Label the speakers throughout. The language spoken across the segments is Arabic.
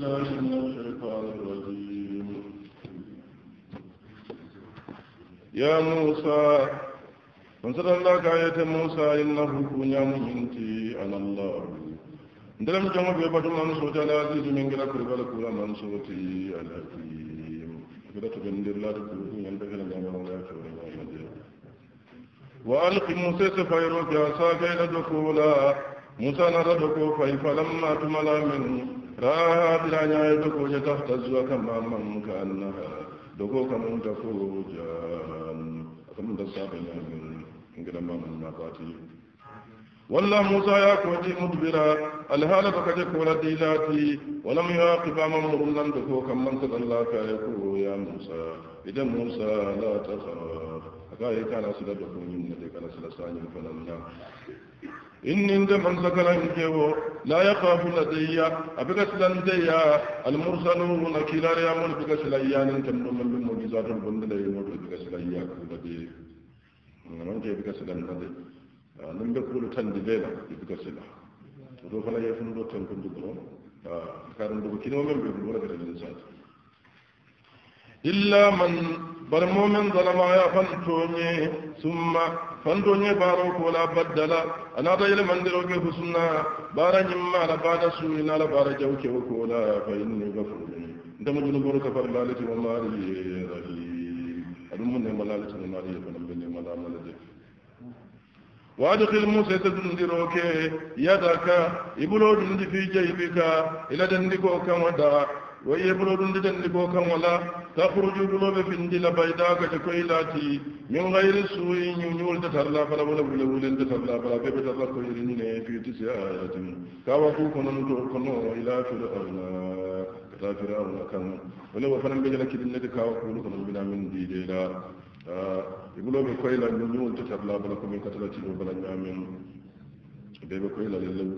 Speaker 1: الله من الشيطان الرجيم يا موسى فانصر الله كاية موسى إنه كنيا مهنتي على الله ندرم جمع بيبات الله نسوتي على عزيز من قرى قربة لكولا من سوتي على حكيم قرى تبين الله تبين الله تبين الله تبين الله وألقي موسى سفيرك يا ساكي لدخولا موسى نرى دخول فلما تملا منه ya doko ya tafta zuwa kan mamman muka Allah doko kamun ta ko jahan kamun da sabi ne gun gidan mamman na fati wallahi musa ya koji mudbira alhala baka je kula da ilati walam yaqiba mamrun lam doko kamun ta Allah ka ya ko ya musa idan musa la ta kaga ya kana su da dokokin ne kana su da sanin falalla إن من سكلا إنجيو لا يخاف لدي أبقى سلندي المرسلون كلا ريامون بقى سليان كم من بمعجزات البند لي يموت بقى سليا كودي نمن كي بقى سلان لدي نمن بقول تندي ليلا بقى سلا ودو فلا يفنو دو كنت برون كارن دو كنو من بقول ولا إلا من بر مؤمن ظلم يا فانتوني ثم فانتوني بارك ولا بدل انا غير من دروك حسنا بارك ما لا بعد سوينا لا بارك جوك وكولا فاني غفور انت مجن برك فرلالتي ومالي رحيم ادم من ملالتي ومالي فنبني ملالتي وادخل موسى تدندروك يدك يبلو دندي في جيبك الى دندكو كمدا ويبرو دندن لبوكا ولا تخرج دلوب في اندل بيداك تكويلاتي من غير سوء ينول تترلا فلا ولا ولا ولا تترلا فلا بيبت الله كويرين في تسع آيات كاوكو كنن تركنو إلى فرعون كتا فرعون كان ولو فنن بجلك دلنك كاوكو كنن بنا من ديدينا يقولوا بكويلا ينول تترلا فلا كومي كتلاتي وبلا نعمين بيبكويلا للو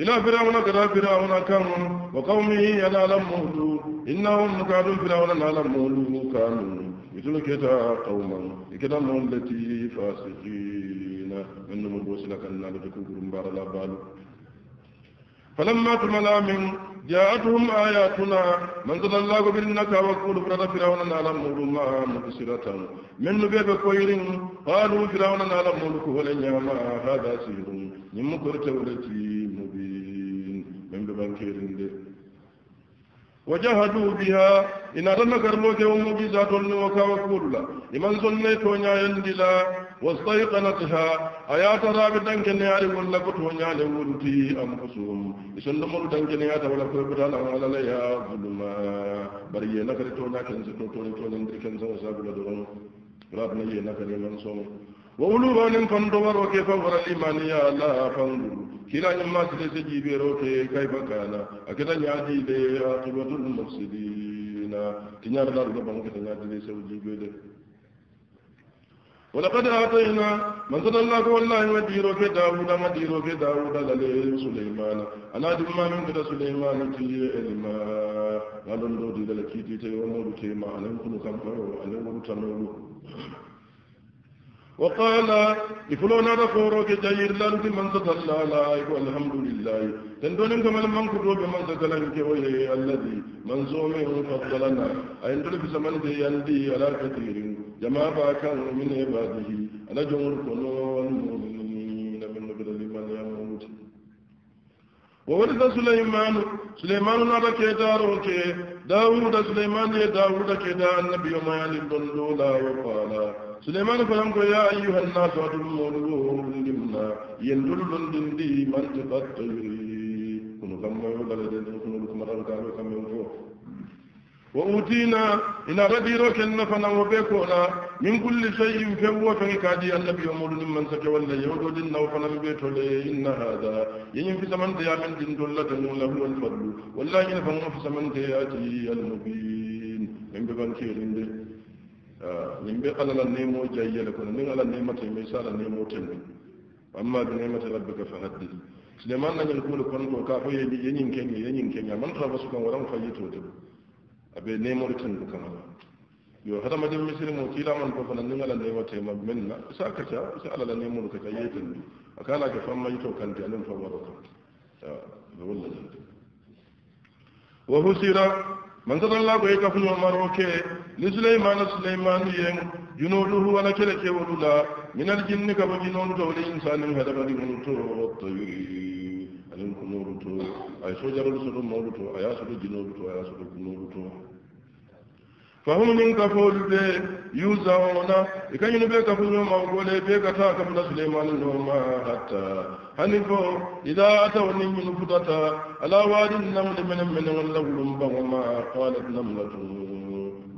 Speaker 1: إلى فرعون كذا فرعون كان وقومه على مهدو إنهم كانوا فرعون على مهدو كانوا يتلكتا قوما يكلموا التي فاسقين من مبوس لك أن لتكون كرمبار لا بالو فلما تملا من جاءتهم آياتنا من صلى الله بالنكا وقول فرد فرعون على مهدو ما مبسرة من نبيك كوير قالوا فرعون على مهدو كهولين ما هذا سير نمكرت ولتي مبين بنكيرندي وجهدوا بها إن أردنا كرلوك يوم بيزات النوكا وكولا لمن ظنيت ونعيندي لا واستيقنتها آيات رابطا كن يعرف لقد ونعلم في أنفسهم يسلم مرتا كن يعرف ولقد بطالا على ليها ظلما بريه نكرتونا كنزتونا كنزتونا كنزتونا كنزتونا كنزتونا كنزتونا كنزتونا كنزتونا كنزتونا كنزتونا وولو نم فندور وكيف فور الإيمان يا الله فندور كلا يما سلسة جيبيرو كيف كان أكدا نعدي لي عاقبة المفسدين تنيار دار دبان كتا نعدي لي سو جيبيرو ولقد آتينا من صدى الله والله وديرو في داود مديرو في داود لليه سليمان أنا دمما من كده سليمان تيه إلما غالون دودي للكيتي تيه ومورو تيه ما علم كنو كم فرو علم كنو تنولو وقال يقولون هذا فورك جاير لان في من تطلع لا والحمد لله تندون كما من كتب من تطلع كويه الذي منزوم فضلنا أين تلك زمن دي يندي على كثير جماعة كان من عباده أنا جمهور كنون وورث سليمان سليمان نرى كيدار داود سليمان يا داود كيدا النبي ما يلدن دولا وقال سليمان فلم يا أيها الناس أدعوا ربكم يندل لندن من تبت كنوا كم يقول لدن كنوا كم رأوا وأوتينا إن ربي روكن فنو بيكونا من كل شيء فهو فكادي النبي أمر من سكولا يودد النو فنم بيتولي إن هذا ينين في سمن ديا من دين دولة له الفضل والله ينفن في سمن دياتي المبين من ببنكير دي آه، من بقل النيمو جاية لكنا من على النيمة ميسال النيمو تنين أما بنعمة ربك فهدد سليمان نجل كل كنت وكافو ينين كني ينين كني من خاف سكن ورم خيطو تبو abe nemori tun kama yo hada madin misiri mu kila man ko fanan ngala ne wata ma minna sa ka ta sa ala la nemori ka yayi tun akala ka fam mai to kan ta nan fa waro ka da wallahi wa husira man sallallahu alaihi wa sallam maro ke ni sulaiman sulaiman yem junuduhu wala kele ke wala min al jinni ka bajinun to wal insani hada madin to wa tayri alim kunuru to ay sojarul sulu mawdu to ay asulu jinuru to ay asulu kunuru to فهم من كفول بي يوزعون إكان ينبي كفول يوم أقول بي كتا كفول سليمان لهم حتى هنفو إذا أتوا من فتاة على واد النمل من من اللول بغما قالت نملة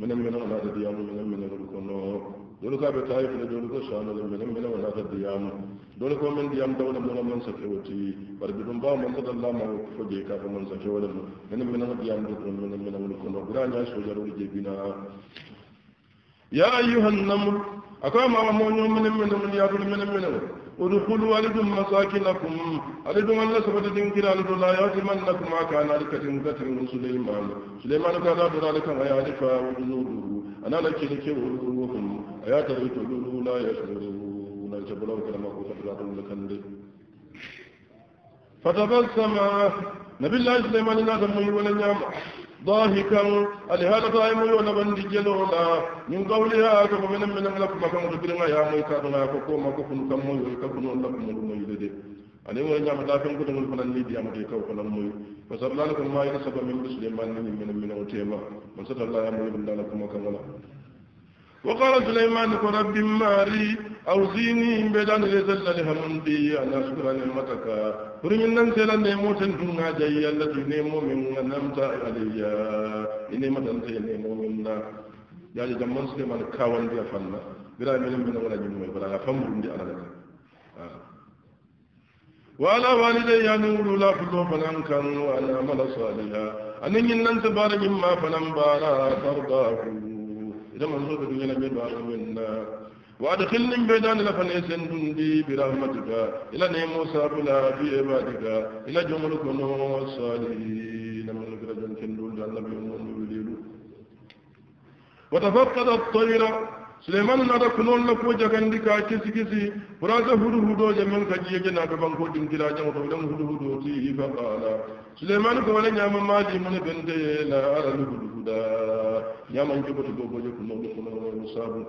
Speaker 1: من من هذا ديام من من الكنور dole ka be tayi fele dole ko shana le mele mele wala ka diyam dole ko men diyam dawla mo man sa ke wati bar bi dum ba man sa dalla ma ko je ka ko man sa ke wala men men na diyam do ko men men wala ko no gura nya so jaru je bina ya ayyuhan naml akama mo nyo men men men ya dul men men ودخلوا ألدم مساكنكم ألدم أن لسبت تنكر ألد لا يهزمنكم ما كان لكتن كتن سليمان سليمان كان ذلك غيالك وجنوده أنا لك لكي ولوهم أيات الرجل لا يشعرون الجبلون كلمة وتحرق لكندي فتبسم نبي الله سليمان لا تمي ولا نعم ضاحكا لهذا قائم ولا بند جلولا من قولها كفمن من لكم كم تدرنا يا ميكا ما كفوما كفن كم يكفن لكم أ ani ngoy ñam da fi ngudum ul fanan li di amati kaw ko lan moy fa sar lan ko may ko sabam min sulayman ni min min o tema mo sata la yamul dum dal ko makam wala wa qala sulayman ko rabbi mari aw zini be dan re zalla li hamdi ala shukra ni mataka buri min nan selan ne mo tan dum nga jay yalla di ne mo min nan ta aliya ini ma dan te ne mo min na ya jamman sulayman kawan dia fanna bira min min wala jinn moy bala fam dum di ala وعلى والدي نور لا فلو فلان كان وعلى عمل صالحا أن ينن تبار مما فلان بارا ترضاه إذا من صوت بينا ببار منا وأدخلني بيدان لفن يسندي برحمتك إلى موسى بلا بعبادك إلى جملك نور الصالحين من رجل كندول جل بيوم وليلو وتفقد الطير suleimanu nata kunon la ko jagandi ka kisi kisi furasa hudu hudo je men ka jiye na to banko din tira jang to dan hudu hudo ti fa qala suleimanu ko wala nyama mali mun bende la ara hudu huda nyama ngi ko to go boje kunon ko no musabu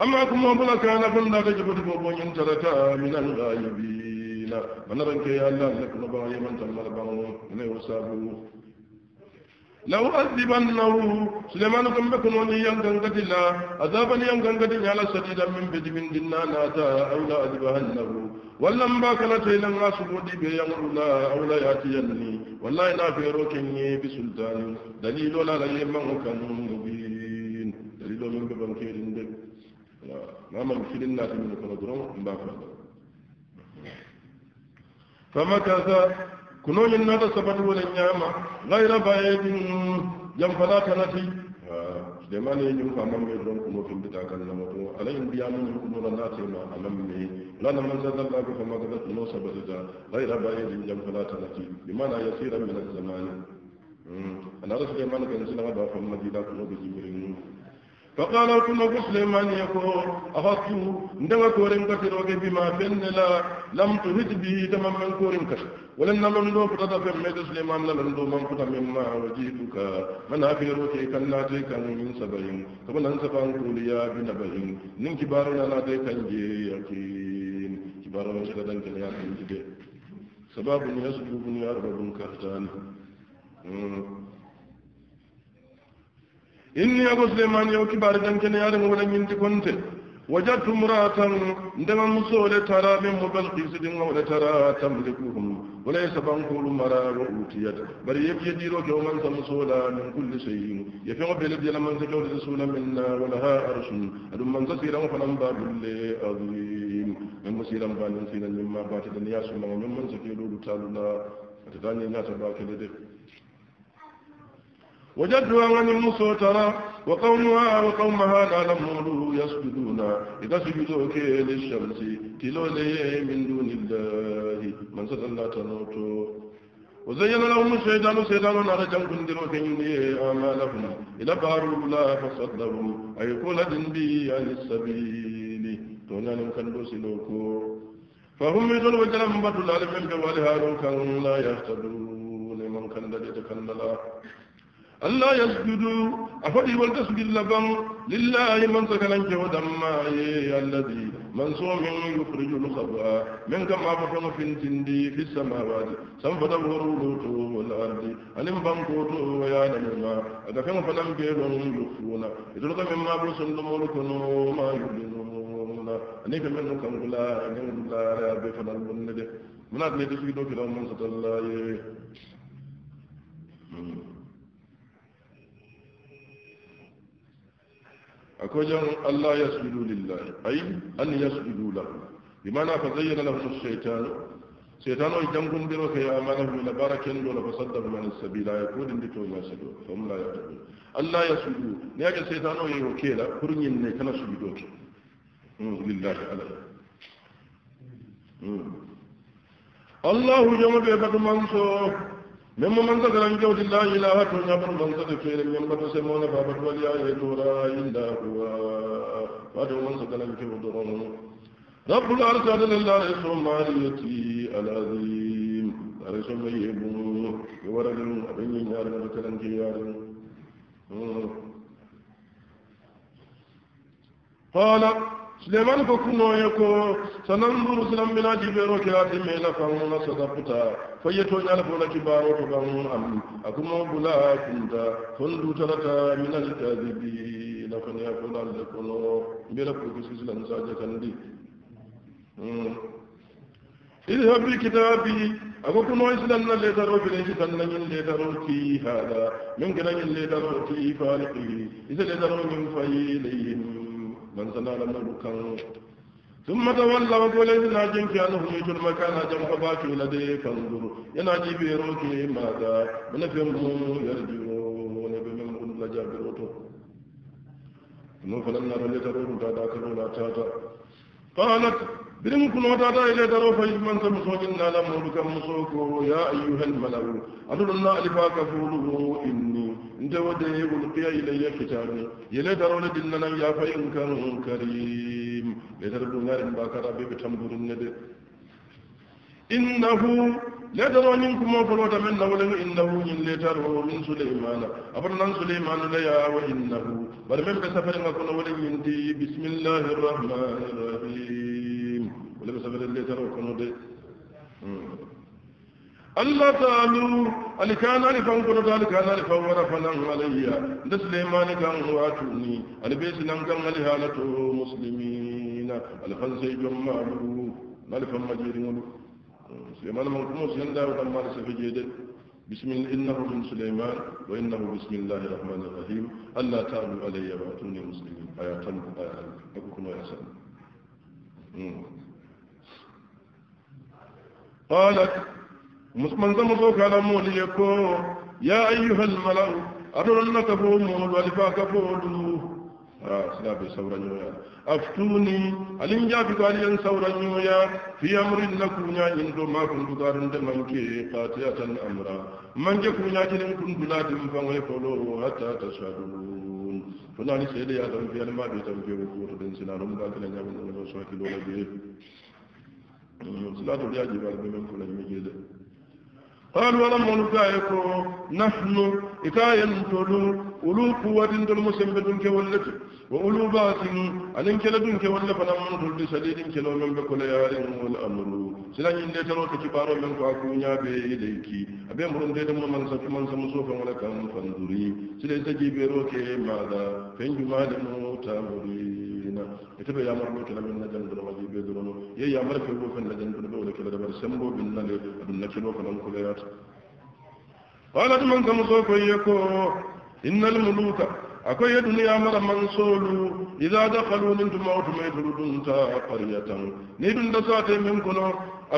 Speaker 1: amma kuma bula kana kun da je ko to go boje tarata min al ghaibina man ranke ya allah lakum ba yaman tamal ban ne wasabu لو عذبنه سليمان كم بكون وني ينغان غدلا عذابا ينغان غدلا على سديدا من بدي من دنا ناتا او لا عذبنه ولم تيلا تيلن غاسودي بي يمرنا او لا ياتيني والله لا في روكني بسلطان دليل ولا لا يمن كان مبين دليل من بكم كيرين دك ما من كيرين ناس من كنا درون باكن فمكث kunoñin nata sabatu wala ñama gayra bayidin jam fala kanati demane jum ka mamme don kuno findita kan namoto alayin biyamu ni kuno la natema anamme lana man zadalla bi fama gadat kuno sabatuta gayra bayidin jam fala kanati bimana yasira min az-zamani ana rasul man kan sila ba fam madina kuno bi jimirin فقال كنا مسلما يقول أخذت ندم كورن كتر بما فن لا لم تهد به تمام من كورن كتر ولم نلن دو فتا فم ميدس الإمام لن دو من فتا مما وجيتك من أخي روتي كان ناتي كان من سبعين كمن أنسفان كوليا بنبعين نين كبارنا ناتي كان يكين كبارنا شكدن كان يكين جي سباب يسجد بن بن كهتان inni ako suleiman yo kibare dankene yaɗemo wala ñinti konte wajadtu mratan ndema musole tara min mo balkisi ɗin o wala وليس بنقول مرار أوتيت بل يبكي ديرو كومن سمسولا من كل شيء يفيق بلد يلا من سكوت رسولا منا ولها أرش أدم من سيرا فلم باب عظيم من سيرا بان سيرا مما باتت الناس من من سكيلو تالنا فتتاني الناس باكل دي وجدوا عن المسوتنا وقومها وقومها لا نمولوا يسجدون إذا سجدوا كي للشمس تلولي من دون الله من سد الله تنوتو وزين لهم الشيطان سيدان على جنب دروك آمالهم إلى بارو لا فصدهم أي قول بي عن السبيل تونانم نمكن سلوكو فهم يدلوا وجلم بطل على بوالها لو كانوا لا يهتدون من كندد كندلا الله يسجدوا أفضل والتسجد لبن لله من سكن جهد ما الذي من صوم يخرج الخبا من كما فكم في الجندي في السماوات سم فتبهر والأرض ألم قوته ويعلم ما أكفن فلم كيرون يخفون إذلك مما برسل ملكن ما يبلنون أنيك من كم لا أنيك لا رابي فنال بنده منات لتسجدوا كلا من سطلّا Mm-hmm. أكوجن الله يسجد لله أي أن يسجد له بمعنى فزين له الشيطان شيطان يجمعون بروك يا أمانه من بارك ولا فصدق من السبيل يقول إن بتو يسجدوا فهم لا يعلمون الله يسجد نيجي شيطان يوكيلا كرنين كان سجدوك لله على الله جمع بيبقى منصور من من قدر أن جود الله إلى هاتو نبر من قدر خير من بطو سمون بابت وليا يدورا إلا هو فاتو من قدر أن جود رب العرش أدل الله رسول ماليتي العظيم رسول سليمان كوكنو يكو سننظر سلام بنا جبيرو كلاتي ميلا فانونا صدقتا فيتو يالفونا كبارو تبانون أم أكما بلا كنتا فندو تلتا من الكاذبين لكن يقول لكم بلا كوكسيس لنساجة كندي اذهب بكتابي أقول كنو إسلام ليترو كنيش كنن ليترو كي هذا من كنن ليترو كي فالقي إذا ليترو من فإليهم من سنا لما كان ثم تولى وقال إذن أجنك أنهم يجل مكان جمع باكي لدي فانظر يناجي بيروكي ماذا من فيهم يرجعون بمن قل جابر أطو ثم فلن نرى لترون تادا كرونا تاتا قالت بنم كنوا تاتا إلى ترو فإذ من تمسوك إنا لمولك مسوك يا أيها الملأ أدل الله لفاك فولو إني انت ودي ألقي إلي كتابي يلي ترو لدلنا يا فإن كان كريم لترو نار ربي بيبتمدر الندي إنه لا ترونين كما فلوت من نولن إنه إن لا تروا من سليمان أبرنا سليمان ليا وإنه بل سفر كسفر ما كنا ولن بسم الله الرحمن الرحيم wala ɓe sabata letara o kono de allah taalu ali kana ali fan kono taali kana ali fan wara fanan alayya nde suleymani kan watuni ali ɓe sinan kan ali haala to muslimina ali fan sey jom maɗu ali fan majiriŋolu suleymani man kumo siyandawo ɗan maɗa sefe jeede بسم الله إنه من سليمان وإنه بسم الله الرحمن الرحيم ألا تعلوا علي وأتوني مسلمين آية قلب آية قلب أكون ويحسن قالت من زمزو كان مولي يكو يا أيها الملأ أرون كفو مول ولفا كفو آه، سلاب سورة نيويا أفتوني ألم جابك عليا سورة نيويا في أمر لكم يا إندو ما كنت قارن دمانك قاتلة أمرا من جكم يا جنين كنت لا تنفن ويقولوا حتى تشهدون فلاني سيدي يا تنفي أنا ما بيتنفي وقوة دنسنا رمضان كنا نعمل ونسوكي لولا بيه صلاة الياجب على بمن كل قال ولم نكايكو نحن إكاين تولو ولو قوة دل مسلم بدون كولتي وأولو باطن ألين كلا دون كولا فلا منطل بسليل كلا من بكل يارين والأمر سلان يندي تلو تكبارو من كواكونا بإليك أبي أمرون دي دمو من سفي من سمسوفا ولكم فانظري سلي تجيبيرو كي ماذا فين جمال متامرين إتبع يا مرمو كلا من نجم دل وجيب درونو يا يا مرفي بوفن نجم دل بولا كلا دبر سمبو بالنالي أبن نكلو فلا مكل يارين قالت من سمسوفا يكو إن الملوك أكو يدن يا مر من سولو إذا دخلوا ننتم موت ما يدردون تا قرية نيدن دسات من كنا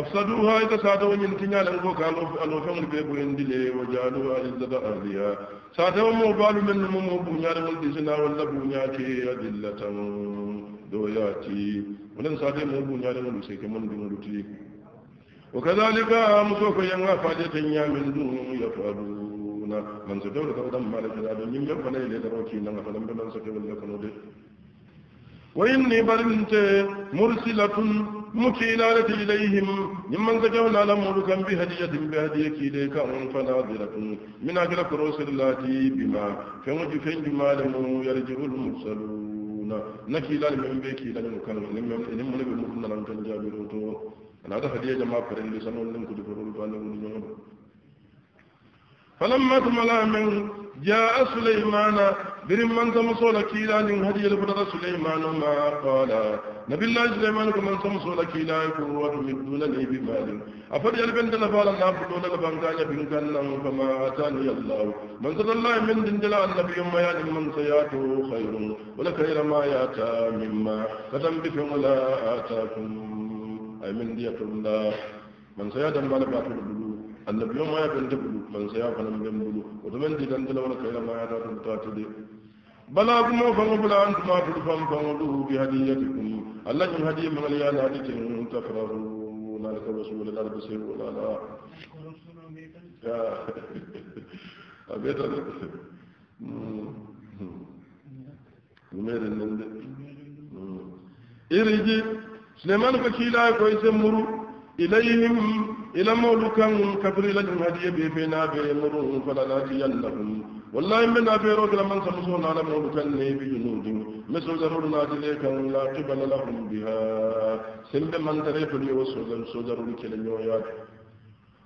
Speaker 1: أفسدوها إذا ساتوا ينتنيا لنكو كانوا أنو فمن بيبو اندلي وجعلوا عزة أهلها ساتوا موبال من نمو بنيا والدسنا ولا بنياتي أدلة دوياتي ولن ساتوا مو بنيا والدسك من دون وكذلك مسوك ينغى فاجة من دون يفعلون kuna man so dawla ko dam mala da dum nyimbe ko lay le daro ki nanga to dam be man so ke wala ko de wa inni barinte mursilatun mukilalati ilayhim nimman ka jawla la mulukan bi hadiyatin bi hadiyati ilayka an fanadiratun min akra kurusilati bima fa muju fa jumalu yarjiul mursaluna nakilal min be kilal kan nimman nimman be mutun nan tan jabiru to ana ta hadiya jama'a farin lisanun nan ku dukuru ba nan ku فلما تملا من جاء سليمان برم من تمصول كيلا لن هدي لبرد سليمان ما قال نبي الله سليمان كمن تمصول كيلا كروة من دون لي بمال أفضل البنت لفال الله فلون لبنكاني بنكان فما أتاني الله من صد الله من دن جلاء النبي ما يعني من سياته خير ولا خير ما يأتى مما قدم بكم لا آتاكم أي من ديكم الله من سيادة ما لبعث الدلوم annabi ma ya bende bulu man saya fanan ben bulu o to men di dan dala wala kayla ma ya da to ta de bala kuma fango bula an tuma tu fam fango du bi hadiyatikum allah min hadiy min ya da hadiyatin tafrahu la ka rasul la rabbi sir wala la ya abeta numere nan de irji suleiman ko kiila ko ise muru إليهم إلى مولكم كفر لك هدي بينا بمرون فلا ناتي نادينهم والله من أبيرو كلا من سمسون على مولكم جنود مثل ضرور ناتي نادليك لا قبل لهم بها سنب من تريف لي ليوسوز سوزرون كلا يويات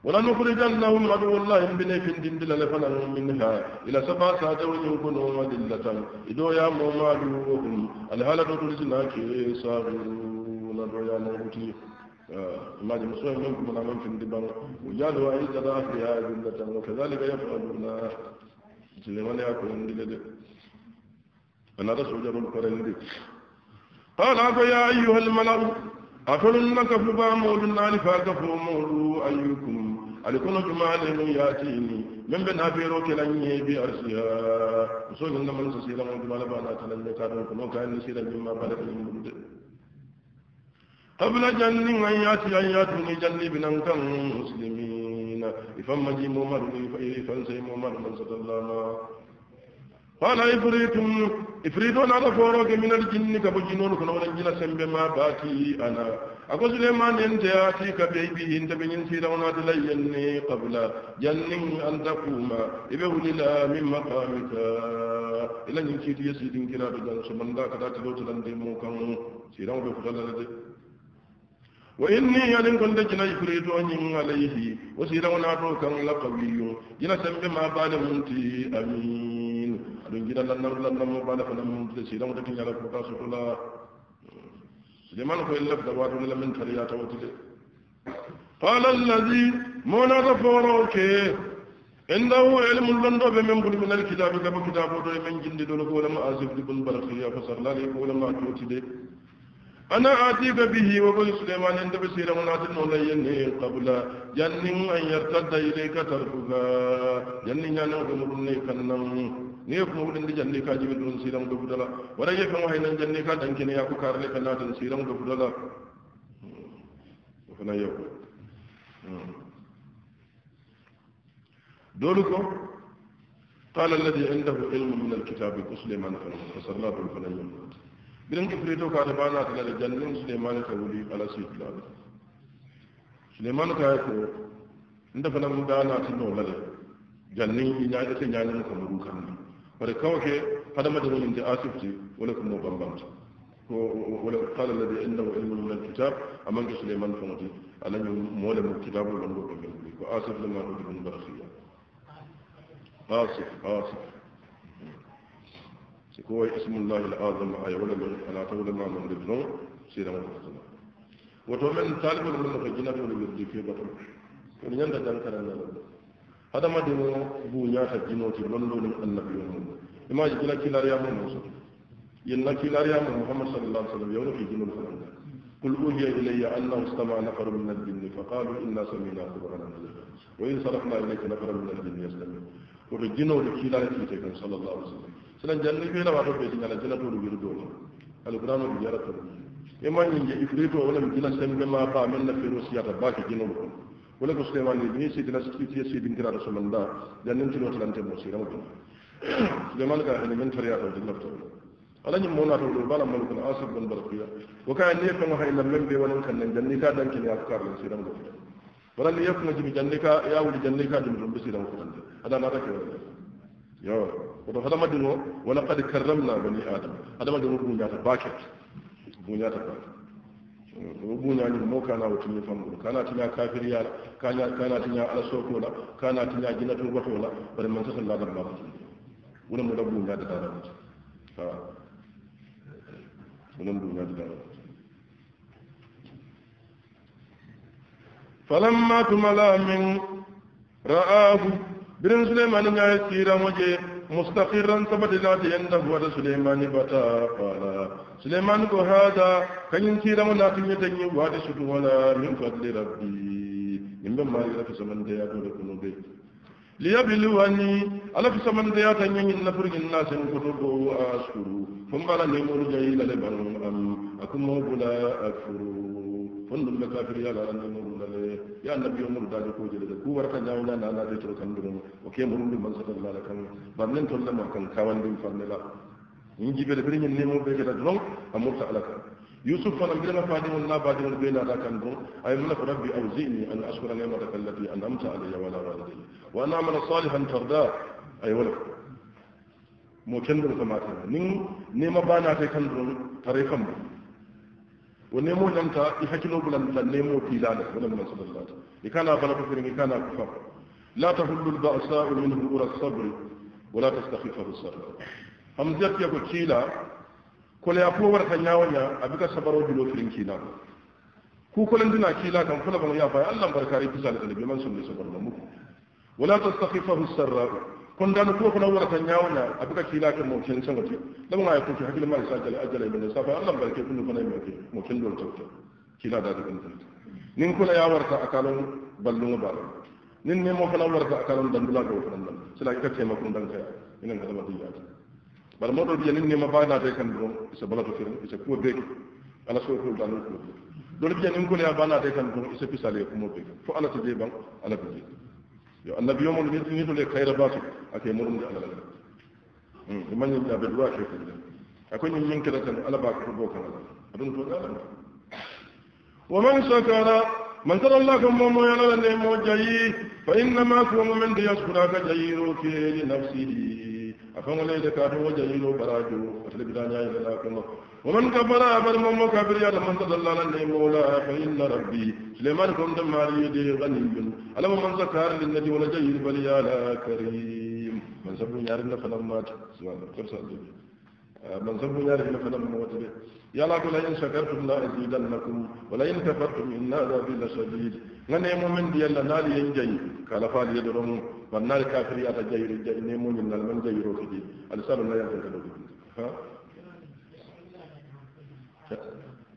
Speaker 1: ولنخرجنهم عدو الله بن في الدندل لفنن منها إلى سبع ساعات ويكونوا مدلة إدو يا موما عدوهم الهالة رسنا كي صاغرون الرجال ما جمسوه منكم من في الدبر وجعلوا أيدنا فيها جلة وكذلك يفعلون سليمان يكون لدي أنا رسول جرول قرندي قال يا أيها الملأ أفلنك فبا مولنا لفاكفوا مولو أيكم alikunu jumani mun yatini min bin hafiro kilan yi bi arsiya so min da man su sila mun jumala ba na tanan ne ka don kuma ka ni sila min ma ba da mun قبل جن أن يأتي أن يأتي لجن بنا كم مسلمين إفما جي ممر إفنسي ممر من صلى الله قال إفريت إفريت على فورك من الجن كبو جنون كنا ولنجل سنب ما باتي أنا أكو سليمان أنت يأتيك بيبي أنت بنين سيرون ليني قبل جن أن تقوم إبهل للا من مقامك إلا نسيت يسيدين كلا بجان سمن لا كتا تلوت لندي موكا سيرون بفضل لديك وإني يلين كنت جنا يفريت أنهم عليه وسيرا ونعطو كان لقوي جنا سمي ما بعد منتي أمين أدون جنا لنم ما بعد فنم سيرا ونتكين على فتا سطلا سليمان كوي لفت ولا من تريات وتلي قال الذي مونا رفوروك عنده علم لندو بمن كل من الكتاب كما كتابه من جند دولك ولم أزف لبن برخيا فصر لا ليك ولم أتوتي أنا آتيك به وبن سليمان عند بسير مناتن وليني قبل جنن أن يرتد إليك ترفك جنن يعني غمرني كنن ni ye kuma wulin da janni ka jibi dun siran da budala wala ye kan wahinan janni ka dan kine ya ku karle kan na dun siran da budala fana yau dole ko qala alladhi indahu ilmu min alkitab usliman fa sallallahu alaihi wa sallam birin ke fireto ka da bana tala da jannin suleiman ka wuri ala su kila da suleiman ka ko inda fana mun da na tuno la da jannin ya ya sai ya ne ka muru kan ni wala kawke hadama da mun da asifti wala kuma bambanta ko wala qala alladhi innahu ilmun min alkitab amman ka suleiman fa mudi alan mola mu kitabul wanda ko asif lamma ko dum barxiya asif asif هو اسم الله الأعظم أي ولا لا تقول ما من لبنو سيرا وقتنا وتومن طالب من مخجنا في ولم يرجي في بطن من يعني يندى جنكر أنا هذا ما دينو بونيا تجينو تبلن لون النبي يوم إما لاريا من ريام موسى يلنا لاريا من محمد صلى الله عليه وسلم يوم في جنو الفلان قل أوحي إلي أنه استمع نفر من الجن فقالوا إنا سمعنا قرآنا وإن صرفنا إليك نفر من الجن يستمعون ورجينا ورجينا نتيجة كان صلى الله عليه وسلم سنة جنة فينا ما خبر جنة جنة تقول غير دوني القرآن بجارة تقول إما إن جي إفريت ولا مجنة سمع ما بعمل في روسيا تباك جنة ولا ولا كسر ما نبي سيدنا سيدنا سيدنا كرا رسول الله جنة تلو سلام تبو سيرا مجنة سليمان كان هني من فريات الجنة تقول ألا نجم مونا بالا ملوك الأسر بن برقية وكان نيفنا هاي لمن بيوان كان جنة كان كني أفكار سيرا مجنة wala li yakuma jimi janneka yawuli janneka ɗum ɗum ɓesira kurande aɗa nata ke yo koto hadamadin o wala kad karramna bani adam hadamadin o buñata baket buñata baket o buñani mo kana o tini famɗum kana tiña kafiriyala kana tiña ala sokola kana tiña jinatu watola bare man sata ladam maka tini wona mo ɗa buñade daramuti a wonan buñade daramuti فلما تملا من رآه برن سليمان يا سيرا مجي مستقرا ثبت ذات عنده ود سليمان بتا قال سليمان كو هذا كان سيرا منافي يتني واد سدونا من فضل ربي إن ما يرفع سمن ديا كنو دي ليبلوني ألف سمن ديا تنين نفر الناس كتب وأشكر ثم لا نمر جيل لبن أم أكم بلا أكفر fondul be kafir ya la nan muru la ya nabi muru da ko jele da ku warka nyaw na na da to kan dum o ke muru dum man sallallahu alaihi wasallam ban nan to la ma kan kawan dum farne la ni jibe da birin ne mo be da don amurta alaka يوسف فانا بلا فادي ولا بادي ولا بينا ذاك النور اي ملك ربي اوزئني ان اشكر نعمتك التي انعمت علي وعلى والدي وان اعمل صالحا ترضاه اي ولد مو كندر كما نيم نيما بانا تي كندر تري كم ونمو نمتا يحكيلو بلن نمو تيلانا ونمو نصل الله يكانا بلا كفر يكانا كفر لا تهل البأساء من هؤلاء الصبر ولا تستخفه الصبر همزيت يكو كيلا كل يقول ورقا نياوانيا أبكا صبرو جلو فرين كيلا كو كل اندنا كيلا كم فلا بلو ya fa Allah barkare kisa da dalibin sun ne ولا da muku kun da mutu kon dano kuwo kono worata ñawña abuka kiilake mo san sengote dan ma yakkuki hakkille mai sa jale ajjala sa fa allah mbarke kundu kono meke mo ken dol tawte kiila dade kon tan nin kula ya warata akalon ballugo ba nin ne mo fana warata akalon dandulago o fanan dan sila ka tema kun dan kaya inen hadama diyata bara moɗo mbiya nin na banate kan ɗon isa balato firin isa ko beeke ala so ko dano kuwo beeke ɗon mbiya nin kula ya ba na banate kan ɗon isa pisale kumo beeke fo ala tije ban ala bijee yo annabi yo mun ni to le khayra ba su ake mun da Allah mm man yadda bil wahid akwai yin yin kira kan alaba ko boka abin to da Allah wa man shakara man tara Allah kan mu mu yana ne mu jayi fa inna ma kuma min da yashkura ka jayiro ke li nafsihi afan wala da ka to jayiro barajo wata bidanya ya da kuma ومن كفر أبر مم كفر يا من تضل لني مولاه فإن ربي سليمان كنت مريدي غني على من سكار للنبي ولجيد فليا لا كريم من سبب يارنا فلما سبحان الله كيف سألتني آه، من ذنب ذلك فلم موت به يا لك لئن شكرتم لأزيدنكم ولئن كفرتم إن عذابي لشديد ngane momen di yalla nali yen jayi kala faali yedo romu ban nali kafiri ata jayiro jayi ne mo ngal man jayiro kidi al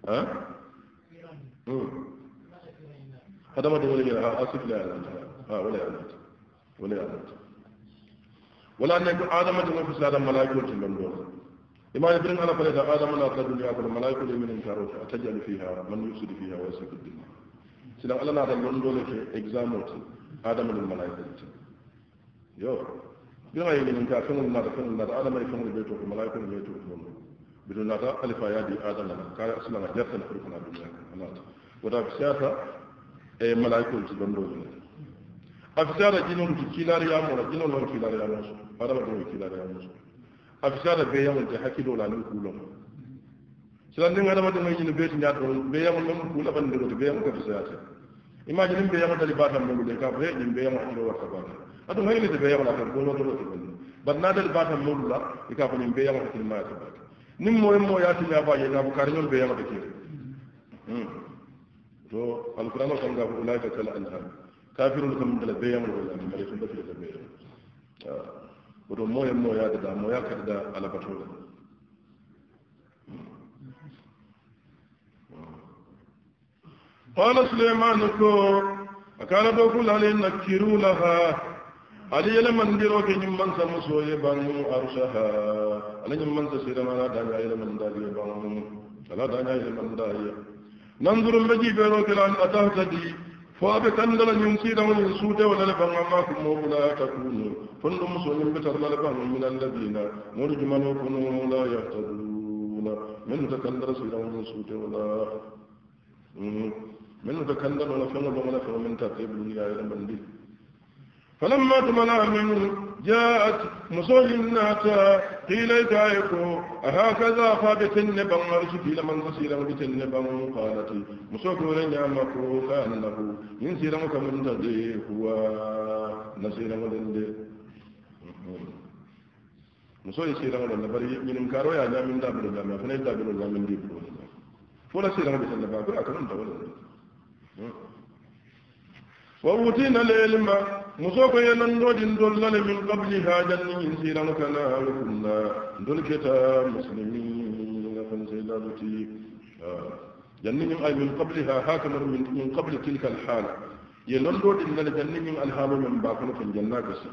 Speaker 1: ها هذا ما تقول لي اسف لا لا ها ولا يعلمت ولا يعلمت ولا ان ادم تقول في هذا ملائكه من دون لما يبرن انا فلذا ادم لا تدل يا ابن ملائكه من انكارك اتجعل فيها من يفسد فيها ويسفك الدماء سلام الله نادم من دونك اكزاموت ادم الملائكه يو بما يبين انكار فين النار فين النار ادم يفهم البيت والملائكه البيت والملائكه بدون لا ألف يادي آدم لنا كان أصلا جرت نفرقنا بالله أمات ودا بسياسة أي ملايكة تبندو لنا أفسار جنون في كيلار جنون لهم كيلار يام هذا بدون كيلار يام أفسار بيام أنت دولا نقولهم سلام دين هذا ما دين يجين بيت نيات بيام لهم كولا بندو بيام كفسياسة imagine mbe yaŋo dali baatam meŋ ka vrai ñiŋ mbe yaŋo kilo warta baata atu hayni te be yaŋo la ka gono doro te bani bari naa dali baatam meŋ ka fo ñiŋ mbe yaŋo hakkilimaaya te nin moye mo yatimi abaje na bukari ñol ɓe yamaɓe kiri to alquran o kam gafo ulaika kala anham kafirol kam dala ɓe yamal wala mare ko batidata ɓe oto moye mo yadada mo yakatida alabatoɗa قال سليمان كور أكان بقول عليه نكروا لها ali yele man diro ke nyum man sa muso ye banu arshaha ala nyum man sa sira mala da ya yele man da ye banu ala da ya yele man da ye nanzuru mbaji be ro ke lan atahtadi fo be kan dala nyum si da mun suute wala le banga ma ko mo la takunu fon dum so nyum betar la ban min alladina murju man kunu la yahtaduna min takandara sira mun suute wala min takandara wala fanga wala fanga min tatibul ya yele man di فلما تملا منه جاءت مسولناتا قيل يتايكو هكذا فابت النبا ورشد لمن وسيلا بت النبا قالت مسوكو لنا مكو كان له ينسي لمك من تدي هو نسيلا ولندي muso ye sira wala bari min karo ya jamin da bulu jamin fa ne da bulu jamin di bulu fo la sira bi sallaba ko akan da wala wa wutina lilma musoko ye nandoɗi dollale min qabli ha jannihin sirano kanalu kunna dolketa muslimina kon seydaɗuti jannihin ay min qabliha hakama min min qable tilka alhala ye nandoɗi nale jannihin alhaalo men mbakono kon jannakasi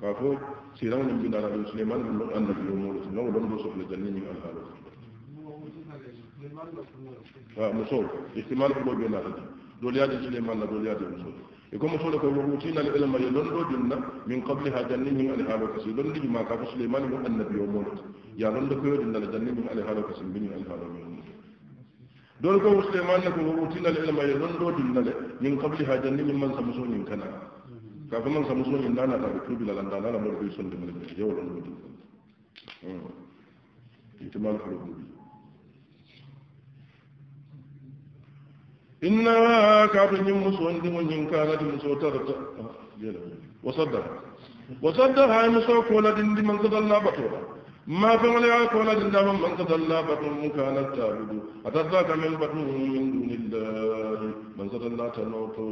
Speaker 1: ka fo sirano ne mbinaɗa ɗum souleymane ɗum ɗon annabi yo muɗo nomo ɗon ɗo sohla jannihin alhaalo musoo ihtimal ko ɓoy ɓe natadi دول يا دي لا دول يا دي موسى يكون موسى لك لو موتي نال علم من قبل هاجن من على حال كسي دون دي ما كف سليمان مو النبي يوم موت يا دون دو كيو جنة جنة من على حال كسي سليمان لك لو موتي نال علم من قبل هاجن من من سمسو نين كنا من سمسو نين دانا تابو كوبي لا لاندانا لا مور بيسون دي ملك يا اه. دون إنها كافر من مسوى عندهم إن كانت مسوى ترد آه، وصدق وصدق هاي مسوى كولا دين دي من قدر الله بطورا ما فعل يا كولا دين دي من قدر الله بطورا كانت تعبد أتذاك من بطور من دون الله من قدر الله تنوتو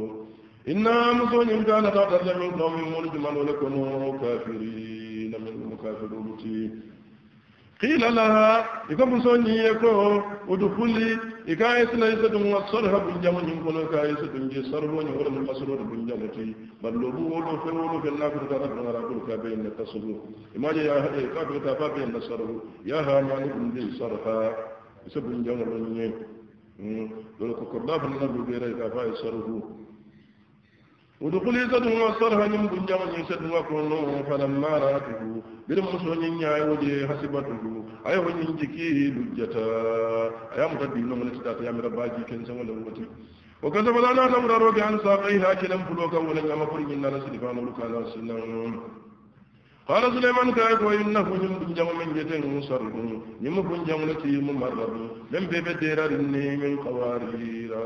Speaker 1: إنها مسوى إن كانت تعبد من قوم مولد من ولكم كافرين من كافرون قيل لها يكم سوني يكو ودخلي إكاية ليسة مصرها بنجم ينقل إكاية تنجي سربون يقول المصر بنجم تي بل لبولو فولو في الله كنت رب نغرابل كابين تصلو إما جاء إكاية تفا بين نصره يا هامان بنجي سرها يسبن جمر رنيه دولك كرداف النبي بيرا إكاية سرهو ودخلي كدوما مصرها نم بنجام نم كله فلما راته برم سوني نياي حسبته أيه ونين جكي لجتا أيه متدين من استات يا مرباجي كن سمو لوتي وكذب لنا نمر ربي عن ساقيها كلم فلوكا ولن أما فرجنا لسلفان ولكالا سنان قال سليمان كايك وإنه يم بنجام من جتن سره يم بنجام لتي ممرر لم بيبدير من قواريرا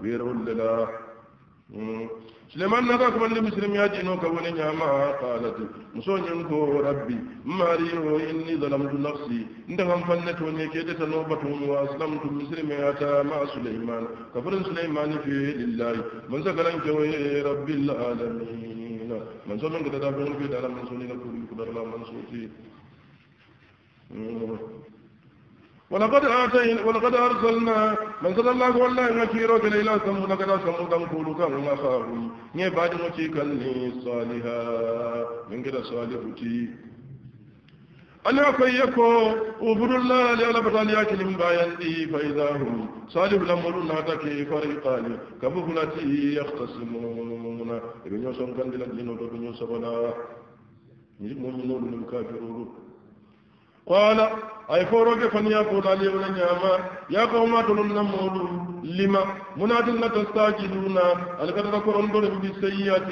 Speaker 1: ويرول لله سليمان نغاك من المسلم ياتي نوك ونعما قالت مسونين كو ربي ماريو إني ظلمت نفسي ندهم فلت ونكيدة نوبة وأسلمت مسلم ياتا مع سليمان كفر سليمان في لله من سكرن كوي رب العالمين من سنن كتابين في دار من سنين كوري كدر الله من سوتي ولقد آتينا ولقد أرسلنا من صلى الله والله نكيرو إلى ثمود كذا ثمود نقول كم أخاهم يبعد متيك صالحا من كذا صالح أنا كيكو أبر الله لألا بطال يأكلهم بايندي فإذا هم صالح لمرنا تكي فريقان كبهلتي يختصمون ابن يوسف كان لنا دينه ابن يوسف لا يجب مؤمنون من كافرون قال أي فورك فنيا فولا علي ولا نعم يا قوم اتلون نمول لما مناد لا تستاجدون تستاجلون قد ذكرون دور بالسيئات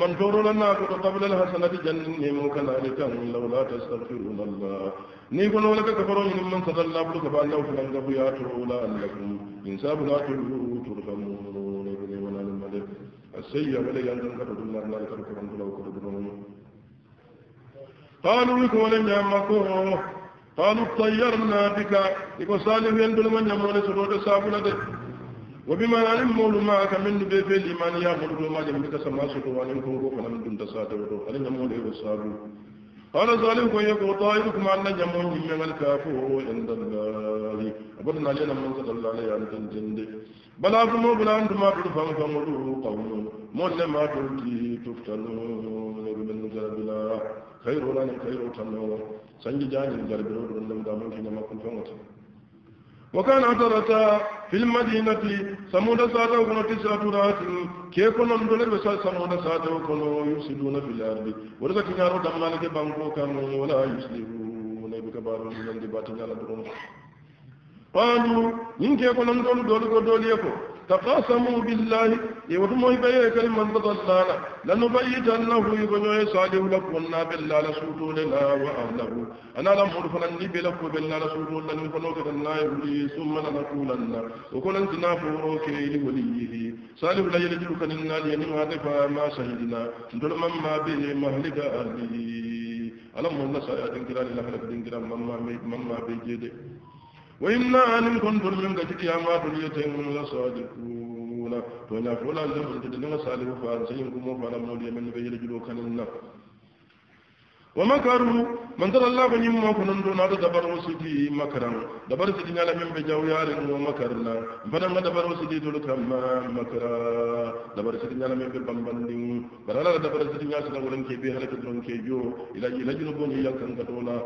Speaker 1: من دور لنا قبل الحسنات جنن الحسنة جنة مكنالك لولا تستغفرون الله نيكون لك كفرون من من صلى الله عليه بلك فأنه فلن قبيات أولى لكم إنساب لا ترحمون ولا المدد السيئة ولي أنتم كفرون الله لو كفرون قالوا لكم ولم يعمكوه قالوا طيرنا بك يقول صالح يندل من يمون سرور سابنا دي وبما علم مول معك من بيف الإيمان يا مولد ما جمع سما سطوان يكون روح من دون تساعد وروح ألين يمون إيو سابو قال صالح كن يقول طائركم عنا يمون جمع الكافور عند الله أبدنا لنا من صلى الله عليه أن تنجندي بلا فمو بلا أنتما تفهم فمولوه قوم مول ما تلتي تفتنون بمن جلب الله kayro la ni kayro tanno sanji jani jarbiro don dum da mun ki nyama kun tongo وكان عثرتا في المدينة سمودة ساتو كنو تسعة رات كي كنو ندولر بسا سمودة ساتو كنو يفسدون في الأرض ورزا كنارو دمالك بانكو كانو ولا يسلمون بك بارو من دباتي نالا قالوا نين كي كنو ندولو دولو دوليكو تقاسموا بالله يوتمو يبيع كلمة بضلانا لنبيتنه يبنو يسالي لكنا بالله لسوتو لنا وأهله أنا لم أرفن أني لكو بالله لسوتو لنا فنوك لنا يولي ثم لنقول لنقولن وكل انتنا فوروك إلي وليه صالح لا يلجلك لنا يعني ما دفع ما سهدنا ظلما ما به مهلك أهله ألم الله سيأتنك لنا لحلق دنك لنا مما بيجيدي وإنا أن كنتم من قتل يا ما تليتهم لصادقون فلا فلا لم تدلنا صالح فانسينكم فلا مولي من بين جلوكا النار ومكروا من ترى الله بني ما كنن دون هذا دبر وسدي مكرا دبر سدي نالا من بجاو يار ومكرنا فلما دبر وسدي دول كما مكرا دبر سدي نالا من ببندين بلا دبر سدي نالا سدى ولن كي بي هلك دون كي جو الى الى جنبون يلكن كتولا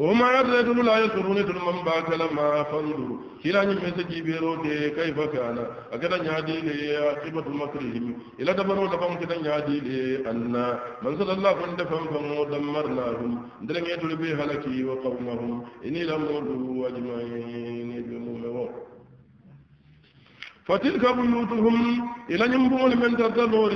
Speaker 1: omaarretunu la yasuruni tunu man batala ma fanduru hilañimmese jiɓeerode kayfa kana a keta ñaadiile aqibatu macrihim ila dabano dabam keta ñaadiile anna man salallah kon de fan fan o dammarnahum ndereŋeetolu ɓe halaki wa qawmahum inilamoolu ajmain ɓe mume wo فتلك بيوتهم إلى ينبغل من تدلور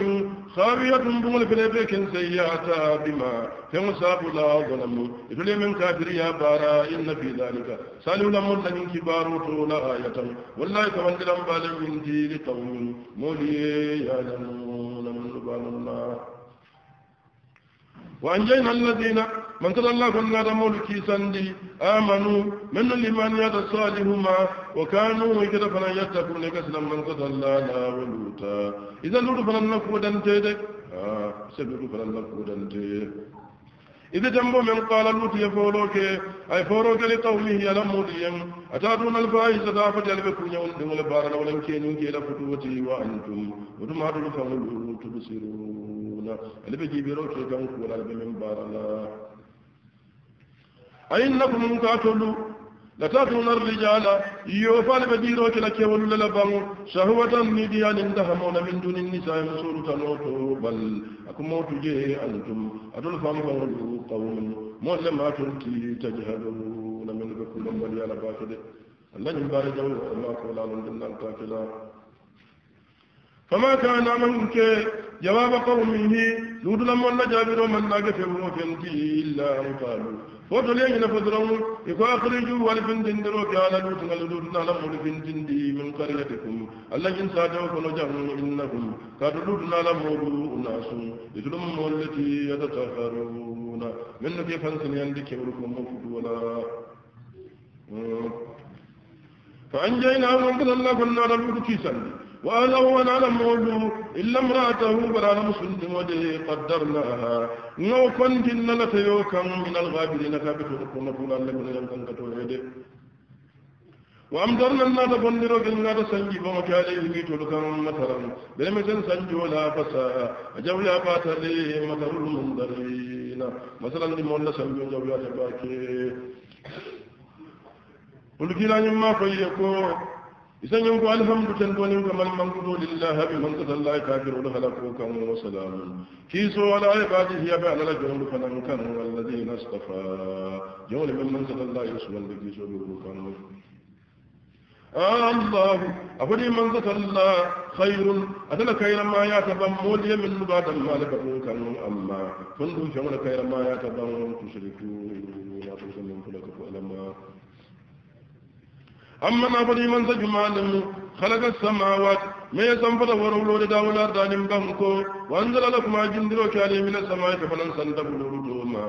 Speaker 1: خاوية بغل في نبيك سيئتا بما فمساب لا ظلم إذن من كافر يا بارا إن في ذلك سالوا لهم لن كبار طول آية والله كمن لم بال من دير قوم مولي يعلمون من بال الله وأنجينا الذين من قد الله كنا رمول كيساندي آمنوا من الإيمان يد صالحهما وكانوا كده فنا يتقون كسلا من قد الله لا ولوتا إذا لوت فنا نفودا تيدك آه سبقوا فلن نفودن تيدك إذا جنبوا من قال لوت يفولوك أي فولوك لقومه يا لموديم أتاتون الفاحشة فجعل بكم يوم دم البارد ولم كينوا كيلا فتوتي وأنتم وتم هذا الفضل تبصرون كولا اللي بيجي بيرو شيء كان كولا اللي بمن بارلا أينكم تقتلوا لتأتون الرجال يوفال بديرو كلا كيولو للبان شهوة مديان دهمون من دون النساء مسؤول تنوتو بل أكم موتو جيه أنتم أدول فامهم قوم مؤلمات تجهلون من بكل من يالا باكده الله يبارك جوه ما قولا من دلنا القاتلات فما كان من جواب قومه لود لما لا جابر من لا كفر وفنتي إلا أن قالوا فوتو ليه نفذرون إكو أخرجوا والفنتين دروك على لوت نلدود نعلم والفنتين دي من قريتكم الله جنسا جوك نجهم إنهم كاتلود نعلم أناس يتلم التي يتطهرون من نبي فانسن يندك ولكم مفد ولا اه. فأنجينا من قد الله كنا نبيك كيسا ولو أن على مولو إلا امرأته برا مسلم ودي قدرناها نو كنت لنتيو كم من الغابرين كابت تكون فولا لمن يمكن كتولي وامدرنا النار بندرو بالنار سنجي بمك عليه ميتو لكم مطرا بلمسن سنجو ولا فسا جو يا فاتلي مطر المنذرين مثلا لمن سنجي جو يا جباكي قل كلا يما فيكو يسنجم قال الحمد تنقل من منقض لله بمن قد الله كافر ولا لخلق وكم وسلام كيسو على عباده يبع جون فلن كان والذين اصطفى جون من من قد الله يسوى لكيسو بكم آه الله أفري من قد الله خير أدل كير ما يتبم مولي من بعد ما لكم كان أما كنتم شمل كير ما يتبم تشركون ما تسلم فلك فألما أما نابني من سجمع لم خلق السماوات ما يسنفت ورولو لداولا دانم بانكو وانزل لكم جندرو كالي من السماء فلن سندب لردوما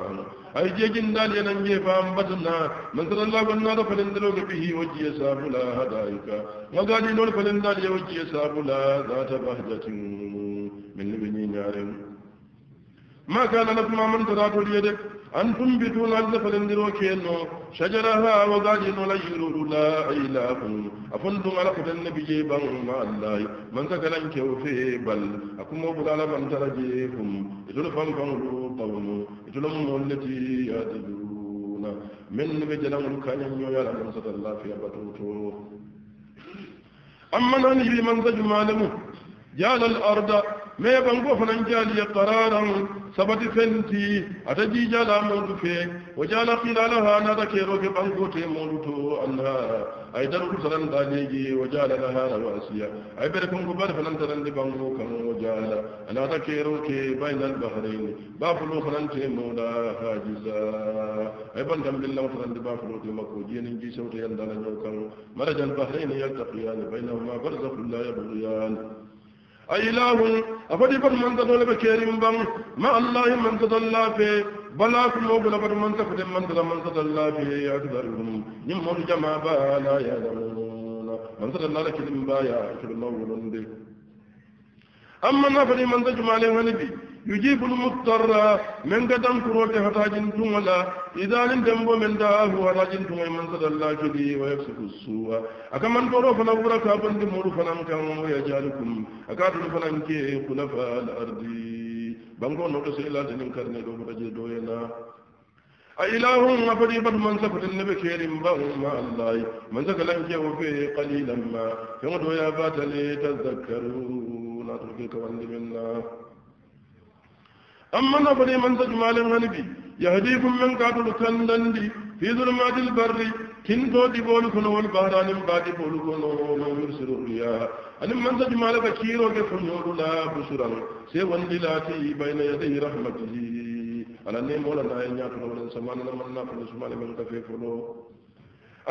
Speaker 1: أي جي جندال ينجي فأنبتنا من سر الله والنار فلندلو به وجي سابلا هدائك وقال لول فلندال يوجي سابلا ذات بهجة من لبني نار ما كان لكم من تراتو ليدك أنتم بدون عز كينو شجرها وغاجن لا يرور لا إله أفندم على قد النبي جيبان ما الله من تكلم كوفي بل أكم بلا لمن ترجيكم إجل فانفنوا قوم إجل التي يأتدون من نبي بجلم يميو يويا لمن سد الله في أبطوتو أما نهي من تجمع جعل الأرض me bango fanan jali ya qararan sabati fenti ata ji jala mudu fe wa jala qilalaha na da ke roke bango te mudu to anha ay dar ku sanan da ne gi wa jala laha na wasiya ay bere kan ku bar fanan taran di bango kan wa jala ana da ke roke bainal bahrain ba fulu fanan te muda hajiza ay ban dam billah fanan di ba fulu te mako ji nin ji sauta yanda na kan marajal bahrain yaltaqiyan bainahuma barzakhun la yabghiyan أي إله أفضل بر من تدل بكيرم بم ما الله من تدل في بلا كمو بلا بر من تدل من تدل من تدل في يا نمر جماعة لا يا يدرون من تدل الله لك لمبايا شر الله ولندي أما نفري من تجمع لهم نبي يجيب المضطر من قدم كروت فتاجن تملا إذا لم دمبو من داه فتاجن تملا من صد الله جدي ويفسك السوء أكما انتورو فلا بركا بند مورو فلا مكان ويجعلكم أكادر فلا مكي خلفاء الأرض بانكو نوتس إلا تنم كرني دو فتاجن دوينا أإله ما فدي من سفر النبي كريم بهم الله من سكل أنجه فيه قليلا ما يمدوا يا بات لتذكرون أتركك وأنت منا أما نبري من تجمال هنبي يهديكم من قاتل كندندي في ظلمات البر كنتو ديبول كنو والبهران بادي بول كنو ومرسل الرياء أن من تجمال بكيرو كفنور لا بشرا سيوان للاتي بين يدي رحمته على نيمولا نايا نياتو ولن سمانا من نافل سمانا من كفيفلو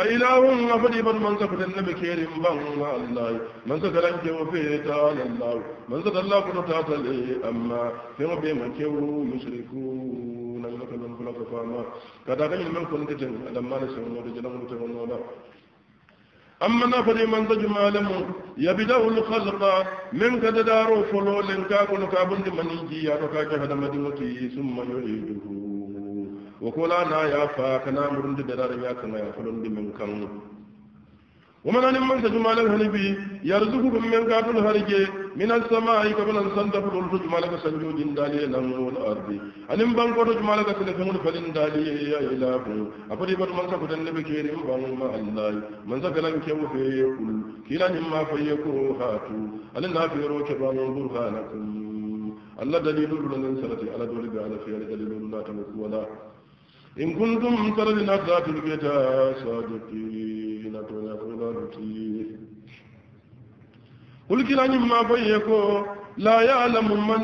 Speaker 1: أيلاهم مفريبا من سفر النبي كيرم بان الله من سكر أنك وفيتان الله من سكر الله كنت أتلي أما في ربي من كيو يشركون لك من فلق فاما كذا كان من كنت تن لما نسوا ورجلا متغنى الله أما نفر من تجمع لم يبدأ الخلق من قد داروا فلو لنكا كنت أبن من يجي يا ركاك هدمتي ثم يعيده وكولا نا يا فا كنا مرند درار يا كنا يا فلون دي من كان ومن ان من تجمع الهنبي يرزقكم من قبل الهرج من السماء قبل ان سندف الرجم لك سنجود دالي لم والارض ان بان قد جمع لك سنفهم فلن دالي يا اله افري بر من سكت النبي كير بان ما الله من سكن كم في كل كلا مما فيكو هاتو ان نافيرو كبان برهانكم الله دليل لنا سنتي على دولي على خير دليل لا تمس ولا إن كنتم تردن ذات البيت صادقين كنا كنا قل كلا ما بيكو لا يعلم من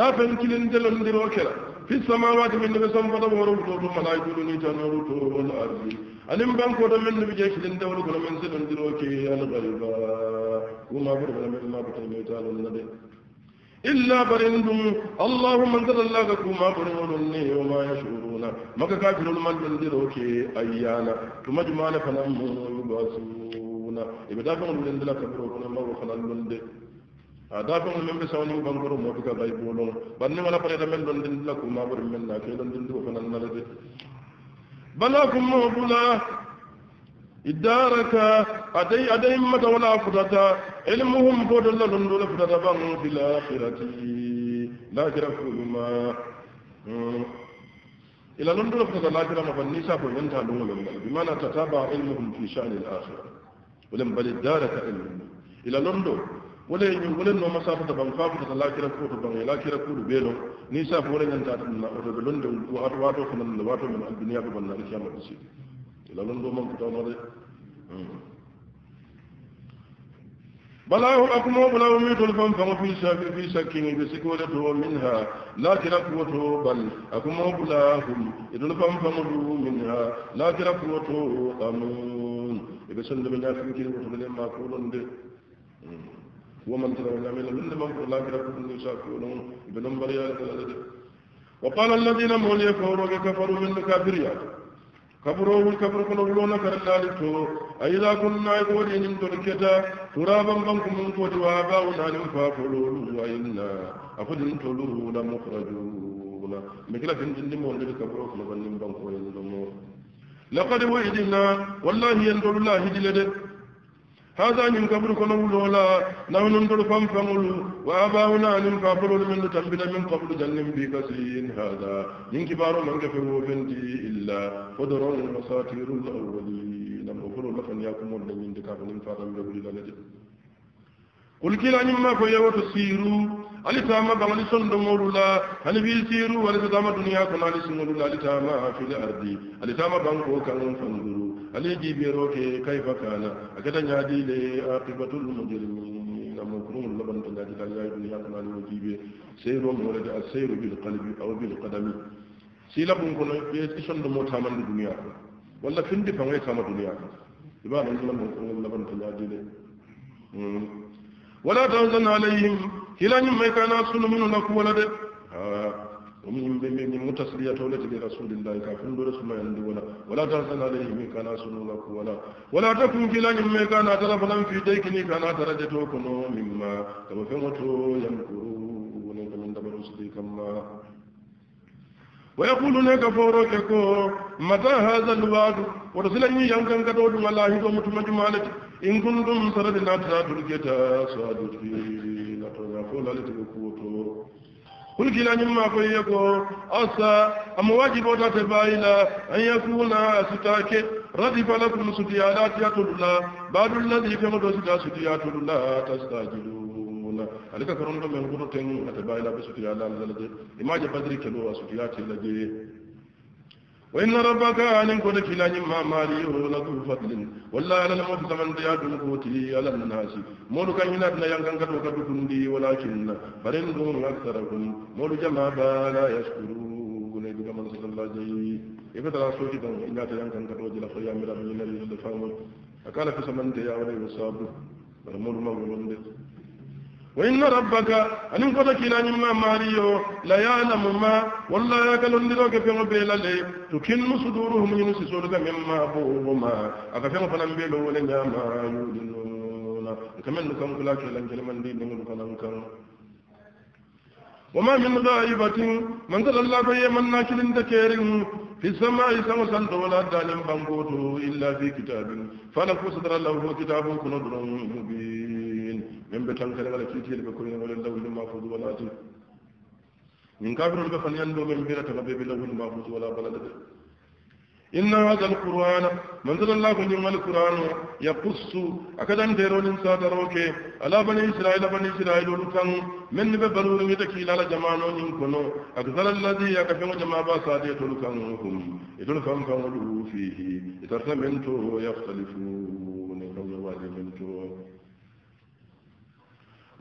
Speaker 1: دافن كلن دلن دروكلا في السماوات من نبي سنفة ورمتو ملايكو نيتانورتو والأرض ألم بانكو من نبي جيش لن دوركو من سنن دروكي الغيبا وما برغم ما بطل ميتان النبي إلا برندم اللهم انزل الله كما برمونني وما يشعرون مكا كافر من جلدروك أيانا تمجمع لفنم يباسون إبدافع من جلدلا كبروكنا مرو خلال لندي adafin min bi sawni bangoro mo fika bay bolon banni wala pare da men don din la ko ma bor men na ke don din ko nan na de إدارك أتي أتي متى ولا فتاة علمهم قد لا لندول فتاة بان في الآخرة لا جرف ما إلى لندول فتاة لا جرف ما فنيسا فينتا لون لون بمعنى تتابع علمهم في شأن الآخرة ولم بل إدارك علمهم إلى لندول wala ñu wala no ma safa ban fa ko la kira ko to ban la kira ko be no ni safa wala ñanta tan na o to be londo wa to wa to ko nan wa to min al dunya ko ban na kiyama ko lalon do man kutano de بلاه الأقمو بلاه ميت الفنفن في ساك في سكين بسكولته منها لا تركوته بل أقمو بلاهم إذ الفنفن منها لا تركوته قانون إذا سند من يافي كده وتبلي ما قولن ده ومن ترى ولا من لم من لا تركوته من ساكولون ابن مريا وقال الذين مولي كفروا من كافريا كبرو كبر كلون كرلالك أيضا كنا يقول إن تركتا ترابا بنكم من قد واباؤنا نفافلون وإنا أفدنتلون مخرجون مثل في الجن مولد كبرو كلون بنكم من قد لقد وعدنا والله ينظر الله جلده هذا نين قبل كنو لولا نحن ندر فم فمول واباؤنا نين كفر من تنبل من قبل جنم بك هذا نين كبار من كفر بنتي الا قدر وساتير الاولين نقول لكم من ولن من نين فاضل قل كلا نما فيا وتسيرو علي تاما بغلي صندو مولولا هل في سيرو ولي تاما دنيا كنا علي سنولولا علي تاما في الأرض علي تاما بانكو كان فنغرو علي جيبيرو كيف كان أكدا نادي لي آقبة المجرمين نمكرون اللبن تنادي لأي دنيا كنا علي مجيبي سيرو مولد السير بالقلب أو بالقدم سيلا بانكو نيكي صندو مو تاما دنيا والله فندي فنغي تاما دنيا إبانا نمكرون اللبن تنادي لي ولا تحزن عليهم هلا ما كان أصل من لك ولد ومن بين متسلية تولت لرسول الله كافر رسول ما عندي ولا ولا تحزن عليهم كان أصل لك ولا ولا تكن هلا ما كان أترى فلم في ديك كان أترى جتوكم مما كما فهمتوا يمكرون من دبر صديق الله ويقولون كفورك متى هذا الوعد ورسلني يمكن كتوت الله يوم تمجمالك إن كنتم تردن أتات الكتاب سعدت في لطنا فولا لتبكوتو قل كلا نما كن يكو أسا أم واجب تتبايلا أن يكون أستاك ردف لكم ستيالات يتبلا بعد الذي كمت ستا ستيات لا تستاجلون عليك كرم من قرطين أتبايلا بستيالات للذي إما جبدري كلوا ستيات للذي وإن ربك أن كنت لاني ما مالي ولا ذو فضل والله على الموت زمن ديا دون كوتي على الناس مولو كان ينات لا ينكن كدو كدو كندي ولكن فرندهم أكثرهم مولو جماعة لا يشكرون إذا كما صلى الله جي إذا ترى سوتي دون إن أتى ينكن كدو جل خيا مرا من الذي فهم أكان في زمن ديا ولا يصاب مولو ما ولند وإن ربك أن قد كنا مما ماريو لا يعلم ما والله يكلون دروك في مبيل لي تكن صدورهم ينسي صدور مما بوهما أكفهم فلن بيلو لنا ما يؤمنون كمن لكم كلا كلا كلا من دين لكم كلا وما من غائبة من قال الله في من ناكل ذكيرهم في السماء سوى سنت ولا دالم بانغوتو إلا في كتاب فلكو صدر الله كتاب كنظر مبين من بتان كلا على كيتي اللي بكون ولا لو ما فوز ولا تل من كافر اللي بفني عنده من بيرة تبى بلو ما فوز ولا بلد إن هذا القرآن من ذل الله من يوم القرآن يقص أكد أن ترون إنسان روكي على بني إسرائيل بني إسرائيل ولكن من ببلو يتكي على جماعة ينكنو أكثر الذي يكفر جماعة سادية لكن هم يتلقون فيه يترسمنتو يختلفون يوم يوالي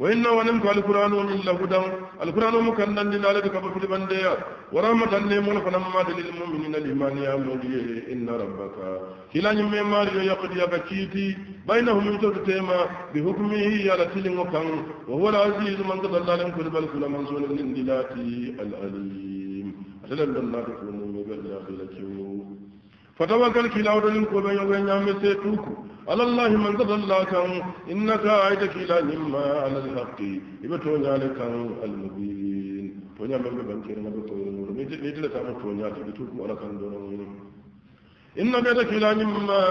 Speaker 1: وإن ولم القرآن إلا هدى القرآن مكنا لذلك كبر بنديا ورحمة النمون فنمات للمؤمنين الإيمان يا مولي إن ربك كلا نمي ماريو يقضي بكيتي بينهم يتوت تيما بحكمه يا تلين وكان وهو العزيز من قد الله لم كل بل كل من سولد الإنجلاتي العليم أتلم الله تكون مبلغ لكيوم فتوكل كلا ودلن كوبا يوغي نعم سيتوكو على الله من قد الله كان إنك عيد كلا نما على الحق إبتوني عليك المبين تونيا من ببنكير نبتوني نور نجل تعمل تونيا تبتوكو على كان دونه إنك عيد كلا نما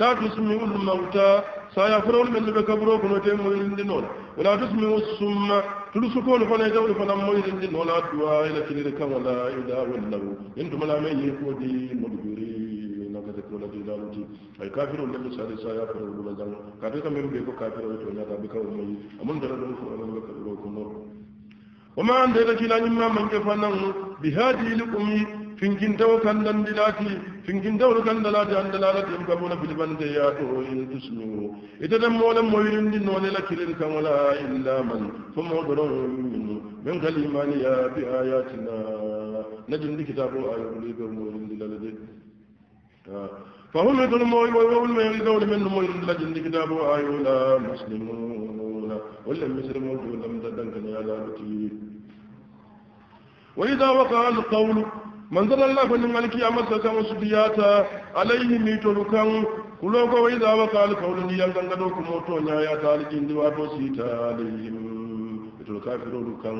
Speaker 1: لا تسمع الموتى سيفرون من بكبروك نتيم ويندنون ولا تسمع السم تلسكون فنيتون فنمو يندنون الدعاء إلى كلا ولا إله ولا إنتم لا من يكودي مدبرين kula di dalu ti ay kafiru ne musa da saya fara wala dan ka ta kamar be ko kafiru to na da bika wani amon da ran ko ran ka ko ko no وما عندنا كلا مما من يفنن بهذه لكم finkin dawo kan dan dilati finkin dawo kan dalati an dalalati in kabula bil bande ya to in tusmiru ita dan molan moyirin din no ne la kirin kan wala illa man thumma darun min min kalimani ya bi ayatina najin dikita ko ayu bi bil moyirin dilalati فهم يدل موي ويوم يلقون من موي لجن كتاب وآيولا مسلمون ولا مسلمون ولم تدنك يا لابتي وإذا وقع القول من ذل الله بن مالك يا مسكا مسدياتا عليه ميتو كان كلوكو وإذا وقع القول ينغن غدوك موتو نيا تالجين دي واتو سيتا عليهم الكافرون كان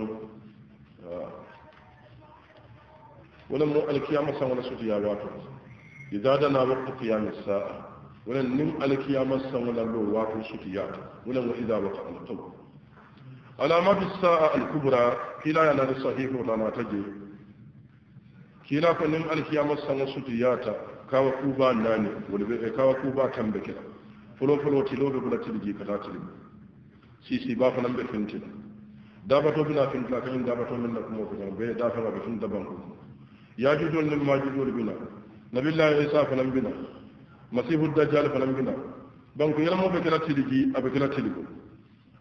Speaker 1: ولم القيامة سنة سوتي يا واتو da na waqti qiyamis sa'a wannan nin alkiya san wannan lo ko fi shitiya wannan wa idan waqa al-qub alamat saa al-kubra kila yana da sahihu da taje kila fa nim alkiyamar san wasutiyata kawa kuba nani wani kawa kuba kan bikira fulo fulo tilo be bula tilgi kata tilgi sisi ba fa nan da ba dabato bina fintila kan dabato min na kuma ko da dafa ba da ban ko ya ji ma ji majidon bina nabi allah isa fanan bina masihu dajjal fanan bina banku yelmo be kala tiliki abe kala tiliko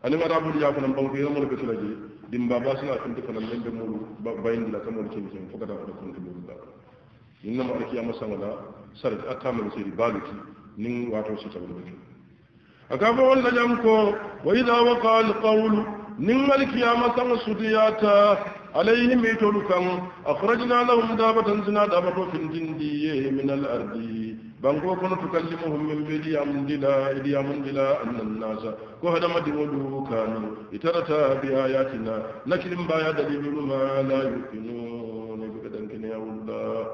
Speaker 1: ani marabul ya fanan banku yelmo be kala je dimba basna kunti fanan lembe mulu bayindila kamol kin kin fokata ko kunti mulu da inna ma alkiyama sangala sarati attamal siri baliki nin wato su tabu ne akaba walla jam ko wa idha waqa alqawl nin alkiyama sang sudiyata عليهم يتولكم أخرجنا لهم دابة زنا دابة فندندية من الأرض بانكو كنا تكلمهم من بدي أمدلا إدي أمدلا أن الناس كو هذا ما دمولو كانوا اترتا بآياتنا نكلم بايا دليل ما لا يؤمنون بكدن كنا يا الله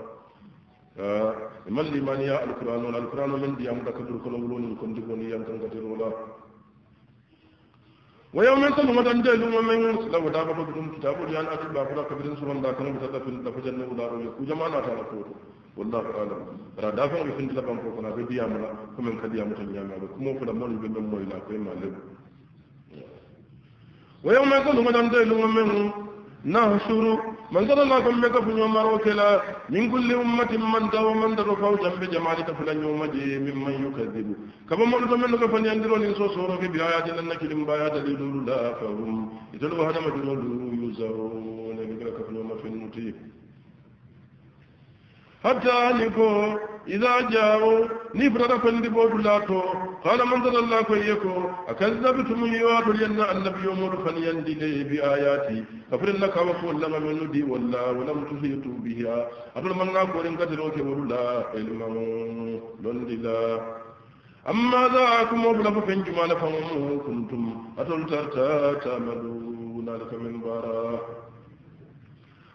Speaker 1: آه، من لمن يا القرآن والقرآن من دي أمدك دركنا ولون كنت كوني يمكن كتير ولا ويوم ينتم ما تنجل وما ينس لو دابا بكم كتاب اليان أكل بابرا كبير سرون داكنا بتدفن دفجن ودارو يكو جمانا تعالى فوتو والله أعلم را دافع يفند لبام فوقنا بديا ملا كم كديا متنيا ملا كم فلا مول بنم مول لا كم مالب ويوم يكون ما تنجل وما ينس نهشر من قال الله كم يكفن يوم روكلا من كل أمة من دا ومن دا فوجا بجمالك فلن يوم جي ممن يكذب كما مرد من كفن يندرون إنسو سورك بآيات لنك لمبايات لدول لا فهم إذن وهدم جنود يزرون بكرة كفن يوم في النتيب حتى أنكو إذا جاءوا نفرد فندبوت لاتو قال من ذل الله كيكو أكذبتم يوات لأن النبي يمر فليندي لي بآياتي كفر لك وقول لما من ندي ولا ولم تحيطوا بها أقول من نقول إن قدروك ولا علم لندي لا أما ذاكم وبلا فين جمال فهم كنتم أتلتر تعملون لك من براه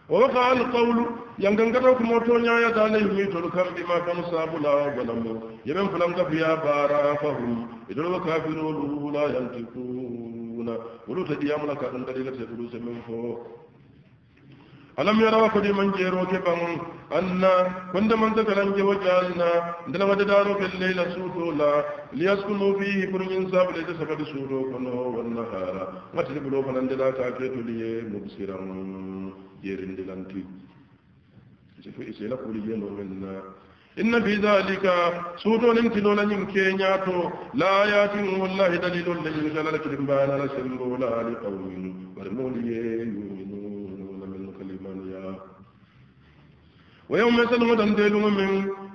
Speaker 1: ووقع القول ينغنغتو كمو تونيا يداني ميتول كم بما كانوا سابلا ظلموا يمن فلان كفيا بارا فهم يدلو كافرون لا ينتقون ولو تديام لك أن دليل تدلو سمين فوق alam yarawa ko di man jero ke bangun anna wanda man zaka lan je wajalna ndala wada daro ke leila suto la liyaskunu fi burjin sabale da saka da suto kono wan nahara mata bulo fanan da ta ke to liye mubsiran jerin dilanti je ko ise la ko liye no wenna inna fi dhalika suto nin tilo la nim ke nyato la ayatin wallahi dalilul lin jalala kidin bana la shimbo la li qawmin warmuliye yu'minu ويوم يسلم دم ديلو من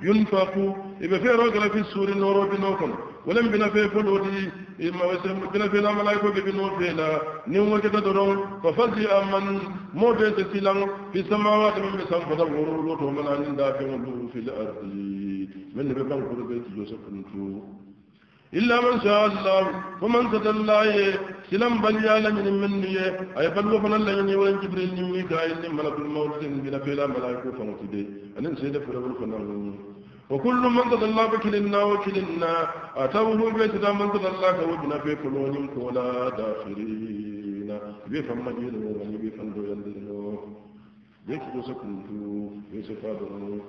Speaker 1: ينفق إبا في روك في السور نورو بنوكم ولم بنا في فلودي إما وسلم بنا في الملائكة بنو فينا نيوم كتا درون أمن موجة تسيلان في السماوات من بسام فتب غرور لوتو من عند في الأرض من ببنك ربيت يوسف نتو إلا من شاء الله فمن الله سلم بليا من مني أي بلو فنال لمن ولن جبريل نمي كائن ملك الموت بلا بلا ملائكة فمتدي أنا سيد فرول فنال وكل من الله بكلنا وكلنا أتوه بيت بيتنا من الله كوجنا في كلونهم كولا داخلين بيفهم مجيد ورمي بيفهم دويل بيكي جوسف نتو يوسف آدم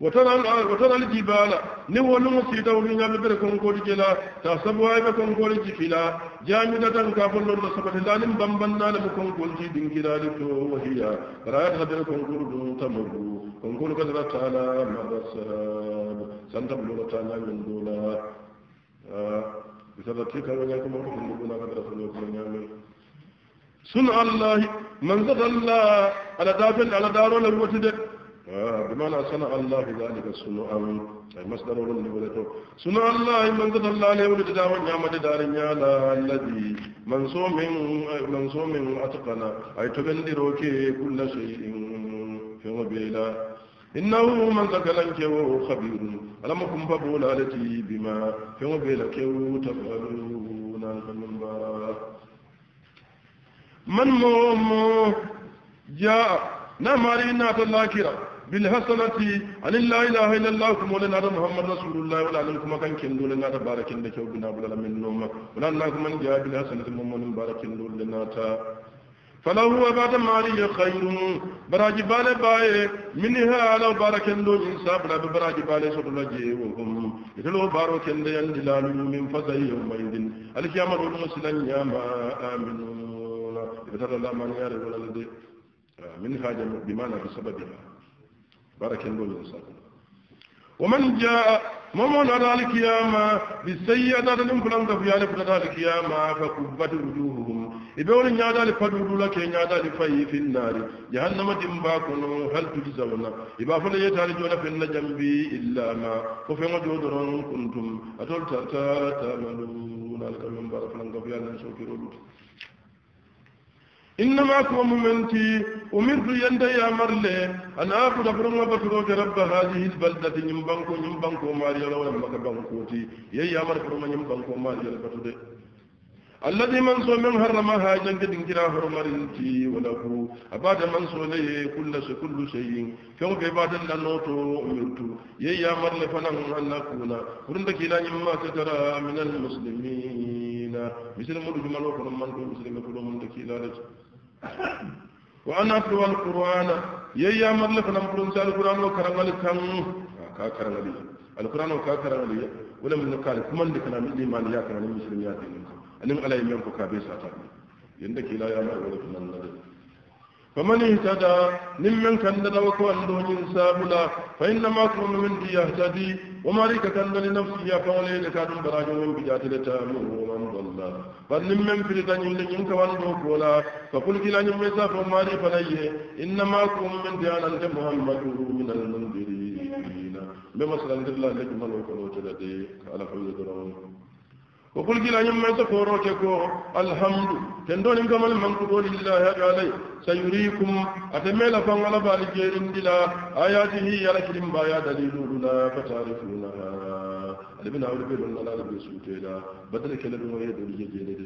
Speaker 1: وترى الجبال نول مسيطة في نعم بركم قول جلا تصبوا بكم قول جفلا جامدة كافل الله سبحانه ظالم بمبنا لكم قول جدين كلا لتو وهي رايت بركم قول دون تمرو كم قول كذرة تعالى مرساب سنتبلو تعالى من دولا آه. بسبب تلك ونعكم وكم قول كذرة تعالى سن الله من ذا الله على دافن على دارو للوتدك آه، بمعنى صنع الله ذلك صنعا أي مصدر ولن ولدته صنع الله من قد الله عليه ولد ونعمة دار يالا نعم. الذي من صوم من صوم أتقن أي تبندروك كل شيء في غبيلا إنه من ذكر كيو خبير ألم كن فبولا التي بما في غبيلا كيو تفعلون من بارا من مو مو جاء نماري نات الله كرا بالحسنة أن لا إله إلا الله كما لنا محمد رسول الله ولا لكم كان كندو لنا تبارك إنك وبنا بلا من نوم ولا لكم من جاء بالحسنة من بارك إندو لنا تا فله بعد لي خير براج بال باي منها على بارك الله إنسان بلا براج بال سر لجي وهم يتلو بارك إندو يندلال من فضي يوم الكيامة المسلم يا ما آمنون يبتر الله من يارب ولا لدي منها بمعنى بسببها بارك الله وسلم ومن جاء ممن على الكيامة بالسيئة لم فلم تفيال فلا القيامة فكبت وجوههم إبول نيادا لفدود لك نيادا لفي في النار جهنم تنباكنا هل تجزون إبا فلا يتعالجون في النجم إلا ما وفي مجود كنتم أتول تعملون الكلام بارك الله فيال نسوكي إنما كوم منتي أمرت يندى يا مرلي أنا أقول أعبد فرما بطروك رب هذه البلدة نمبانكو نمبانكو ماريا لو لم بانكوتي يا يا مر فرما نمبانكو ماريا لبطروك الذي من سوى من هاي جنك دينجرا دنجرا رنتي وله أباد من سوى لي كل شيء كل شيء كم في بعد لنوتو أمرت يا يا مرلي فنن أن نكون فرندك إلى ما تترى من المسلمين مثل مدجمالو فنن من كل مسلم كل من تكيلا لك wa an atlu al qur'ana yayya marla kana murun sa al qur'an wa karangal kan ka karangali al qur'an wa ka karangali wala min kala kuma da kana min imani ya kana muslimi ya dinin anin alai men ko ka be sa ta yanda kila ya ma wala kuma nan فمن اهتدى لمن كان دوك كون من سابلا فإنما كون من دي يهتدي ومارك كان لنفسه فولي لكاد البراج من بجات لتامه ومن ضل فلمن في لتن يلن كون دو كولا فقل كلا نمسا فماري فليه إنما كون من ديانا محمد من المنذرين بمسلم الله لك ملوك الوجلة على حول درون وقل جل أن من سفورتك الحمد تندون إنكم المنقض لله عليه سيريكم أتميل فنغل بالجير دلا آياته يلكرم بايا دليلنا فتعرفونها لبنا أولبيل الله لبي سوتيلا بدلك لبنا يدل جيجيني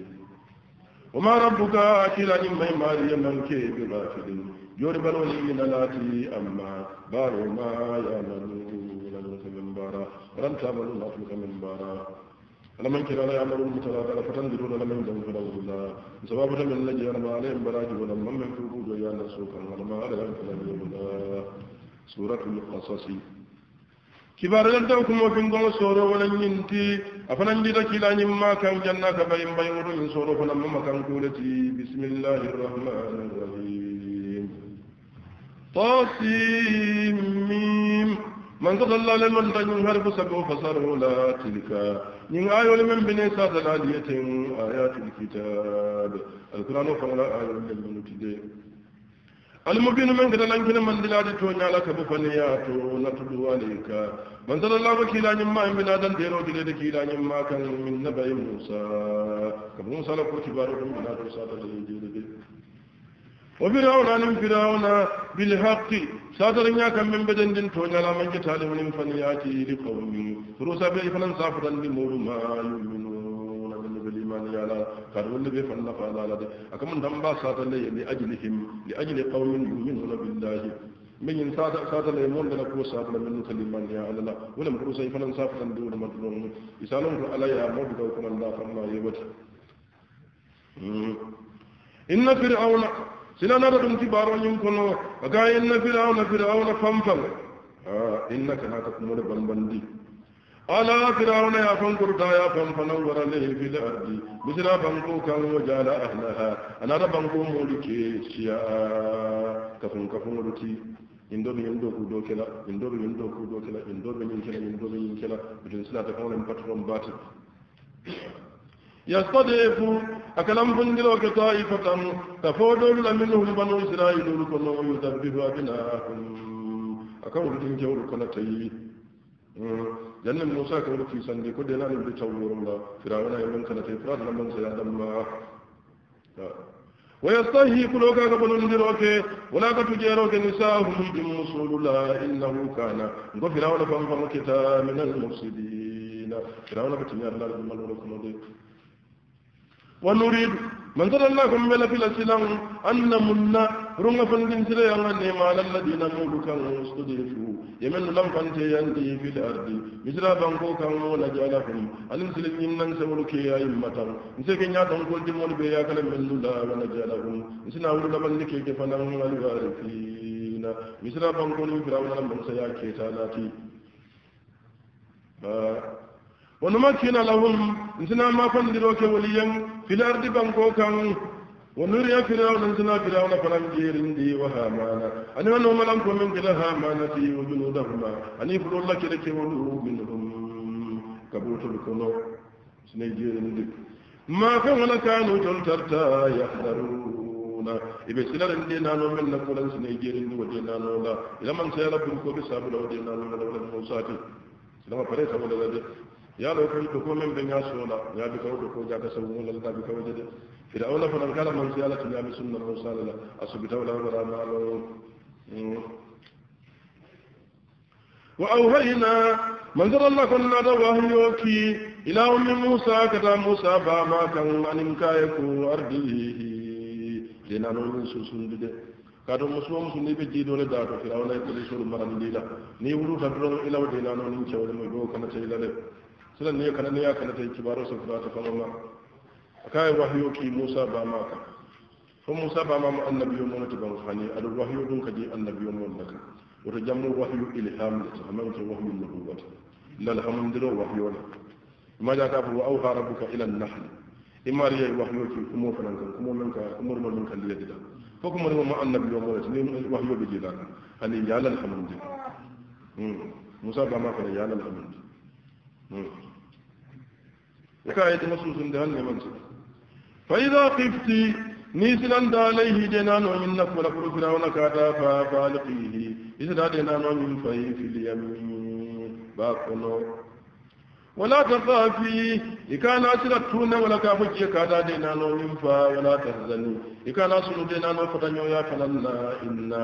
Speaker 1: وما ربك كلا إما ماريا من كي بغافل يربل من الاتي أما بارو ما يعملون من بارا ولم تعملون أفلك من بارا لمن كلا لا يعمل المتلاقى فتنزل ولا من دون فلا ولا سبب من نجي أنا ما عليهم براجي ولا من من كبود ويا نسوك أنا ما عليهم فلا ولا سورة القصص كبار يدعوكم وفين قوم سورة ولا ينتي أفنان جدا كلا نما كان جنة كبين بين من سورة فنما مكان كولتي بسم الله الرحمن الرحيم طاسيم من قد الله لم يلتج من هرب سبع فصر لا تلك من آية لمن بني ساد الآلية آيات الكتاب القرآن فعلا آية لمن تدي المبين من قد لنكنا من دلالة ونعلك بفنيات ونطلو عليك من قد الله وكيلا نما من آدم ديرو دلالة كيلا نما كان من نبأ موسى كموسى لقرتي بارو من آدم ساد الآلية وفرعون عن فرعون بالحق ساتر نياكا من بدن دين تونيا لا من جتالي من فنياتي لقوم روسا بي فلن سافرا لمول ما يؤمنون من بالإيمان يالا قالوا اللي فلن فعلا لدي أكمن دمبا ساتر لي لأجلهم لأجل قوم يؤمنون بالله من ينسات ساتر لي مول لنا كو ساتر من كلمان يا الله ولم روسا فلن سافرا دون مدلون يسالون على يا موجود وكمان لا فرنا يوجد إن فرعون sino naɗa ɗum kibaro ñum kono aga inna firauna firauna famfam a inna ka haa takumore bambandi ala firauna ya fankurta ya famfanan waralehi fil ardi misira banku kan wajala ahlaha anaɗa banku muɗu ke siya kafun kafunoɗuti in doɓe yin ɗoo kuɗoo kela in ɗoɓe yin ɗoo kuɗoo kela in ɗoɓe ñin kela in ɗoɓe ñin kela ɓetin silata kanoɗen patron batel يستضعف أكلم فنجلو كطائفة تفوضوا لمنهم بنو إسرائيل لكنا ويذبه أبناءهم أكون لهم جور كنتي جنة موسى كور في سندي كل دينا نبدي تولور الله فرعون يمن كنتي فراد لمن سيادم ما ويستهي كلوكا قبل انجلوك ولا كتجيروك نساهم بمسول الله إنه كان وفرعون فانفركتا من المفسدين فرعون كتنيا الله لكم الله لكم ونريد من ترى الله كم بلا في السلام أن منا رنا فندين سلا يعنى على الذين مولو كانوا يستضيفوا يمن لم فنتي ينتي في الأرض مثل بانكو كانوا ولا جالهم ألم سلين نن سولو كي أي مطر نسيك نياتهم كل جمول بيا كلام من لولا ولا جالهم نسينا ولو لمن لكي كفنا من الوارثين مثل بانكو نفرا ولا من سيا كي سالاتي ونمكن لهم انسنا ما دروك وليا في الأرض بانكوكا ونري فرعون انزنا فرعون فلم جيرندي وهامان أنا أنه ملنك من كلا هامانا في وجنودهما أن يفر الله كلك ولو منهم كبوت الكنو سنجيرندي ما فعل كانوا جلترتا يحذرون ibe silarin de nano men na kulan su ne jerin ni waje nano la ila man sai rabbul ko bi sabu da waje nano la wala ya lo kan ko men be nyaso la ya bi kawo ko ja ka sabu wala da bi kawo jade ida wala fa nan kala man siyala tin ya bi sunna rasul sallallahu alaihi wasallam asbita wala wala ma lo wa awhayna man zara Allah kunna da wahyoki ila ummi musa kata musa ba ma kan anin kai ku ardihi dina no min susun de kato musumo musu ni be jiidole daato firawna e kolisolu marandi la ni wuluta doron ilaw de la no nin cewle mo do kana ceyla de silan ne kana ne ya kana ta kibaro sun fara ta fama ma akai wahiyo ki Musa ba ma ka fa Musa ba ma mu annabiyo mun ta ban fani al wahiyo dun ka je annabiyo mun naka wato jamu wahiyo ilham da amma wato wahiyo nubuwa lal hamdulillah wahiyo ne ma da ta fa wa auha rabbuka ila an-nahl imar yayi wahiyo ki kuma fanan kan kuma nan ka umar mun kan liya da ko kuma ne ma annabiyo mun ne wahiyo da jira ani ya lal hamdulillah Musa ba ma kana ya lal hamdulillah كايت مسوس دهن منسوس فإذا خفت نيسلان داليه جنان ومن نفل فرسنا ونكاتا فالقيه إذا جنان من فيه في اليمين باقنو ولا تخافي إكان أسرتون ولا كافجي كادا دينانو من فا ولا تهزني إكان أسرتون دينانو فتنيو يا فلنا إنا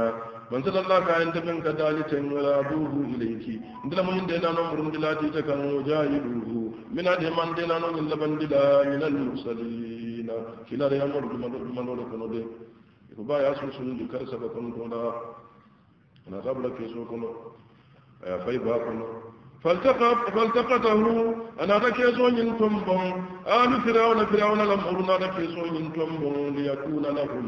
Speaker 1: man sallallahu alaihi ta min kadali tan wala buhu ilayki inda mun inde na non burum dilati ta kan mujahiduhu min ade man de na non laban dila min al mursalin kila da amor dum do dum do kono de ko ba ya su sun dukar sabakon to da na sabla ke so kono ya bai ba kono فالتقط فالتقطه أنا ركيزو ينتمبون آل فرعون فرعون لم أرنا ركيزو ينتمبون ليكون لهم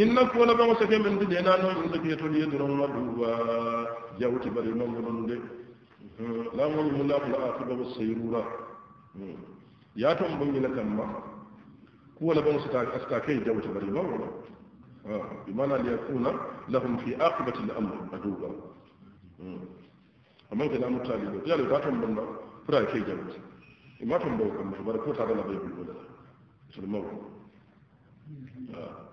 Speaker 1: ينك ولا بمسك من دينا نوم ذكيت ليدرون ودوا جاوت بري نوم دي لا مول ملاك العاقبة والسيرورة يا تنبون لك ما ولا بمسك أستاكي جاوت بري نوم بمعنى ليكون لهم في عاقبة الأمر عدوا amma ke lamu tali do yalo ta ton bamba fura ke jaru ma ton do kam bar ko ta da be bulu da sulmau ah.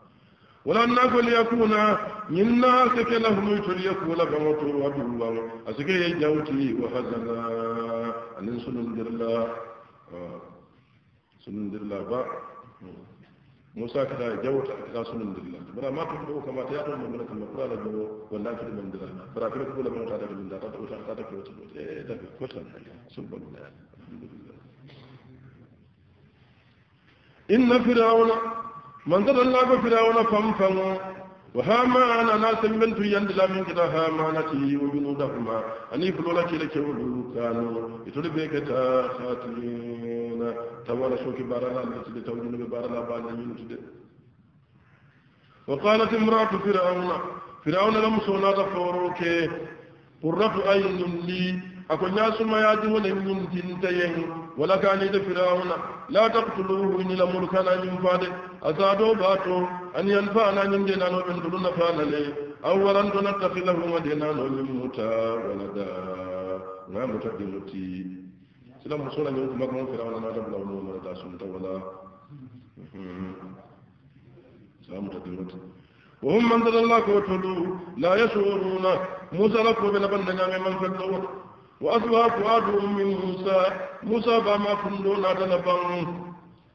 Speaker 1: wala annako liyakuna ñin na sike lahumuytol yakula baŋoto wabiru baŋo a sike ye jawti wa hazana anin sunundirla ah. sunundirla ba hmm. موسى كذا جو كذا سنن دلنا برا ما كنت تقول كما تياتو من ملك المقرى لا جو ولا كذا من دلنا برا كذا تقول من تعالى من دلنا تقول دلا تعالى تعالى تعالى تعالى ده فصل سبحان الله إن فرعون من ذا الله فرعون فم فم وهامان أنا سمبنت يند لا من كده هامانتي وجنودهما أني فلولا كده كولو كانوا يتولي بيكتا خاتمين توالا شوكي بارانا لتدي توجن بارانا بانا ينتدي وقالت امرأة فرعون فرعون لم سونا تفوروك قرة اين لي أكو الناس ما يعدون من تنتين ولا كان فرعون لا تقتلوه إن لملكنا من فاد أسادو باتو أن ينفعنا من دينا ومن دون فانا لي أولا نتخذه مدينا ومن متى ولدا ما متقدمتي سلام رسولا يوم ما كان فرعون ما جاب نوم ولا تاسم ولا سلام متقدمتي وهم من ذل الله كوتلو لا يشعرون موسى بلبن نجامي من فدوت وأصبح فؤادهم من موسى موسى بما فندونا تنبان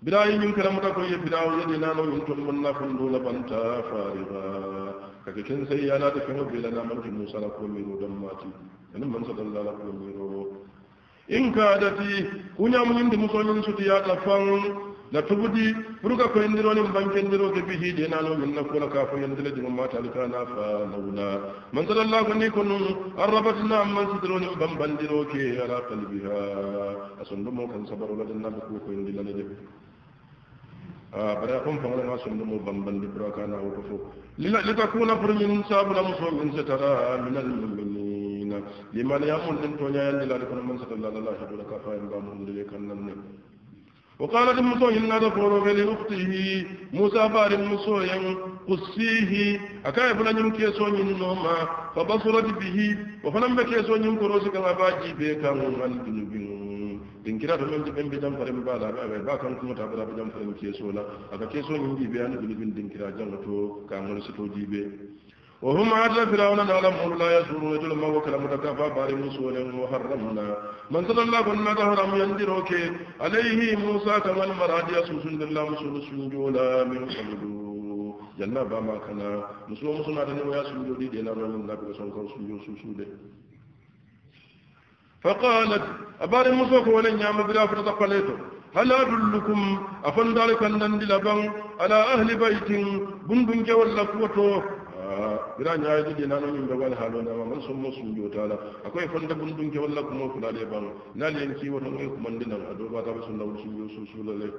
Speaker 1: براي من كلام تكون يبراو يدنا لو ينتم من فندونا بنتا فارغا ككين سيانا تفهم بلنا من موسى لكم من دماتي أنا من صلى الله لكم من إن كادتي كنا من موسى من سوتيات فان la tubudi buruka ko indironi bankendiro ke bihi de nalo min na kula ka fo yandile di mata alka na fa laula man sallallahu ni kun arrabatna man sidroni ban bandiro ke ala qalbiha asundu mo kan sabaru la dinna ko ko indila ne de a bara kon fa ngala asundu mo ban bandi buruka kana ko fo lila litakuna furmin sabula musulmin satara min al-mu'minin لمن يأمر أن تنيا لله لكم من سبب الله لا شر لك فإن بامهم لك النمل وقالت مسوي إن تقول لأخته موسى بار مسوي قصيه أكاي فلان يمكي سوني النوما فبصرت به وفلان بكي سوني كروسي كما باجي بيكا من الجنوبين din kira da mun jibin bijan farin ba da ba ba kan kuma ta bada bijan farin ke so na aka ke so yin gibe an gulubin din kira jan to kamun su to gibe وهم عدل فرعون العالم أولو لا يسور ويجل ما وكلا متكافى باري موسى وحرمنا من صلى الله قلنا تهرم يندروك عليه موسى كمن مراد يسوس الله موسى سنجولا من صلدو جنة بما كنا موسى موسى عدني ويا سنجو دي دينا من الله بسم الله سنجو سوسو فقالت أبار موسى كون ينام بلا فرط فتتقليتو هل أدلكم أفن ذلك أن النندل على أهل بيت بندن جوال لقوته biran ya yi na nan da wal halon na man sun musu jota da akwai fanda bundun ke walla kuma kula da ban na le yanki wata mai kuma dinan a doba ta sun lawo sun su su lalle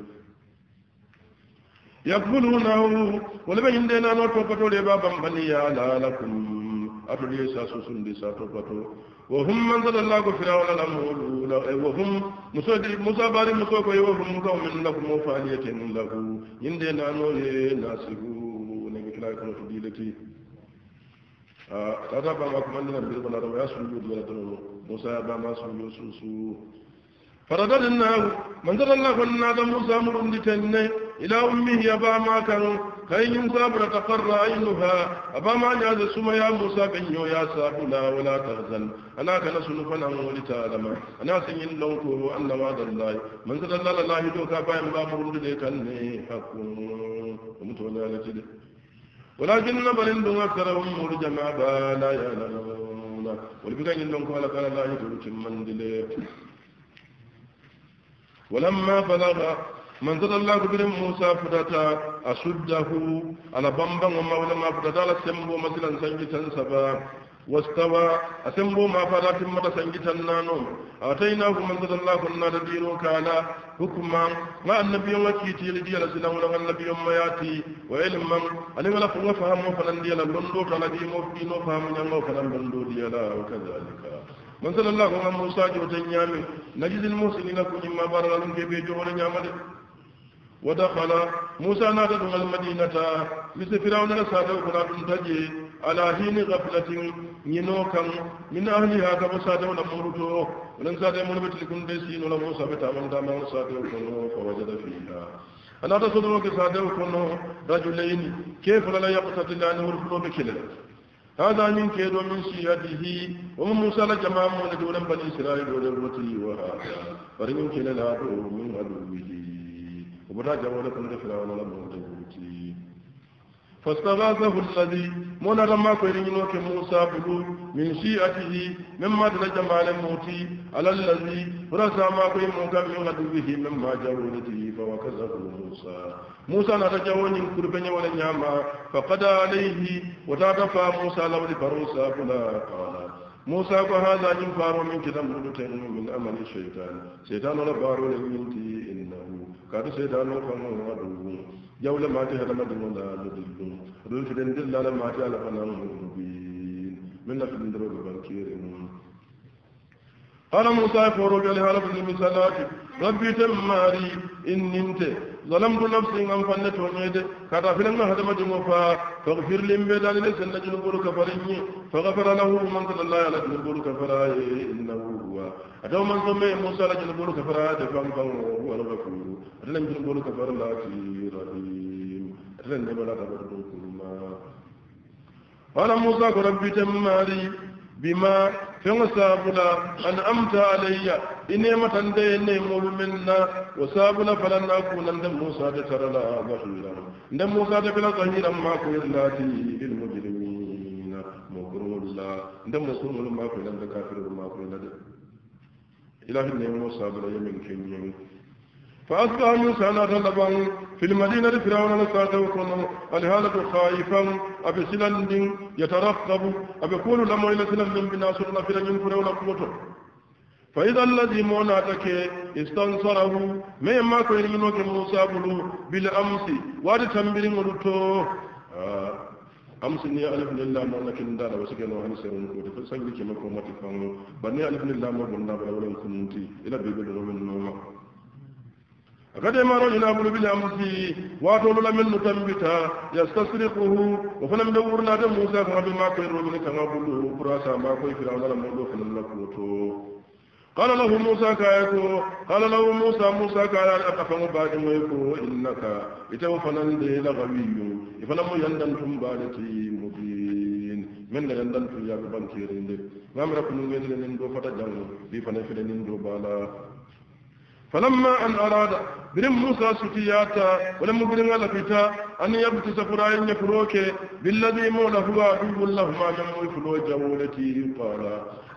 Speaker 1: yakulunahu wala bayin da na no to pato le ba ban bani ya la lakum ya sa su sun da sa to pato wa hum man zalla e ko fira wala lam wala wa hum musadi musabari musoko wa hum qaumin lakum fa'aliyatin lahu inde na no le nasibu ne kila ko to dilati tata ba ma kuma nan bil bala ya sujud wala tanu musa ba ma sujud su su faradadna man dalla kunna da musa murun ditanne ila ummihi ya ba ma kan kai yin sabra taqarra aynuha aba ma ya da suma ya musa kan yo ya sabula wala tahzan ana kana sunufan an wali ta'alama ana sun yin lauko annama dallahi man dalla lahi to ka bayan ba murun ditanne hakun mutu wala lati ولكن بلن دون أكثرهم مرجما لا يعلمون ولبقى يندون قال قال لا يدرك من دليل ولما بلغ من ذل الله بن موسى فتاتا أشده على بمبا ومولا ما فتاتا لسمه مثلا سنجتا سبا واستوى أسمبو ما فرات مرة سنجتا نانو آتيناه من ذا الله كنا ندينو كان حكما ما النبي وكيتي لدي لسنا ولغ النبي ما ياتي وعلما أن يغلا فنغا فلن دي لبندو كان دي فهم ينغو فلن بندو دي لا وكذلك من صلى الله عليه موسى جوتن نجد المحسنين كل ما بارا لهم كيبي جوهر يامد ودخل موسى نادى المدينة مثل فرعون رسالة وكنا تنتجي على حين غفلة ينوكا من أهلها كما ولا مرتو ولن سات من بيت لكم ديسين ولا موسى بتامن تامن سات فوجد فيها أنا تصدر كسات كنو رجلين كيف لا يقتتلان ورفضوا بكلا هذا من كيد ومن سيئته ومن موسى لجمع من دولا بني إسرائيل ودولته وهذا فرمين كلا لا من عدوه جمع لكم دفرا ولا من دولته فاستغاثه الذي مولا لما كيرينوك موسى بلو من شيئته مما تلجم على الموتي على الذي رسى ما كي موكا به مما جاولته فوكزه موسى موسى نتجاوني كربني ولا نعمة فقد عليه وتعرفى موسى لو لفروسى فلا قال موسى وهذا ينفار من كتاب من أمل الشيطان شيطان ربار لمنتي إنه كان شيطان فنو عدوه jawle maati hadamadinola mudillum ɗum fiɗen dillala maati ala fanamul mubin min lafiɗindiroɓe bankiri mum قال موسى فورو قال هلا بن مسلاتي ربي تماري إن نمت ظلمت نفسي من فنت ونيد كاتا فيلم هذا ما فاغفر لي من بلاد لسن نجل بورك فرني فغفر له من صلى الله عليه وسلم بورك فراي إنه هو أدو من سمي موسى لجل بورك فراي فان فان هو الغفور لم يجل بورك فراي رحيم لن يبلغ بردوكما قال موسى ربي تماري بما فنسابنا أنعمت علي إنما تنديني مؤمنا وسابنا فلن أكون عند موسى ترلا ظهيرا عند موسى تبلا ظهيرا ما كنا للمجرمين مكرم الله عند مكرم ما كنا كافر ما كنا إلهي نعم موسى بلا يمين كنين فأصبح موسى نتلبا في المدينة فرعون نساته كنو الهالة خائفا أبي سلند يترقب أبي كل لما إلى سلند بنا سرنا في رجل فرعون قوته فإذا الذي موناتك استنصره ما يما كوين منوك موسى بلو بالأمس وارد تنبير مرتو آه. أمس ني ألف لله مونا كندانا وسكنا وهن سيرون كوت فسنجي كما كومتي فانو بني ألف لله مونا بلا ولن كنتي إلى بيبل رومن نوما kadi ma rajul amulubil amsi watolula men nu tambita yastasriquhu o fanam de wurnade mosa kaabe ma koye roɓene kaga ɓullo pourasamba koye firawnala moɗo fanam lakoto qala lahu mosa kaye ko qala lahu mosa mosa kaye a afango baɗe moye ko innaka itewo fanande lagawiyu e fanamo yandantum baɗe tei mobin min na yandantu yaɓe ɓankerinde gam rakko nu gueɗene nin do fata jango ɗi fana feɗe nin do bala فلما أن أراد برم موسى سكياتا ولم برم لفتا أن يبتس فرائن يفروك بالذي مولا هو عدو الله ما نمو يفلو جولتي قال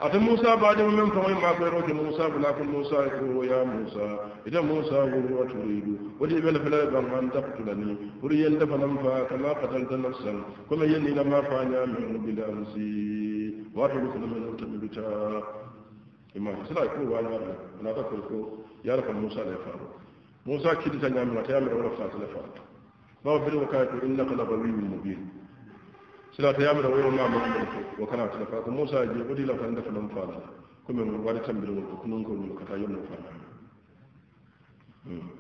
Speaker 1: أتى موسى بعد من فهم ما بيروك موسى ولكن موسى يقول يا موسى إذا موسى هو تريد ولي بل فلا يبان أن تقتلني ولي أنت فلنفا كما قتلت نفسا كما يلي لما فعنا من بلا مسيء واحد من التملتا إما سلا يقول وانا لا تقول yar ko musa le faru musa kidi ta nyamira ta yamira wala fatu le faru bawo biri wa kala innaka la mu biyu sila ta yamira wayo ma ma wa kana ta faru musa je odi la kan da fanan fala kuma mun wari tambiri ko kunun ko mun ka ta yamira fala hmm.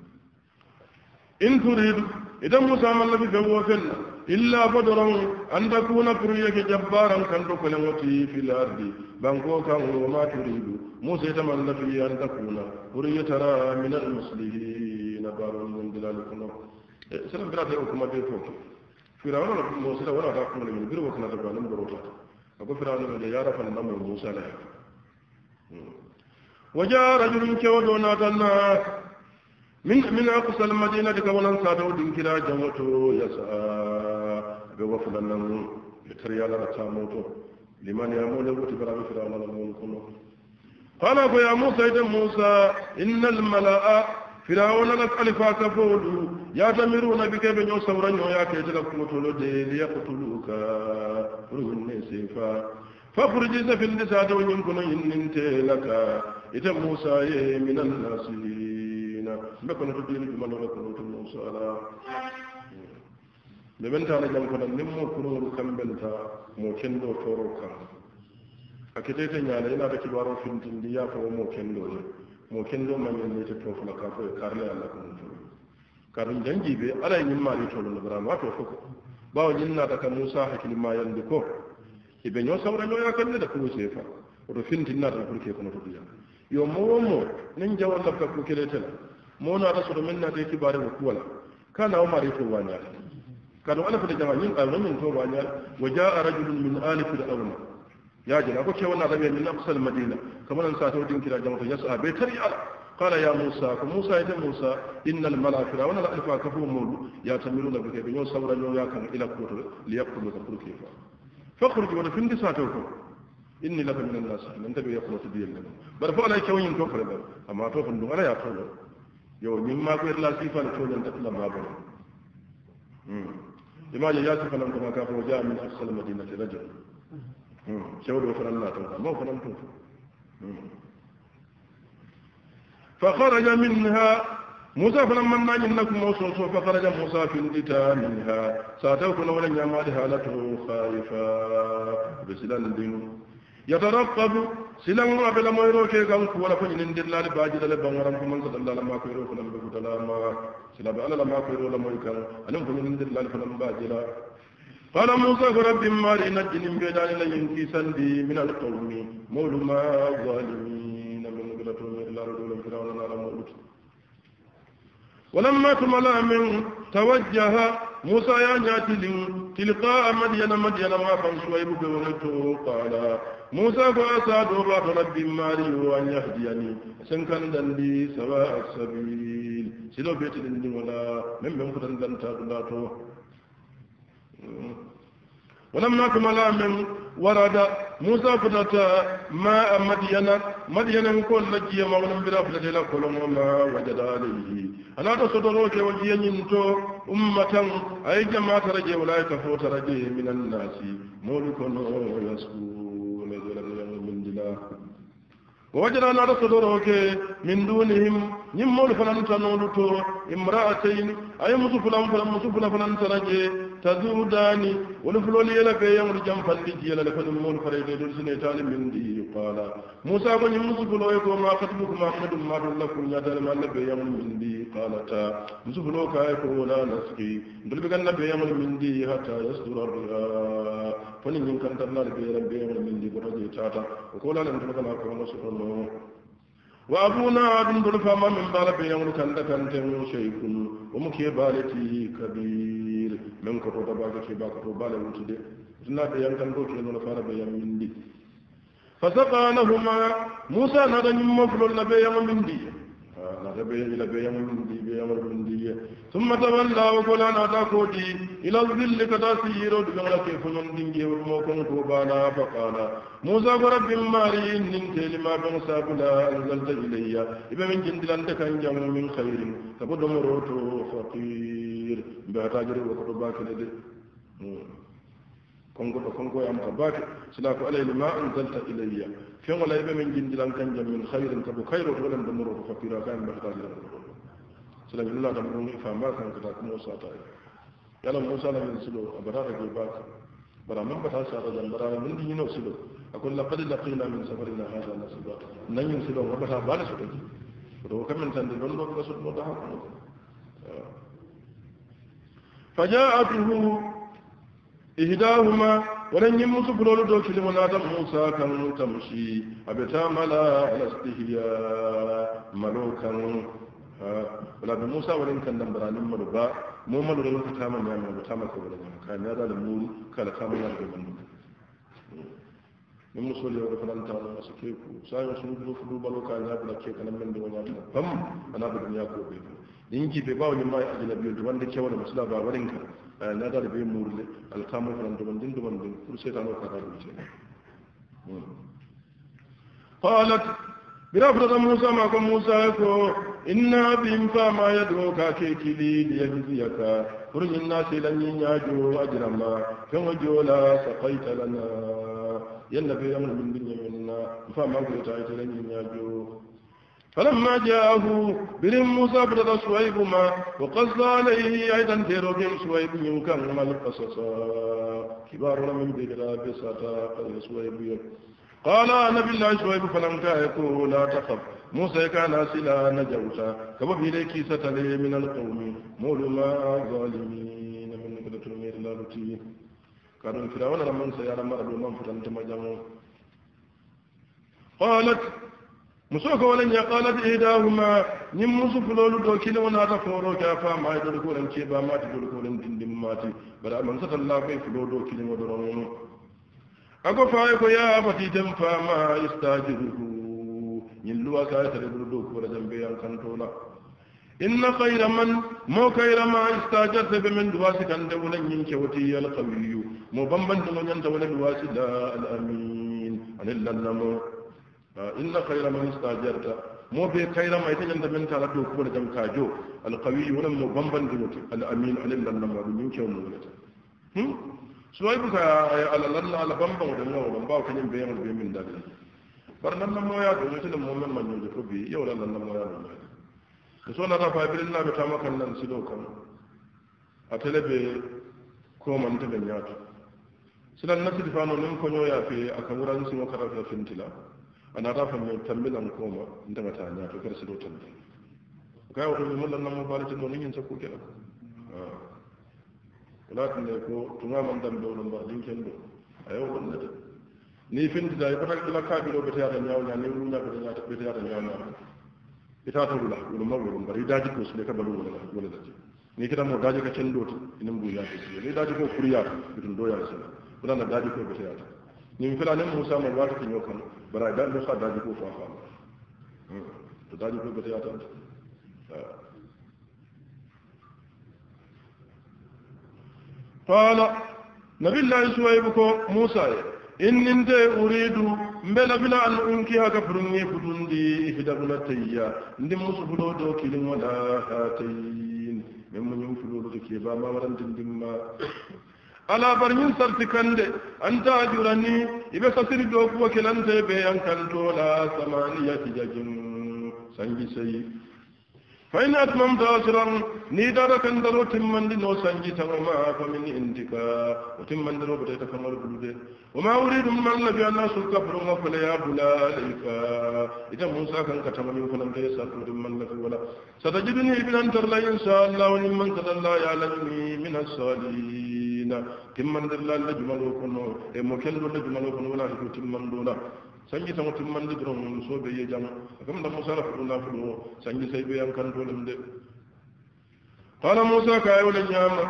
Speaker 1: in turid idan musa man labi gawo fenna illa fadran an takuna kuriyake jabbaran kan dokulen wati fil ardi بانكو كان ما تريد موسى يتمنى في أن تكون أريد ترى من المسلمين بارون من دلالك إيه، سلام بلا تيوكم بيتوك فرعون موسى ولا تقوم من بير وكنا تبعنا بروتا أقول فرعون من يعرف أن نمر موسى لا وجاء رجل كودونا تنا من من أقصى المدينة كونا سادو دنكرا جمتو يسعى بوفدنا بكريالا تاموتو liman ya mo lewruti bara ɓe firawnala ngoni kono qala ko ya musa ide musa inna almalaa firawonala kalifaka foolu yatamiruna bi keɓe ño sawrañoo yaake jega kuŋotolo de liyaktuluka pour winne sifa fafurji sa filndi saadew ñin kono yinninteelaka ite musa ye min annasirina mbe kono to diini ɗumanoga kono to musa alaa ɓe na jam kono nemo mo kuroŋolu kamɓenta mokin da toro kan a yana da inata kibaro fintindi ya fo mokin da wani mokin da wani mañen nete to fula ka foye karle allah ko mum toro karin bai ala yin ñimmaari tolo na barano wato fo ko ɓawa ñinnata ka moussa hakkilima yande ko sauran yau ya kalli da kuma sefa oto fintinnata pour ke kono to ɗiya yo mowo mu, nin jawallab ka mu na rasu soto min naate kibare ko kuwala kana o maari to wañaata كانوا أنا في الجماعة من أنا من توبة وجاء رجل من آل فرعون يا جل أقول شيء ولا ربي من أقصى المدينة كما أن ساتو دين كلا جماعة يسعى بيتري على قال يا موسى موسى يا موسى إن الملأ فرعون لا ألفا كفوا مول يأتمرون بك بنيو صبرا يوم كان إلى كفر ليقتلوا كفر كيف فاخرج ولا فين ساتوكم إني لك من الناس أنت بيقول تدين لنا برفع لك وين كفر أما توفن أنا يا توفن يوم ما كفر لا سيفا تولن تكلم ما بره لماذا جاء فلم كما كافر وجاء من أقصى المدينة رجل شهود وفلان لا توقع ما فلان توقع فخرج منها موسى فلما ناجي لكم وصوصو فخرج موسى في الدتا منها ساتوكل ولن يمالها لته خائفا بسلال الدين يترقب سلام ما بلا ما يروك كان ولا فني ندير لا باجي لا بانغرام كمان صلى الله ما كيرو كنا بقول لا ما سلا بلا ما كيرو لا ما يكان انا فني ندير لا فنم باجي لا قال موسى رب ما نجني من بلال لا ينكي سندي من القوم مولما ظالمين من قلتهم الا رجل فرعون نار ولما تملا من توجه موسى يا ناتل تلقاء مدين مدين ما فان شويب بورته قال موسى فأساد الرحمة بماري أن يهديني سنكن دندي سواء السبيل سلو بيت دندي ولا من بمكتن دندي ولم نكن لا من ورد موسى فتاة ماء مدينة مدينة كل جي مولم بلا فتاة لا كلهم وما وجد عليه ألا تصدروك وجي ينتو أمة أي جماعة رجي ولا يكفوت رجي من الناس مولك يسكون من دلاه ووجد أن رسولك من دونهم نمول فلن تنولتو امرأتين أي مصفلا فلن مصفلا فلن تنجي تذوداني ونفلو لي لك يوم رجم فلتي لك فدمون فريد درسنا تالي من دي قال موسى بن يوسف لو يكون ما خطبكم ما خدم ما لكم يا دلما لك يوم من دي قالت يوسف لو كايكم ولا نسقي دل بك النبي يوم من دي حتى يصدر الرئاء فلن يمكن تبنا لك يوم من دي برجي تاتا وقولا لن تبقى ما سبحانه وأبونا عاد فما من بال بينهم كان كان تنو شيخ ومكي بالتي كبير من كتو تباك شباك تبال وتدي سنا بيان كان دوك ينو فار بيان من دي فسقى لهما موسى نادى من مفلول نبيان من دي لبي إلى بيام من دي بيام من دي ثم تولى وقال أنا تاكوتي إلى الظل كتاسير ودقنا كيف نندي ورموكم كوبانا فقال موسى رب ماري ننت لما بنصاب لا أنزلت إلي إبا من جند لندك أنجم من خير تبد مروتو فقير بأتاجر وقتباك لدي كونكو كونكو يا مكباك سلاك عليه لما أنزلت إلي كيف لا يبقى من جند لان كان جميل خير تبو خير ولم بمر فقيرا كان محتاج الى سلام الله كان من فما كان كذا موسى تاي يلا موسى لم يسلو ابرار جيبات برا من بتا سارا جن برا من دي نو سلو اقول لقد لقينا من سفرنا هذا نصبا نن يسلو ربها بار سدي رو كم من سند نون رو كسد مو تاه فجاءته إهداهما ولن يمس بلول دوك لمنات موسى كان تمشي أبتا ملا على استهياء ملوكا ولا بموسى ولن كان نمبران مربا مو ملول كتاما نعم وكتاما كبرا كان هذا المول كان كاما نعم min musoli yoɗo fananta ala so keku sawi so nuɗuɗo fuɗu balo ka ñaɓula keka nan men ndewo ñaɓula bam ana ɓe ɗum yakoɓe ɗin jiɓe ɓaw ñimma e ajanabiol to wande kewale masla ba waɗen ka nadal be murle alkamo tan duban din duban din pour setan o kata dum sen qalat birafrata musa ma ko musa ko inna bim fa ma yad'uka ke kili liyajziyaka pour inna silan yajo ajrama kan jola saqaita lana yalla be amna min dunya minna fa ma ko ta ita lan yajo فلما جاءه برم موسى برد شعيب ما وقص عليه أيضا بن شعيب يمكن القصص كبار من بلا بساتا قال شعيب قال نبي الله شعيب فلم يكون لا تخف موسى كان سلا نجوتا كما في ليك ستلي من القوم ما ظالمين من كدة المير لا رتي كانوا فرعون لمن سيارة مرد ومن فتنت مجمو قالت musoko wala ña qalat idahuma ñin musufuloolu ɗo kine wonata fooro ke a faamaay ɗoɗo koren ceeɓa maati ɗoɗo koren dindim maati bara man sata laakoy fulo ɗo kinego ɗoronono ako faaye ko yaa afatiten faama istajiruhu ñin luwa kaye tare ɗoɗo ɗo kuwara jambeyan kantola inna kayra man mo kayra ma istajarte ɓe men duwasi kande wona ñin kewti al qawiyu mo bambandigo ñanta wona duwasi la al amin anillallamo Ah, inna khayra man istajarta mo be khayra ma ita da min kala to ko da jam kajo al qawi wala mo bamban di moti al amin alim dan ma min kyau mo ne hm suwaibu ka eh, al lalla al bamban da mo ban ba ko nin bayan be min dalil bar nan mo ya do mutum mo men man yo ko bi yau lan nan mo ya do ko so na rafa bil na ta makan nan sido kan a talabe ko man ta ganyato yato silan difano nan ko yo ya fe akan wuran sin ko rafa fintila Ana anata famme tambilan koma ta ndemata ñaato kere sido tambi kay woto mi mulla nammo baalete ɗo niñen sakku keɗa ah. laatinde ko tun ko tumaman dambe oɗo mba ɗinken ɗo a yaw ɗon nede ni ka findida e kota ila kaaɓiɗo ɓeteyata ñawña ni wulña ɓeteyata ñawña itata wula wolo ma wolo mbar i daaji ko sile kabalu wolala ce. ni kitamo daji ka cenɗoti ina mbuyaɓe sile ni daji ko kuriyata bitun doyal kula wonana daji ko ɓeteyata ñiŋ fela nem musa mo waatati ñoo kam bara dal musa daaju ko fo faama hmm. to daaju ko gata yaata qala nabillahi suwayb ko musa ye in nin te uridu mbela bila an unkihaka furunŋi futundi ifidabula teyya ndi musu fulo do kiliŋo laha tayin min mu ñiŋ fuloro ti kiibaa ma warantindimma ala bar min sarti kande anta jurani ibe sasiri do ko kelante be an kanto la samaniyati jajin sangi sai fa in atmamta asran ni dara kan daro timmandi no sanji tawma fa min indika o timmandi ro bata kamar bulude wa ma uridu min man nabi anna sulka burunga fala ya bulalika ita musa kan ka tamani ko nan dai sarto dum man nabi wala satajiduni ibn antar la insha Allah min man kadalla ya alami min as-salihin dina timmandirla le jumalo kono e mo kello le jumalo kono wala to timmandola sanji tan timmande doron so be ye jam kam da musa rafu na fu sanji sai be yankan dolam de qala musa ka ayu lan yama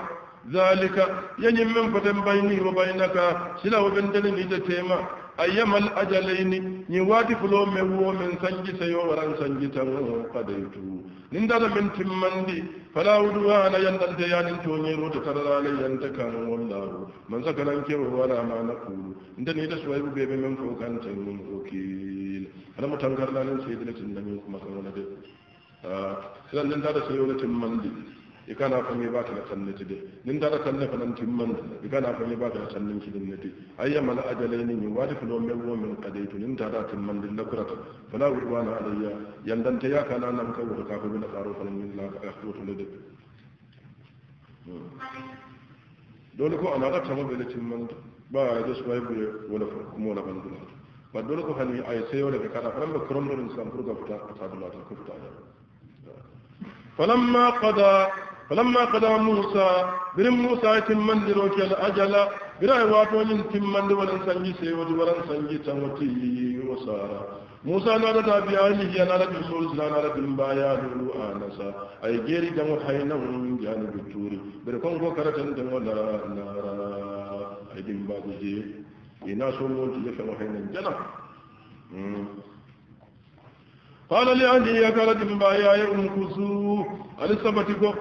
Speaker 1: zalika yanin min fatan bayni wa bainaka sila wa bindani ni da tema ayyamal ajalaini ni waati fulo me wo men sanji sayo waran sanjitan qadaytu nin da min timmandi fala yani to ni toñirote tararale yanda kan wallahu man sakanankeo wala ma na inda ndeni da be be men fo kanten min okil sai da seydeletin namin kuma kanona de nan da dara seyole timmandi ikana fa mi bata la sannati de nin dara sanne fa nan timman ikana fa mi bata la sannin kidin nati ayya mal ajalaini min wadi fulo mel wo min qadaitu nin dara timman din lakurat fala urwana alayya yandan ta ya kana nan ka wuta ka bi na karo fa min la akhwatu lad dole ko ana da tamo bele timman ba da su bai bure wala kuma wala bandula ba dole ko hani ay sayo da kada fa ran kron ron san furga fita ta dula ta fita فلما قضى فلما قضى موسى برم موسى تمن لروك الأجل برأي واتون تمن ولن سنجي سيوت ولن سنجي تموتي وسارة موسى نادى بآله نادى بسولس نادى بمبايا لولو آنسا أي جيري جمو حينا ومن جانب التوري بركون وكرة جمو نارا أي جمبا بجي إنا سولون تجفن حينا جنا قال لي عندي يا كرة بمبايا يوم كسو ألسبتكو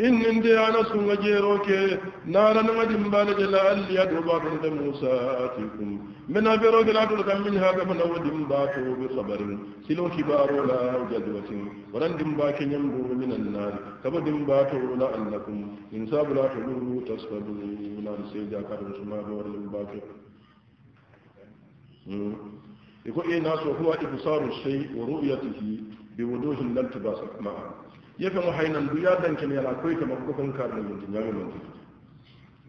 Speaker 1: innindi ana sunga jeeroke naaranaga dimbaane jela alli adubatonde musa atikum mena veroge latolo kam min haa gama nawa dimbaato ɓe sabarin silo kibarola jadwatin waɗan dimbaake ñamdu minan naari kaba dimbaatola annakum in sabulatolu tasfaduunan seeda katon sumagoore dimbaake hmm. iko ina so huwa ibsaru shey wa ru'yatihi bi wuduhin laltibasa maa ya fi haynan du yaadankene yala koyte a ko kon kaarno yonti ñaami da tigi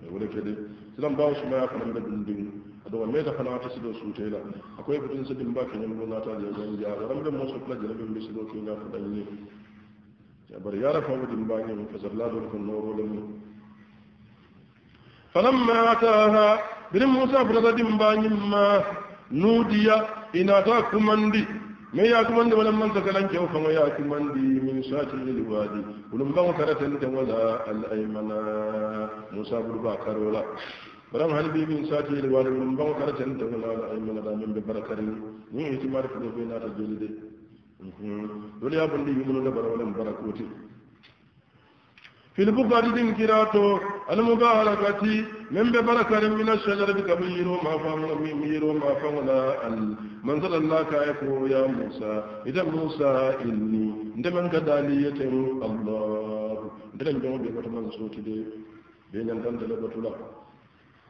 Speaker 1: e wona kede silan mbawa sumaya da mbe ta ndin da meeta fana wata siɗo suuteyla akoye ko ɗum sadi da ñam ɗo naataje gan jaaga ramɗe mo sotla jela ɓe mbe siɗo keña fo ɗañni bari yara fawodi mbañam fasat laaɗon kon noorolem ni falamma da biri moussa ma ɗim ina nuudiya inata kumandi me ya kuma da wannan manta kalan ke kuma ya kuma di min satin lil wadi ulum ban karatan ta wala al aymana musa burba karola baram han bi min satin lil wadi ulum ban karatan ta wala al aymana da min barakarin ni itimar ko be na ta jolide dole ya bundi yumuno da barawalan barakoti filibukari ɗin kira to almuga halakati min be barakarin mina shajarati kamin yiro ma fangola min yiro ma fangola al manzal allah ka ye ko musa ita musa inni ndemen ka daliyetin allah ndelen jongo ɓe bataman sotide ɓe ñantantele batula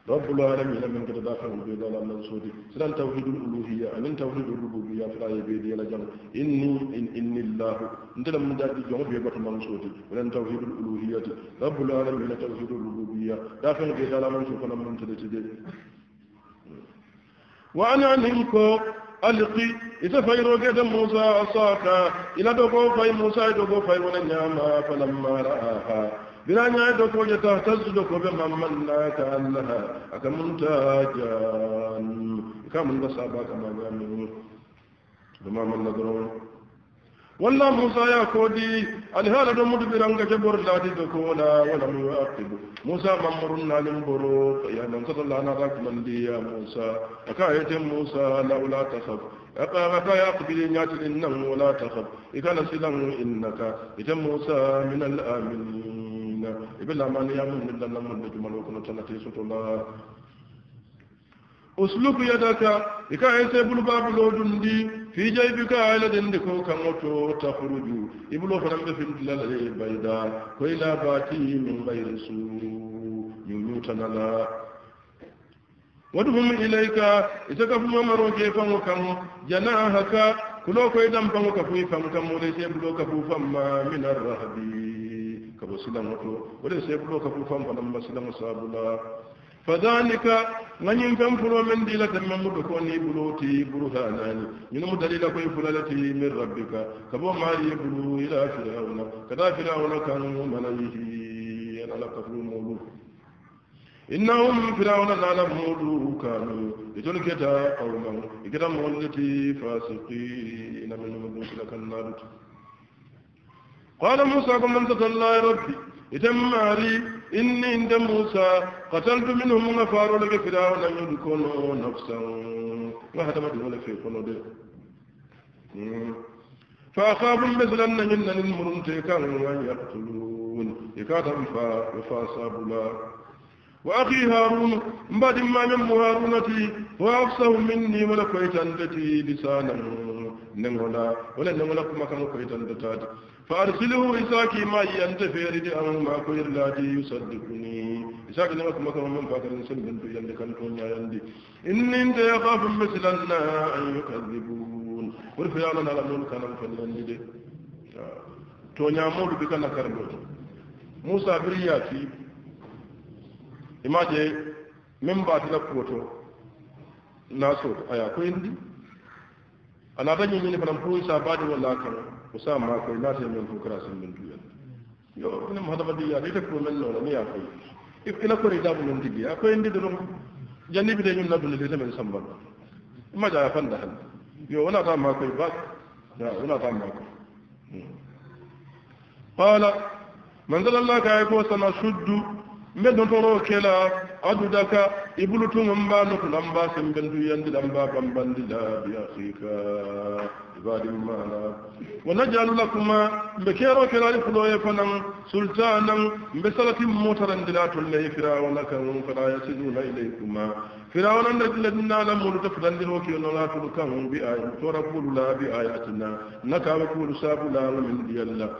Speaker 1: رب العالمين من قد داخل البيض على منصودي سلام توحيد الألوهية من توحيد الربوبية فلا يبيدي على جنة إني إن إني الله أنت لم تدعي جنوب يبقى منصودي ولن توحيد الألوهية رب العالمين توحيد الربوبية داخل البيض على منصود فلا من تدعي وأنا عنكم aliki ita fairo gada musa asaka ila dogo fai musa dogo fai wani nyama فلما ra'aha بلا نعدك وجتا تصدق بغمناك أنها أكمنتاجا كمن بصابا كما يعملون بما من نظرون والله موسى يا كودي الهالة مدبرا كجبر لا تدكونا ولم يعقب موسى ممرنا لنبرو يا من قتل لنا راك من دي يا موسى أكاية موسى لولا تخف أقامك يا قبلي ناتل إنه ولا تخف إذا نسلم إنك إذا موسى من الآمنين nder e ɓe lamani yama milla lamman ne jumal o kono tanate soto la usluk yadaka i ka ese bulu babuloɗum ndi fijay bi ka ala ɗennde ko kamo to tahruju ibulo fanan ɓe findilalae bayda koye la bati min bayri su ñuñutanala waɗuhum ilayka isaka fumamaroke fango kamo janahaka kulo koye dam fango ka fuy fam kammo lese bulo ka fu famma min arrahbi kabo silaŋo to wo le seebuloo ka fulu faŋ fanaŋ ma silaŋo saabu la فذلك من ينكم فلو من ديلة من مدكوني بلوتي برهانان ينم دليل كوي فلالتي من ربك كبو ماري بلو إلى فرعون كذا فرعون كان مليه أنا لكفر مولود innahum firawna nana mudu kanu itol keta qawman ikita molleti fasiqina min mudukila kannaduti قال موسى كمنتك الله ربي إذا ما لي إني عند موسى قتلت منهم نفار لك فرعون يدكون نفسا ما هذا ما تقول في قلوبه فأخاف مثل أن إن المرنتي كانوا يقتلون إكادم فأصابوا وأخي هارون بعد ما من مهارونتي وأفصه مني ولقيت أنتي لسانا نغلا نعم، ولا نغلا نعم، كما كانوا كويت أنتي فأرسله إساك ما ينتفير لأن ما كير الذي يصدقني إساك لما كما كما من فاتر إنسان بنت يندي كان كونيا يندي إن أنت يخاف مثلنا أن يكذبون ورفعنا على ملك أنا مفلن لدي تونيا مول بك نكربون موسى برياتي إماجي من بعد لكوتو ناسور أيا كويندي أنا أتني مني فنمحوي سابادي ولا كرم وسام ما كوي لا سيم من فكراس من دنيا يو من هذا بدي يا ليك كل من لون يا أخي إف إلا كوري جاب من تبي أكو عندي دلهم جاني بدي يوم نبلي ليس من سبب ما جاء فند هل يو ولا تام ما كوي باك لا ولا تام ما كوي قال من ذل الله كايكو سنشد mbe notoro kela adudaka ibulutum mba notulam ba sembendu yandilam ba bambandila bi akhika ibadi mana wanajalu lakuma mbe kero kela ali fuloye fanan sultanan mbe salatin motarandila tolle firawna kan fala yasiduna ilaykuma firawna ladinna lamulu tafdandiro kinola tulkan bi ayati torabulu la bi ayatina nakaba kulu sabula min diyalla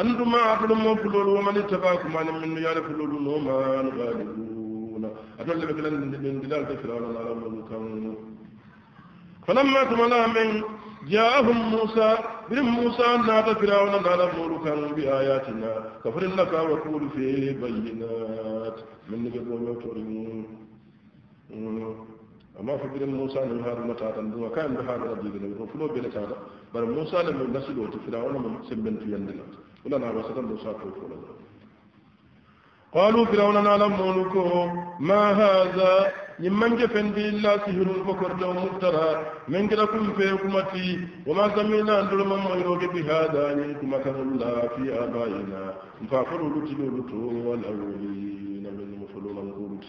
Speaker 1: أنتم عقل مفلول ومن اتبعكم أنا من يعرف فلول وما الغالبون أتولى بك لن دلال تكرار على ملكان فلما تمنى من جاءهم موسى بن موسى نادى فرعون على مولكان بآياتنا كفر لك وقول في بينات من نجد يوترون أما fa موسى musa ne haruna ta dan duwa kan da haruna bi ne ko fulo bi ne ta bara musa ne mun ولا نا وسطن دو ساتو فولا قالوا فرعون نعلم ملكه ما هذا يمن جفن بالله سهر المكر لو مفترى من كلكم في حكمتي وما سمينا أن ظلم مغيرك بهذا ينكم كذب الله في آبائنا فأخروا لتلو لتو والأولين من مفلول الغرب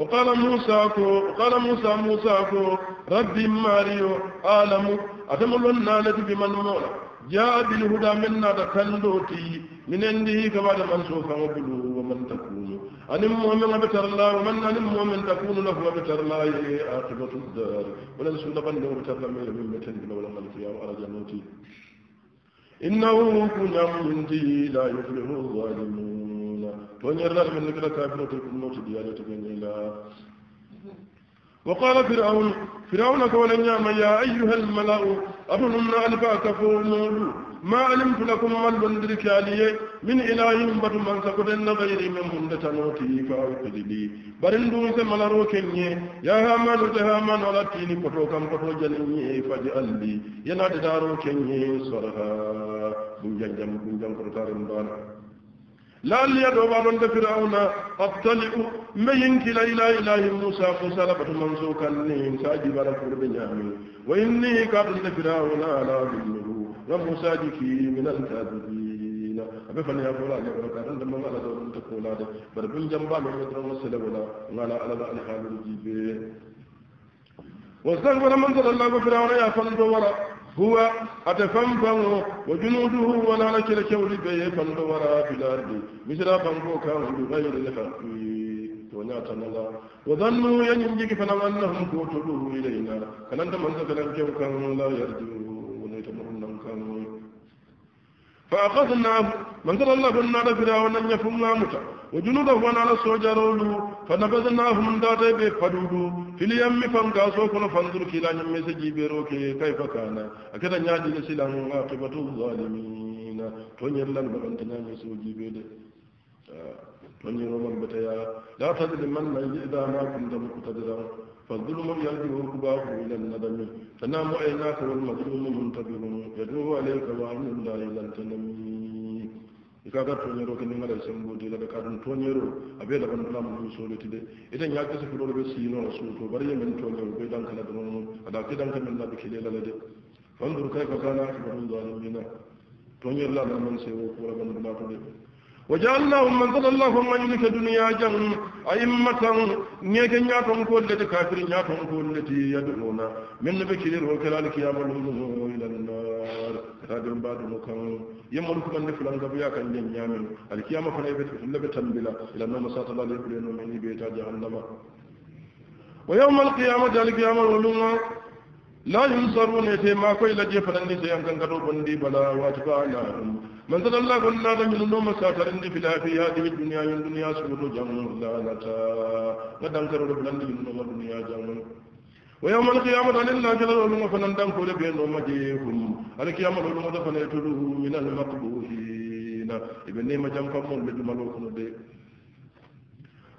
Speaker 1: وقال موسى كو قال موسى موسى كو ربي ماريو عالم لنا نالتي بمن مولا جاء بالهدى منا تكلوتي من عنده كما من سوف وبلو ومن تكون أن المؤمن بتر الله ومن أن المؤمن تكون له بتر الله عاقبة الدار ولن سلقا له بتر الله من متن ولا خلف يا أرجى نوتي إنه كنا من لا يفلح الظالمون الدنيا من نقل كافر تكون ديالة بين الله وقال فرعون فرعون كون نعم يا أيها الملاء الملأ أرنم ألفا كفور ما علمت لكم من بندرك علي من إله بر من سكرن غيري من هند تنوتي فأوقد لي برندو سمل روكني يا هامان تهامان ولا تيني فتو كم فتو جنني فجأل لي ينادي كني صرها بنجان جم بنجان كرتار مبانا لا لي دوبا بعض فرعون أطلع مين كلا لا إله الا الله موسى فسالة من كالنين ساجب على قرب نعمي وإني قاتل فرعون على ظلمه وموسى جكي من الكاذبين أبي فني أقول لك يقول كاتل لما قال دور تقول هذا بربن جنبا من يترى مسلا ولا ولا على ان حال الجيب واستغفر من ذل الله فرعون يا فلد ورا هو أتفنفن وجنوده ولا لك لكول بي فندورا في الأرض مثل فنفوك بغير الحق ونعتنا الله وظنوا ينجيك فنو أنهم قوتلوه إلينا فننت من سفلن كوكا لا يرجون فأخذناه من قال الله قلنا لفرعون أن يفهمنا متى وجنوده على سوجارولو فنبذناهم من دات بفدودو في اليم فانقاسو كن فانظر كلا نمي سجيبيروك كيف كان أكد نعدي لسلام عاقبة الظالمين تونير لن بغنتنا نسو جيبيد آه، تونير لن بتيا لا تدري من من إذا ما كنت مقتدرا فالظلم يلجئ رباه الى الندم فنام عيناك والمظلوم منتظر يدعو عليك وعين الله الى التنمي ikaga tonyero ke ningala isengo de la ka dun tonyero abe la ban plan mu so le tide idan ya kasu fulo be si no so to bari yemen to le be dan kana dun ada ke dan kana nabi kile la de fandur kay ka kana akbarul zalimin tonyero la man se wo ko la ban plan to de وجعلناهم من ضل الله من يلك دنيا جن أئمة نيك نياتهم كل كافر نياتهم كل يدعون من بكير وكذلك يا ملهم إلى النار هذا بعد مكان يملك من نفلا قبيا كان ينيامن الكيامة فنيبت لبتا بلا إلى أنه مسات الله ليقلين من بيتا جهنم ويوم القيامة القيامة ولما لا ينصرون يتيما كوي لجي فلن نسيان كان قدر بندي بلا واتبعنا من تدل الله قلنا هذا من النوم ساتر عندي في في هذه الدنيا من الدنيا سبت جمع لا لا تا ندم كرر بلند من النوم الدنيا جمع ويوم القيامة الله جل وعلا فنندم كل بين نوم جيهم القيامة لهم فنيتلوه من المقبوحين ابن نيمة جمع كمون لجمالوكم دي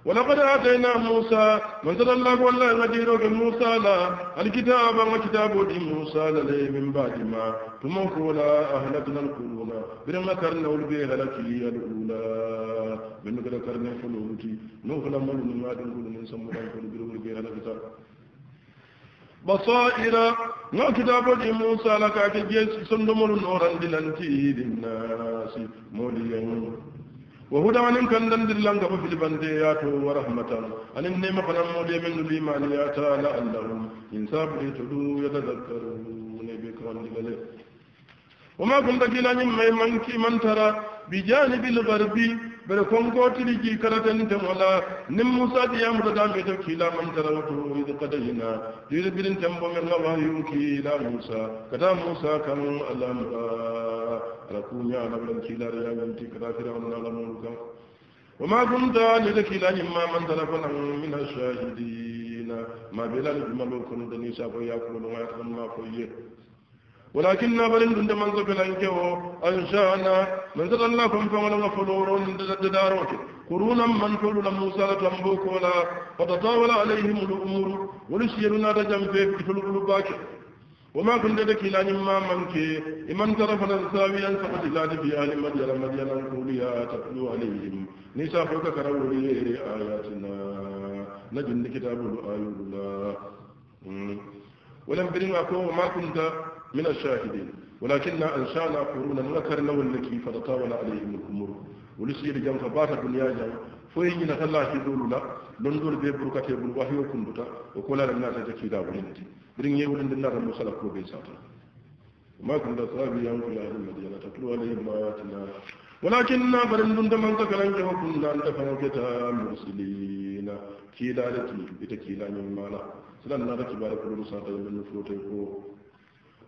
Speaker 1: ولقد آتينا موسى من صلى الله والله غدير موسى لا الكتاب وكتاب موسى لليه من بعد ما ثم قولا أهلكنا القرون برمنا كرنا ولبيها لكي الأولى بنقل كرنا فلوتي نوفل ملو من ما دنقل من سمولا القرون والبيه لكي بصائر nga kitaboji موسى la kake سندمر نورا norandi للناس linnasi moliyen وهدى من كان لندن لنك في البنديات ورحمة أن النعمة فنمو لي من الإيمان ياتا لعلهم إن سابري تدو يتذكرون بكرا وما كنت كلا من من ترى بجانب الغربي bele konkotili ji karatanintemo ala nin musa diyamuta dambeto kiilaman tarawatu id kadayna yiri birin tembo men ga wahyu kiila musa kata musa kan alamra ala kuña alaɓran kiilare yaganti kata firawna alamolu kan wama kunta lida kiilañimma man tarafanan min ashahidina ma belani jumalo kono dani safo yakuloɗo ga tanma foye ولكن بلن دون من قبل أنكو أنشأنا من ذل الله كم فمن غفلور دداروك قرونا من فول موسى لتنبوك ولا فتطاول عليهم الأمور ولسيرنا رجم في القلوباك وما كنت لك إلا نما منك إمن ترفنا ساويا فقد لا في أهل مدين مدين الكوليا تقلو عليهم نساء فوق كرولي آياتنا نجن كتاب الآيات الله ولم برنا كو ما كنت من الشاهدين ولكن أنشأنا قرونا لو والتي فتطاول عليهم الامور ولسير جنب بات الدنيا جاي فوين الله في دول لا دولنا لندور ببركة بالوحي وكندتا وكل الناس دا بنت برين يولن الناس المسلك كوبي ساتا ما كنت صابيا ولا المدينة تتلو عليهم آياتنا ولكننا فلندن من كلام جهو كنا أنت فنوكتا مرسلين كيدا بتكيلان بتكيدا من مالا سلام الله تبارك وتعالى من فروتي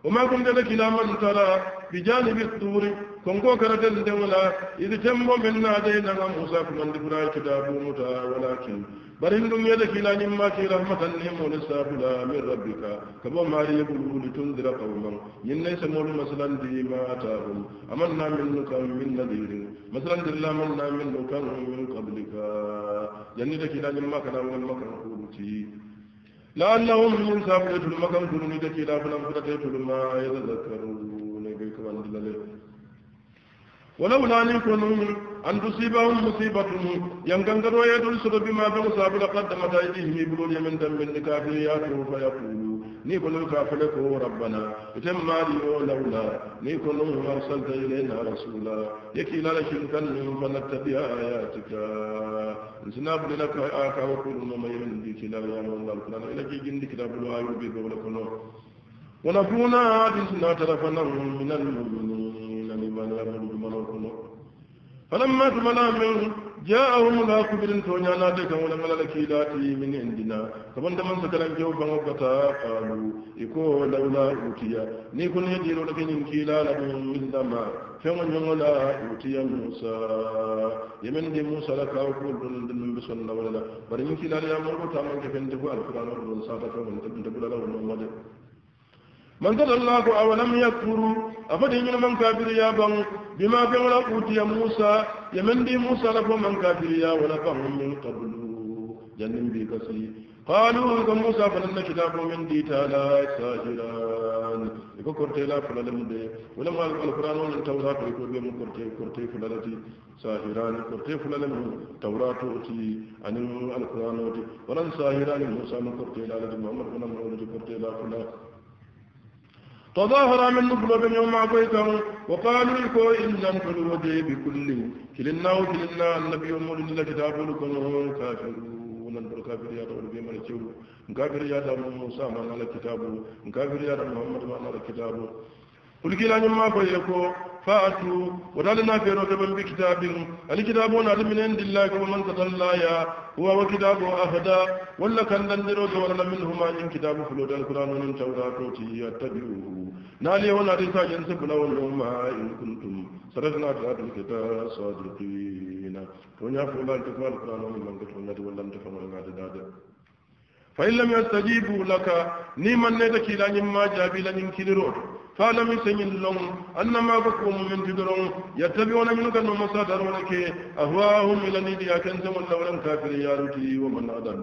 Speaker 1: وما كنت لك إلى من ترى بجانب الطور كنكو كرت الدولة إذ جنب من نادينا موسى كمن لبرا كتاب متى ولكن برهن يدك إلى نماك رحمة نهم ونساب لا من ربك كما ما يقول لتنذر قوما يني سمول مثلا دي ما أتاهم أمنا منك من نذير مثلا دلا منا منك من قبلك يني لك إلى نماك نعمل مكان قولتي لعلهم ينسابون تلما كم تلما تكيلا فلم فتك تلما يتذكرون بك من دلله ولولا نكون أن تصيبهم مصيبة ينكنكروا يدل سبب ما فنصاب لقد متى إليهم بلول يمن دم من كافريات فيقولون نيكون كافلك ربنا يتم مالي لولا نيكون أرسلت إلينا رسولا يكي لنا شركا فنتبع آياتك نسناب لك آك وكل ما يمنديك لنا يا الله القرآن إلى جي جندك لابلو آي وبيك ولكنا ونكونا من المؤمنين لمن يمنديك فلما تملا منه جاءهم لا كبر تونيا نادي كان ولا ملا لكيلاتي من عندنا فمن دمن سكلن جو بان وقتا قالوا يكو لولا اوتيا نيكون يدير لكن كيلا لهم من دما فمن يولا اوتيا موسى يمن دي موسى لك او كل دم بسن ولا برين كيلا يا مرو تامن كفن دبو القران ورن ساتا كون دبو لا ولا من قد الله أولم يكفر أفدين من كافر يا بان بما فعل أوتي موسى يمن دي موسى لفو من كافريا ولفهم من قبل جنن بي كسي قالوا كم موسى فلن كتاب من دي تالا ساجران يكو كورتي لا فلا لم دي ولما القرآن والتوراة يكو بي مكورتي كورتي فلا لتي ساجران كورتي فلا لم توراة أتي عن القرآن ولن ساجران موسى مكورتي لا لدي محمد ونمر ونمر ونمر كورتي لا فلا تظاهر من نقل بن يوم عبيته وقالوا لكو إن أنت الوجه بكل كل الناو كل النا النبي يقول إن الله كتاب لكم كافرون أنت الكافر يا دول بما نتشوه كافر يا دول موسى ما نال كتابه كافر يا دول محمد ما نال كتابه ulkila nyum ma ko ye ko فاتوا ودلنا في رتب بكتاب الكتاب نعلم من عند الله ومن تطلع هو وكتاب أهدى ولا كان لنرد ولا منهما من كتاب فلود القرآن من توراة يتبعوه نالي هنا رسا ينسب لهم إن كنتم سرقنا ذات الكتاب صادقين ونعفو لا تفعل القرآن من كتب ولا تفعل القرآن فإن لم يستجيبوا لك نيما نتكي لن ما جابي لن كيلرود فاعلم سمين لهم أنما بكم من تدرون يتبعون منك النمسا ترونك أهواهم إلى نيدي أكنزم اللولا كافر يارتي ومن أدل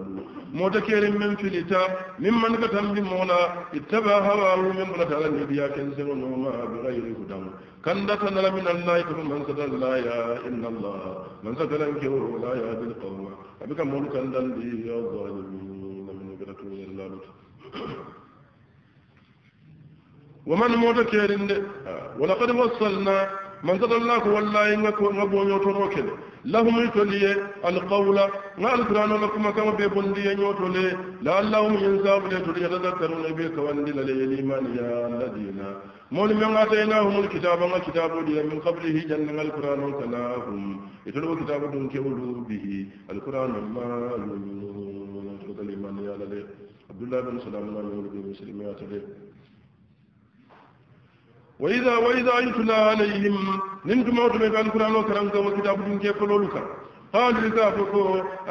Speaker 1: موتكير من فلتا ممن قتم بمولا اتبع هواه من قلت على نيدي أكنزم وما بغير هدى كندت نلا من الله كم من سدى الله يا إن الله من سدى لك لا يا بالقوم أبك ملكا للي يا ظالمين من قلت الله ومن موت كيرين ولقد وصلنا من قد الله والله إنك نبو يوتروك لهم يتولي القول ما القرآن لكم كما بيبندي يوتولي لعلهم ينساب ليتولي يتذكرون بك واندل للإيمان يا الذين مول من آتيناهم الكتاب ما كتاب لي من قبله جنة القرآن كناهم يتلو كتاب دونك به القرآن ما يؤمنون الإيمان يا الذين عبد الله بن سلام الله عليه وسلم يا الذين وإذا وإذا يتلى عليهم ننكم من قال القرآن وكرمك وكتاب كيف فلولك قال الكافر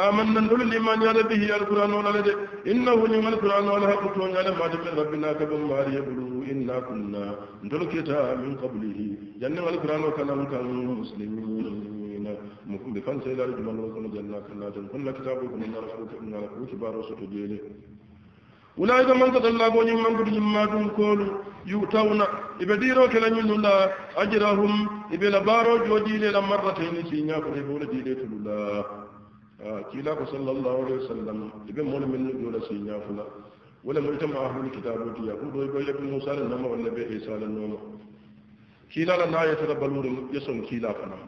Speaker 1: آمنا نقول الإيمان يا به القرآن ولا لدي إنه لما القرآن ولا حقتون على ما من ربنا كبن ما يبلو إنا كنا نقول كتاب من قبله جنة القرآن وكلام كان مسلمين مكم بفنسي لا رجل الله كنا جنة كنا جنة كنا كتابكم إن رسولك إن رسولك بارسة جيلي ulaika man katalla ko nyim man kudu ma dum kolu yutawna ibe diro kala nyinu la ajrahum ibe la baro joji le la marratain ci nya ko ibe wala dile tulula kila ko sallallahu alaihi wasallam ibe mon min do la ci nya fula wala mo tama ahlul kitabu ti ya ko do ibe yabu musa la nama wala be isa la nama kila la na ya tarabalu yasum kila kana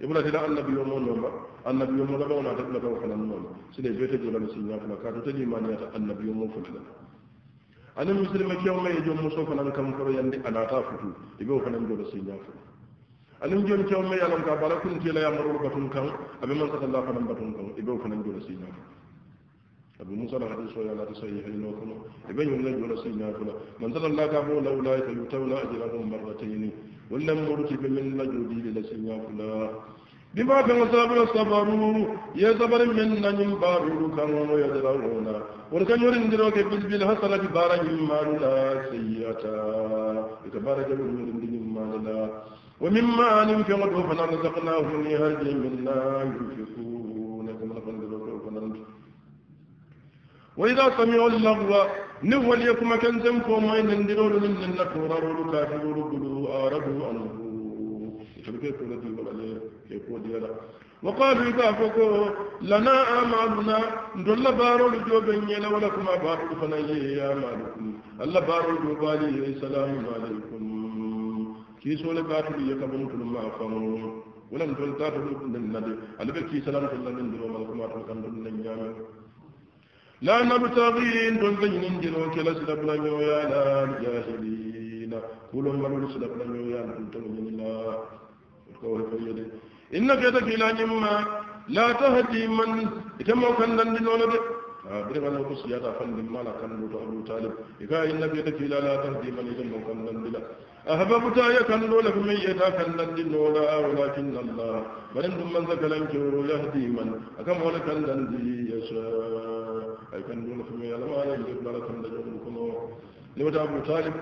Speaker 1: ibula tila annabiyo mo noma annabiyo mo labaw na tabla kaw kana noma sile bete gola misilma fana ka to tani mani ata annabiyo mo fana anan misilma kiyo mai jom muso fana kam faro yandi anata futu ibe fana gola silma fana anan jom kiyo mai alam ka barakun tila ya marul batun kan abe man sata Allah fana batun kan ibe fana gola silma fana abu musa da hadin soya na ta sayi haino kuma ibe yum na gola silma fana man sata Allah ka bo laula ta yutawla ajrahum marratayn ولا مرتب من لجودي لسوى فلا بما كان صبر صبروا يا صبر من نجم بارو كان يدرون وركن يرندرو كبل بالحسنة بارج مالنا سيئتا يتبارك من يرندرو مالنا ومما علم في غدو فنرزقناه من هرج منا ينفقون كما نقول وإذا سمعوا اللغو نفل يكما كنزم فومين لنرول من لنك ورول كافر ورقل وآرب وأنه شركي كورة البلالي كيفو ديالا وقالوا إذا فكو لنا آمالنا ندل بارول جو بنينا ولكما بارول فنيه يا مالكم الله بارول جو بالي السلام عليكم كي سولة كافر يكبون كل ما أفهمون ولم تلتاتوا من النبي ألبك كي سلام كل من دلو مالكما تلتاتوا من النبي لا نبتغي دون زين جنو كلا سلب لا يا لا جاهلين كلهم من سلب لا يا لا انتم من الله إنك فيد انك جمع لا تهدي من كما كان لن نولد بريغا نو بس يا فندم مالا كان ابو طالب اذا انك تكلا لا تهدي من كما كان لن نولد كان أحببت يكن لكم يتكن للنولا ولكن الله بل من ذكر الكور يهدي من أكم ولكن الذي يشاء أيكن لكم يلم على يبدأ لكم لكم لمت أبو طالب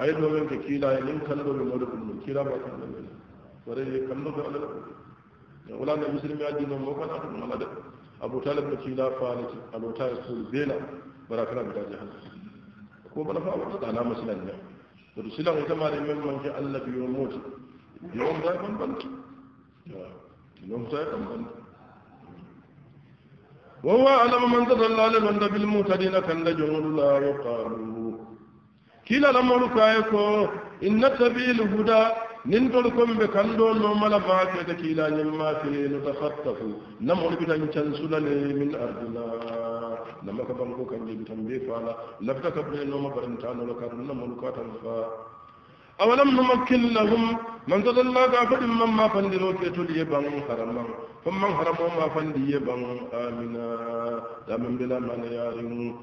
Speaker 1: أيضا من كيلا يلم كان لمولكم من كيلا ما كان كنلو لكم ورأي كنلو لكم ولا يا مسلم يدين موقع أكم الله أبو طالب كيلا فالك أبو طالب بيلا بركنا بتاجها ko bana fa wata da na masalan ne to silan ita ma da men man ke Allah biyo moti yawan zai bambanta yawan zai bambanta وهو أعلم من تضلى لمن بالمهتدين كان لجون لا يقال كلا لمرك يكو إن سبيل هدى nin tolu komi ɓe kan ɗo no mala maafete kiilañin maafee no tafattafu namol bitan can sulale min ardina nama ka banko kan jebi tan be faala labta ka ɓune nooma barantanolo kar namol ka tan faa awalam numakkin lahum man tadallaga faɗin man ma fandiro ke tol ye ban haraman fon man haramo ma fandi ye ban amina damin bela mana yarin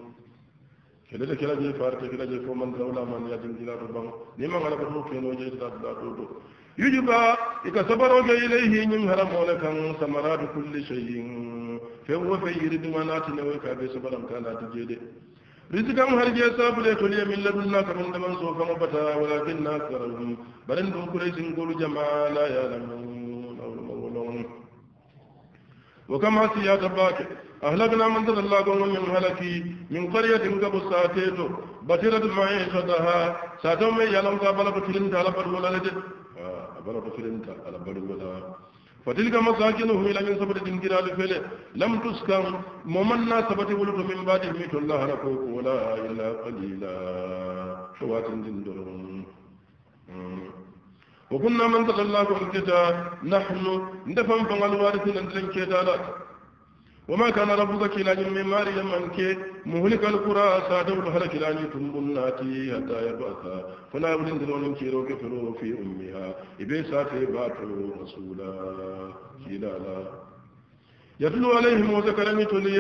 Speaker 1: kelele kela je farte kela je ko man dawla man ya din jila ban ni man ala ko ke no je da da do do yujuba ika sabaro ga ilayhi nin haram wala kan samaratu kulli shay'in fe wo fe yirid manati ne ka be sabaram kan da je de rizqan har je sabule to liya min ladunna kaman da man so kan bata walakin nasarhum barin dun kurai sun golu jama'a la ya lamun وكم يا باك أهلكنا من ذل الله قوم من هلكي من قرية قبل ساتيتو بطيرة معيشتها ساتو من يلم قبل بطيرين تالا بدو لجد أبلا بطيرين تالا بدو فتلك مساكنهم إلى من سبت دنجرال فيل لم تسكن ممنا سبت ولد من بعد ميت الله ركوك ولا إلا قليلا شوات دندرون آه. وكنا من ذكر الله الكتاب نحن ندفن فن الوارثين أندلن كتالات وما كان ربك كلا جمع ماري من كي مهلك القرى سادول هلك لا نيتم بناتي حتى يبعثا فلا يبلن دلون كيرو كفرو في أمها إبسا في باتو رسولا كلا لا يتلو عليهم وذكرني تلي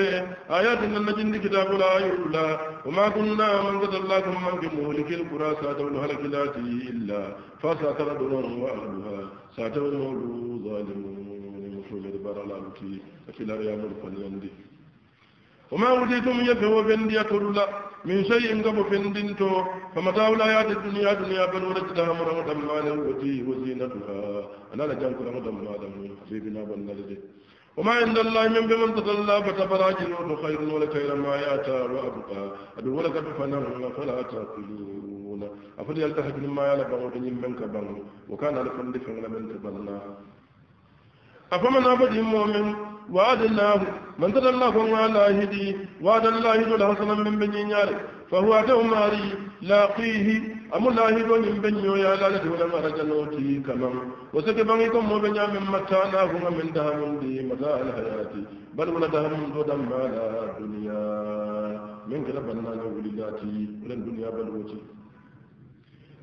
Speaker 1: آيات النجن كتاب لا يرلا وما كنا من قد الله من كمهلك القرى ساتون هلكلاتي إلا فساتر دونه وأهلها ساتون ظالمون أكي لا ريام أيام الفنيندي وما أوتيتم يفه فندي يترلا من شيء قب فندنتو فمتاع الآيات الدنيا دنيا بل ورتها مرمة مالا وزينتها أنا لجانك رمضان مالا حبيبنا بلنا لديه وما عند الله من بمن تطلى فتبرى جنود خير ولك إلى ما يأتى وأبقى أدو ولك فنرنا فلا تأكلون أفضل يلتحق مما يلبغ من منك بغ وكان لكم لفن لمن تبلى أفمن أبد مؤمن وعد الله من تطلى فما لا هدي وعد الله ذو الحسن من بني فهو ماري لاقيه أم الله دون بنيو يا لالة ولا مرجنوتي كمان وسكبنكم وبنيا من هم من دهم دي متاع الحياة بل ولا دهم ما لا دنيا من كلا بنا نقول ولداتي ولا الدنيا بل وتي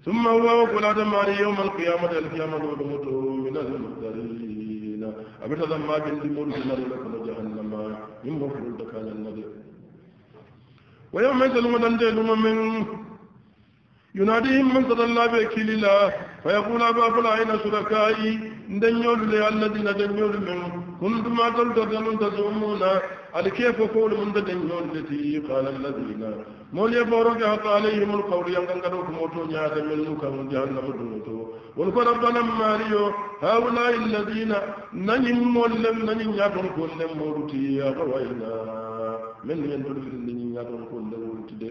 Speaker 1: ثم هو وكل ماري يوم القيامة القيامة ولمته من المقدرين أبدا ما جندي مولد نار لكم جهنم يمغفر لك على النبي ويوم يسأل من ديلوما من يناديهم من صدى الله بكيل الله فيقول أبا فلا أين شركائي دن يولد الذين دن يولد منهم كنتم تلتزمون تزعمون على كيف قول من دن يولد قال الذين مولي فورك حق عليهم القول ينقل ينقلوك موتون يا من نوكا من جهنم دونتو ولك ربنا ماريو هؤلاء الذين نجم ولم نجم يكن كل موتي يا قوينا men yen to firin ni nya to ko le won tide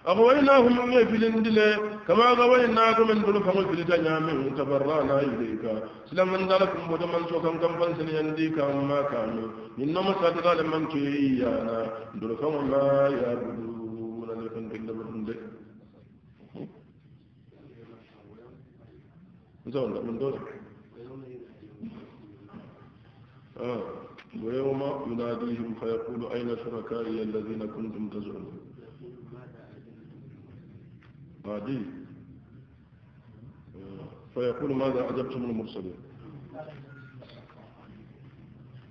Speaker 1: أغويناهم من يفلن دلي كما غويناك من دل فمو فلتا نعمه تبرانا إليك سلمن ذلكم ودمن سوكم كم فنسن ينديك ما كانوا إنما ساتقال من كيانا دل فمو ما يعبدون لكم كلا بهم دي زولا من دولك آه ويوم يناديهم فيقول أين شركائي الذين كنتم تزعمون عادي فيقول ماذا أعجبتم المرسلين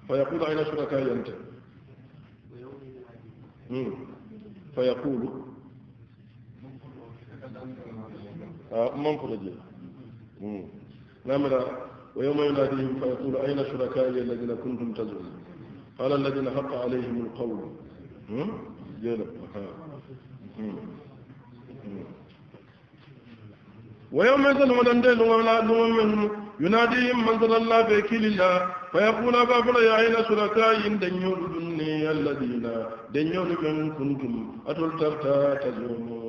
Speaker 1: فيقول أين شركائي أنت فيقول آه، من فرجي نعم ويوم يناديهم فيقول أين شركائي الذين كنتم تزعمون قال الذين حق عليهم القول ويوم يزل ودندل ولا يناديهم من ذل الله بكل الله فيقول أبا يا أين شركائي دنيول الذين دنيول كنتم أتلترتا تزعمون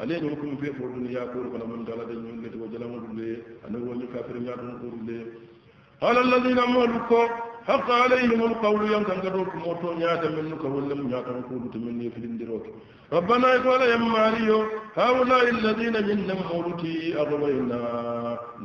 Speaker 1: ale ñol ko be fo dun ya ko ko lam dala de ñol le to jala mo dulle ana wo ñu kafir ñaa dun ko dulle hal alladhina mulku haqa alayhim alqawl yankan gado ko mo to ñaata men ko wala mu ñaata ko dut men ni fi dindiro rabbana yaqala ya mariyo haula alladhina minna mawluti aghwayna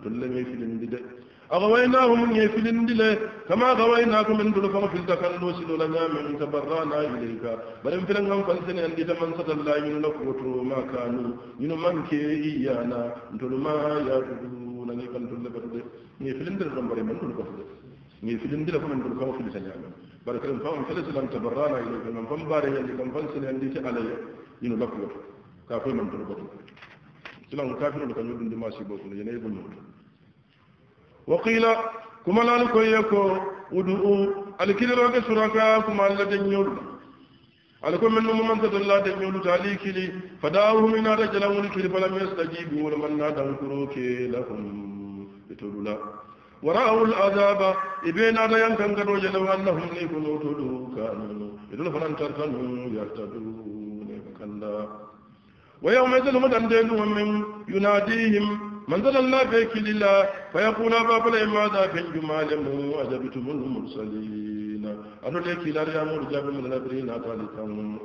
Speaker 1: dulle me fi dindide أغويناهم يفل دلي كما غويناكم من دل فغفل ذكر لوسل لنا من تبرانا إليك بل إن فلن هم فلسن أن دل من سد الله من لقوتر ما كانوا من من كي إيانا دل ما يعبدون لك أن دل بردي يفل دل رمبر من دل بردي يفل دل فمن دل فغفل سنعنا بل كلم فهم فلسن أن تبرانا إليك من فنباري يلي كم فلسن أن دل علي ين لقوتر كافي من دل بردي سلام كافر لك يدن دماسي بوكنا ينيبون يوتر وقيل كما لا نكون يكو ودؤو على كل راجع سرقة كما لا تنيور على كل من ممن تدل لا تنيور تالي كلي فداؤه من هذا جلهم لكل فلم يستجيب ولمن نادى كروك لهم بتولا ورأوا العذاب إبين هذا ينكن كرو جلهم أنهم يكونوا تلوكا إذن فلن تركنهم يرتدون كلا ويوم يزلهم أن دينهم من يناديهم من ذل الله فيك لله فيقول أبا ماذا في الجمال أجبتم المرسلين أقول لك لا ريامور جاب من الأبرين أتالتهم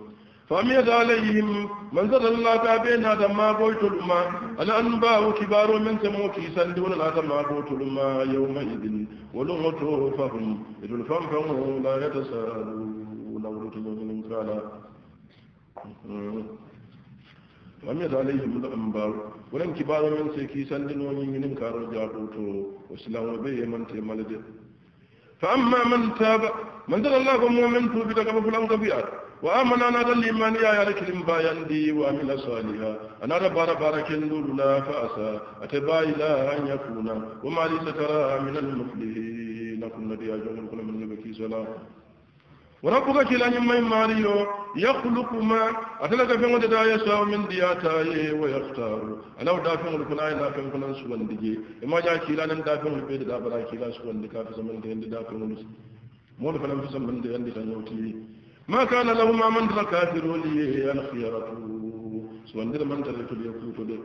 Speaker 1: فأميد عليهم من ذل الله تابين هذا ما قلت لما أنا أنباء كبار من سموكي سندون هذا ما قلت لما يومئذ ولغته فهم إذ الفنفهم لا يتساءلون ولو رتبوا من كالا ومن عليهم الأنبار ولم كبار من سيكي سندلوني من انكار جاروتو وسلام بي من تمالد فأما من تاب من دل الله مؤمن توبت كما فلان كبيات وآمن أنا دل إيمان يا يارك لمبايندي وعمل صالحا أنا ربار بارك لولا فأسى أتبا إلى أن يكون وما لي ترى من المفلحين كنا بيا جمهور من نبكي سلام وربك شلان ما ماريو يخلق ما أتلك في مدد يشاء من دياتاي ويختار أنا ودافع لكنا إلا في مكنا سوان دي إما جاء شلان دافع لبيد دابرا شلان سوان دي كافي سمن دي دافع لسي مولف لم تسمن دي عندي سنوتي ما كان لهما من الكافر ولي الخيرة سوان دي من تريد ليكوت دي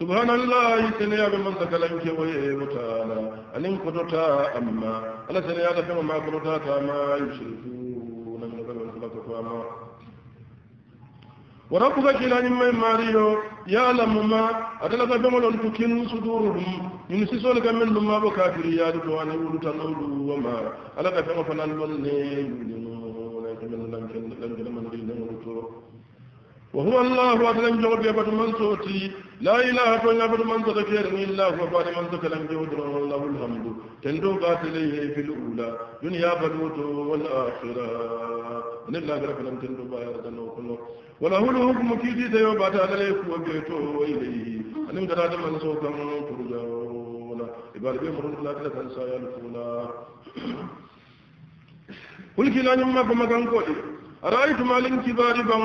Speaker 1: سبحان الله سنيا بمن تكلا يمشي ويبتانا أن ينقضتا أما ألا سنيا لفهم ما قضتا ما يشركون كواما وربك إلى من ماريو يعلم ما أدلك بمول الفكين صدورهم من سيسولك من لما بكافر يا دواني ولتنولوا وما ألك فنفنا الولي يؤمنون من لم وهو الله أتلم جود يبت من صوتي لا إله إلا بت من صوتك يرني الله وبعد من صوتك لم جود الله الحمد تندو باتليه في الأولى دنيا بلوت والآخرة من الله غرف لم تندو باير دنو كله وله الحكم كيدي ديو بات عليه وبيته وإليه من جراد من صوتك ترجعون إبال بيمر الله لك أنسى يلفونا قل كلا نمك مكان قولي أرأيتم على انتباربا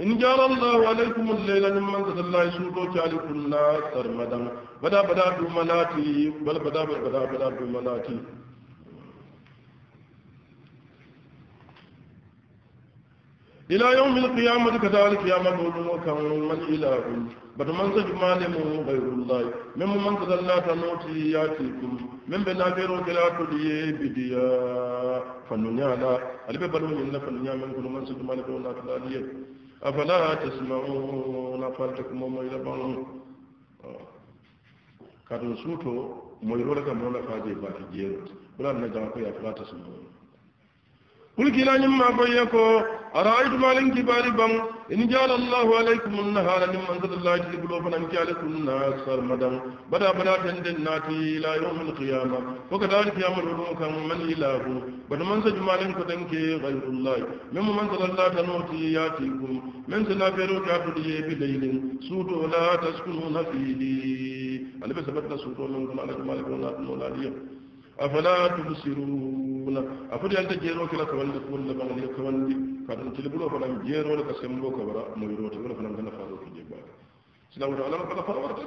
Speaker 1: إن جار الله عليكم الليل ممن الله يسوط عليكم لا ترمدا بدا بدا دوملاتي بل بدا بدا بدا دوملاتي ila yawmil qiyamati kadalik yamaɗoɗono kan man ilahum bato man saju malemu gayrullahi min mo man kagal latanoti yati ɗum min ɓe naferoke latoɗi ye bidiya fanno ñaaɗa ali ɓe baɗoñinna fanno ñamen kono man saju male ɓeo natalaɗi ye afala tasmauna falta ko mo moyla ɓano kadon suuto moyrole kam mona faje bake jeerot ɓuraɗ na jama koye afala tasmauna kulkilañim ma koye ko araitu malin kibari bam in jala allahu alaykum annahara nim anzalallahi jibulo fanan kyale kunna aksar madan bada bada tenden nati ila yawmil qiyama ko kada al qiyamul hudu kan man ilahu bada man saju malin ko danke ghayrullahi mimma man zalallahi tanuti yatikum min sana feru ka tudiye bi laylin sudu la taskununa fihi albe sabatta sudu non kana al malik wala tunuladiya أفلا تبصرون أفلا أنت جيرو كلا كوالي كوالي بغلي كوالي كادن تلبلو فلا جيرو لك سمبو كبرا مبيرو تبرا فلا مدن فارو في جيبا سلام الله على فلا فلا ورد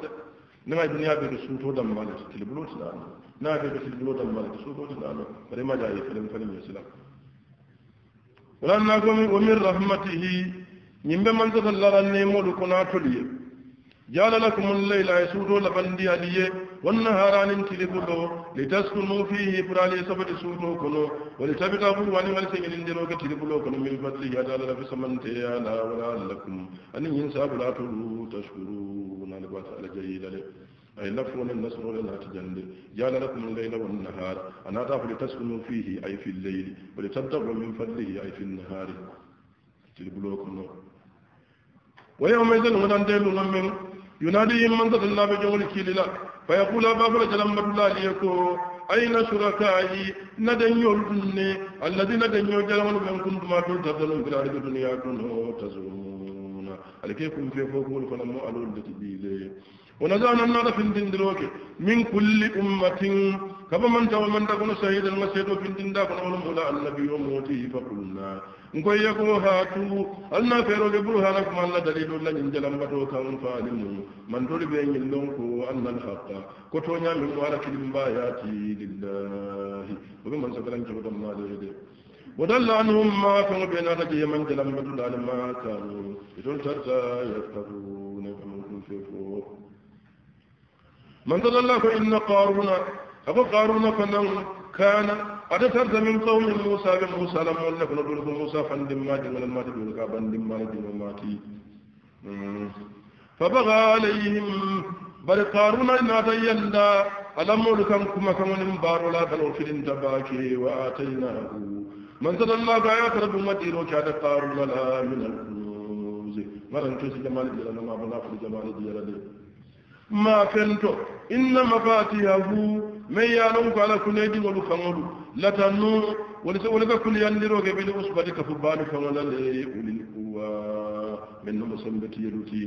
Speaker 1: نما الدنيا برسوتو دم مالي تلبلو تلانو نا في تلبلو دم مالي تسوتو تلانو فرما جاي فلم فلم يسلام ولنكم ومن رحمته يمبي من تدلل النيمو لكنا تليه جعل لكم الليل يسودو لبندي عليه والنهار عن انتلفلو لتسكنوا فيه برالي سبت سوتو كنو ولتبقى برواني والسجن اندرو كتلفلو كنو من فضله أجال لفي سمنتيانا ولا لكم أن بلا تلو تشكرون لبات على جيد لكم أي لفظ النصر ولا تجند جال لكم الليل والنهار أنا أضاف لتسكنوا فيه أي في الليل ولتبقوا من فضله أي في النهار كنو ويوم يزن ونندل نمين يناديهم من قد الله بجمل كيللا فيقول أبا فرج لما الله ليكو أين شركائي ندن يولدني الذين ندن يوجلون بأن كنتم تردون في الدنيا كنتم تزعمون ñoña ala ke kum fe fof wol kono mo alol deti ɓi leye wo naga nan naga findindiroke min kulli ummatin kaba man tawa man ndagono sahidal ma seeɗo findinda kono wala mola annabi yo mooti fa kulna nkoy yago haatu alna feroge burhana ko manla dalilu nañin jalambato kan faalimu man toli ɓe ñillon ko annal haqa ko toñamin wara kidi mbayati lillahi oɓe man sagaran keɓo tammaɗede وضل عنهم ما كانوا بين رجي من كلام بدل على ما كانوا بدون شرطة يفترون فمنكم شفور من ضل فإن قارون أبو قارون فنن كان قد سرد من قوم موسى بموسى لم يلف نبلغ موسى فندم ما جمل ما جمل كابن دم ما جمل ما فبغى عليهم بل قارون إن أتينا ألم كم كما كم بارو لا بل وفرين تباكي وآتيناه من صلى الله عليه وسلم أمتي لو كان قارون لها من الكنوز مرن كوس جمال الجلال ما بنا في جمال الجلال ما فنتو إن مفاتيحه من يعلمك على كل يد والخمر لتنور ولك كل يندروك بالأصبع كفبان فمن لأولي القوى من مسمى يلوتي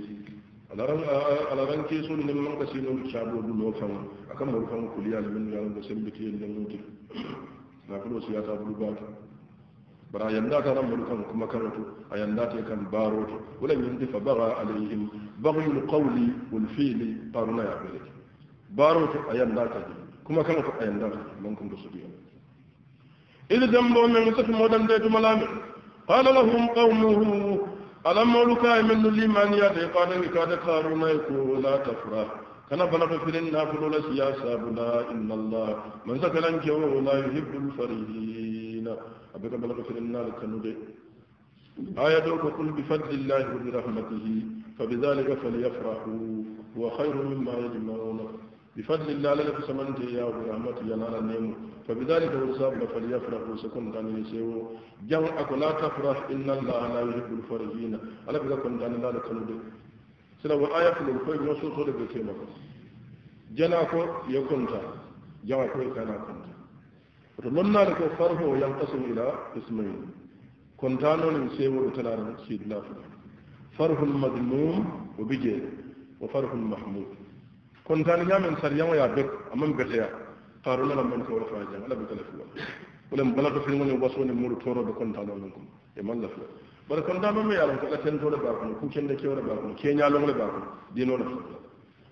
Speaker 1: ala ran keso ne man ka sinu shabo du no kan akan murkan kuliya min ya ran da sabbi ke da mutu na kulo siyasa bulu bara yanda ta ran mulkan kuma karatu a yanda ta kan baro ta wala yin difa baga alaihim baghil qawli wal fi'li qarna ya bari baro ta a yanda ta kuma kan ku a yanda mun kun su biya idan dambo men su kuma dan da malami qala lahum qawmuhu alam mulka min liman ya da qala ni ka da qaruna ku la tafra kana bana ko filin na fulo la siyasa bula inna allah man zakalan jawu la yuhibbul farihin أبقى بلغ في النار كنودي آية دوك قل بفضل الله وبرحمته فبذلك فليفرحوا هو خير مما يجمعون بفضل الله لك سمنت يا ورحمتي يا نار النيم فبذلك ورساب فليفرحوا سكن كان يسيو جمع أكو لا تفرح إن الله لا يحب الفرجين ألا بذلك كن أنا لا كنودي سلا آية في الخير نصوص لك كما جنا كو يكون جنا كو كان فمنا لك الصرف ينقسم إلى قسمين كنتانو لنسيه وتلارن سيد الله فرح المذموم وبجي وفرح المحمود كنتان يامن سريان ويا بك أمام بخيا قارون لما نكو ولا فاجا ولا بتلفوا ولم بلغ في من وصون مور تورو بكنتانو منكم يمن لفوا بل كنتانو ما يعلم كلا تنتو لباكم كوكين لكي ولا كين كينيا لهم لباكم دينو لفوا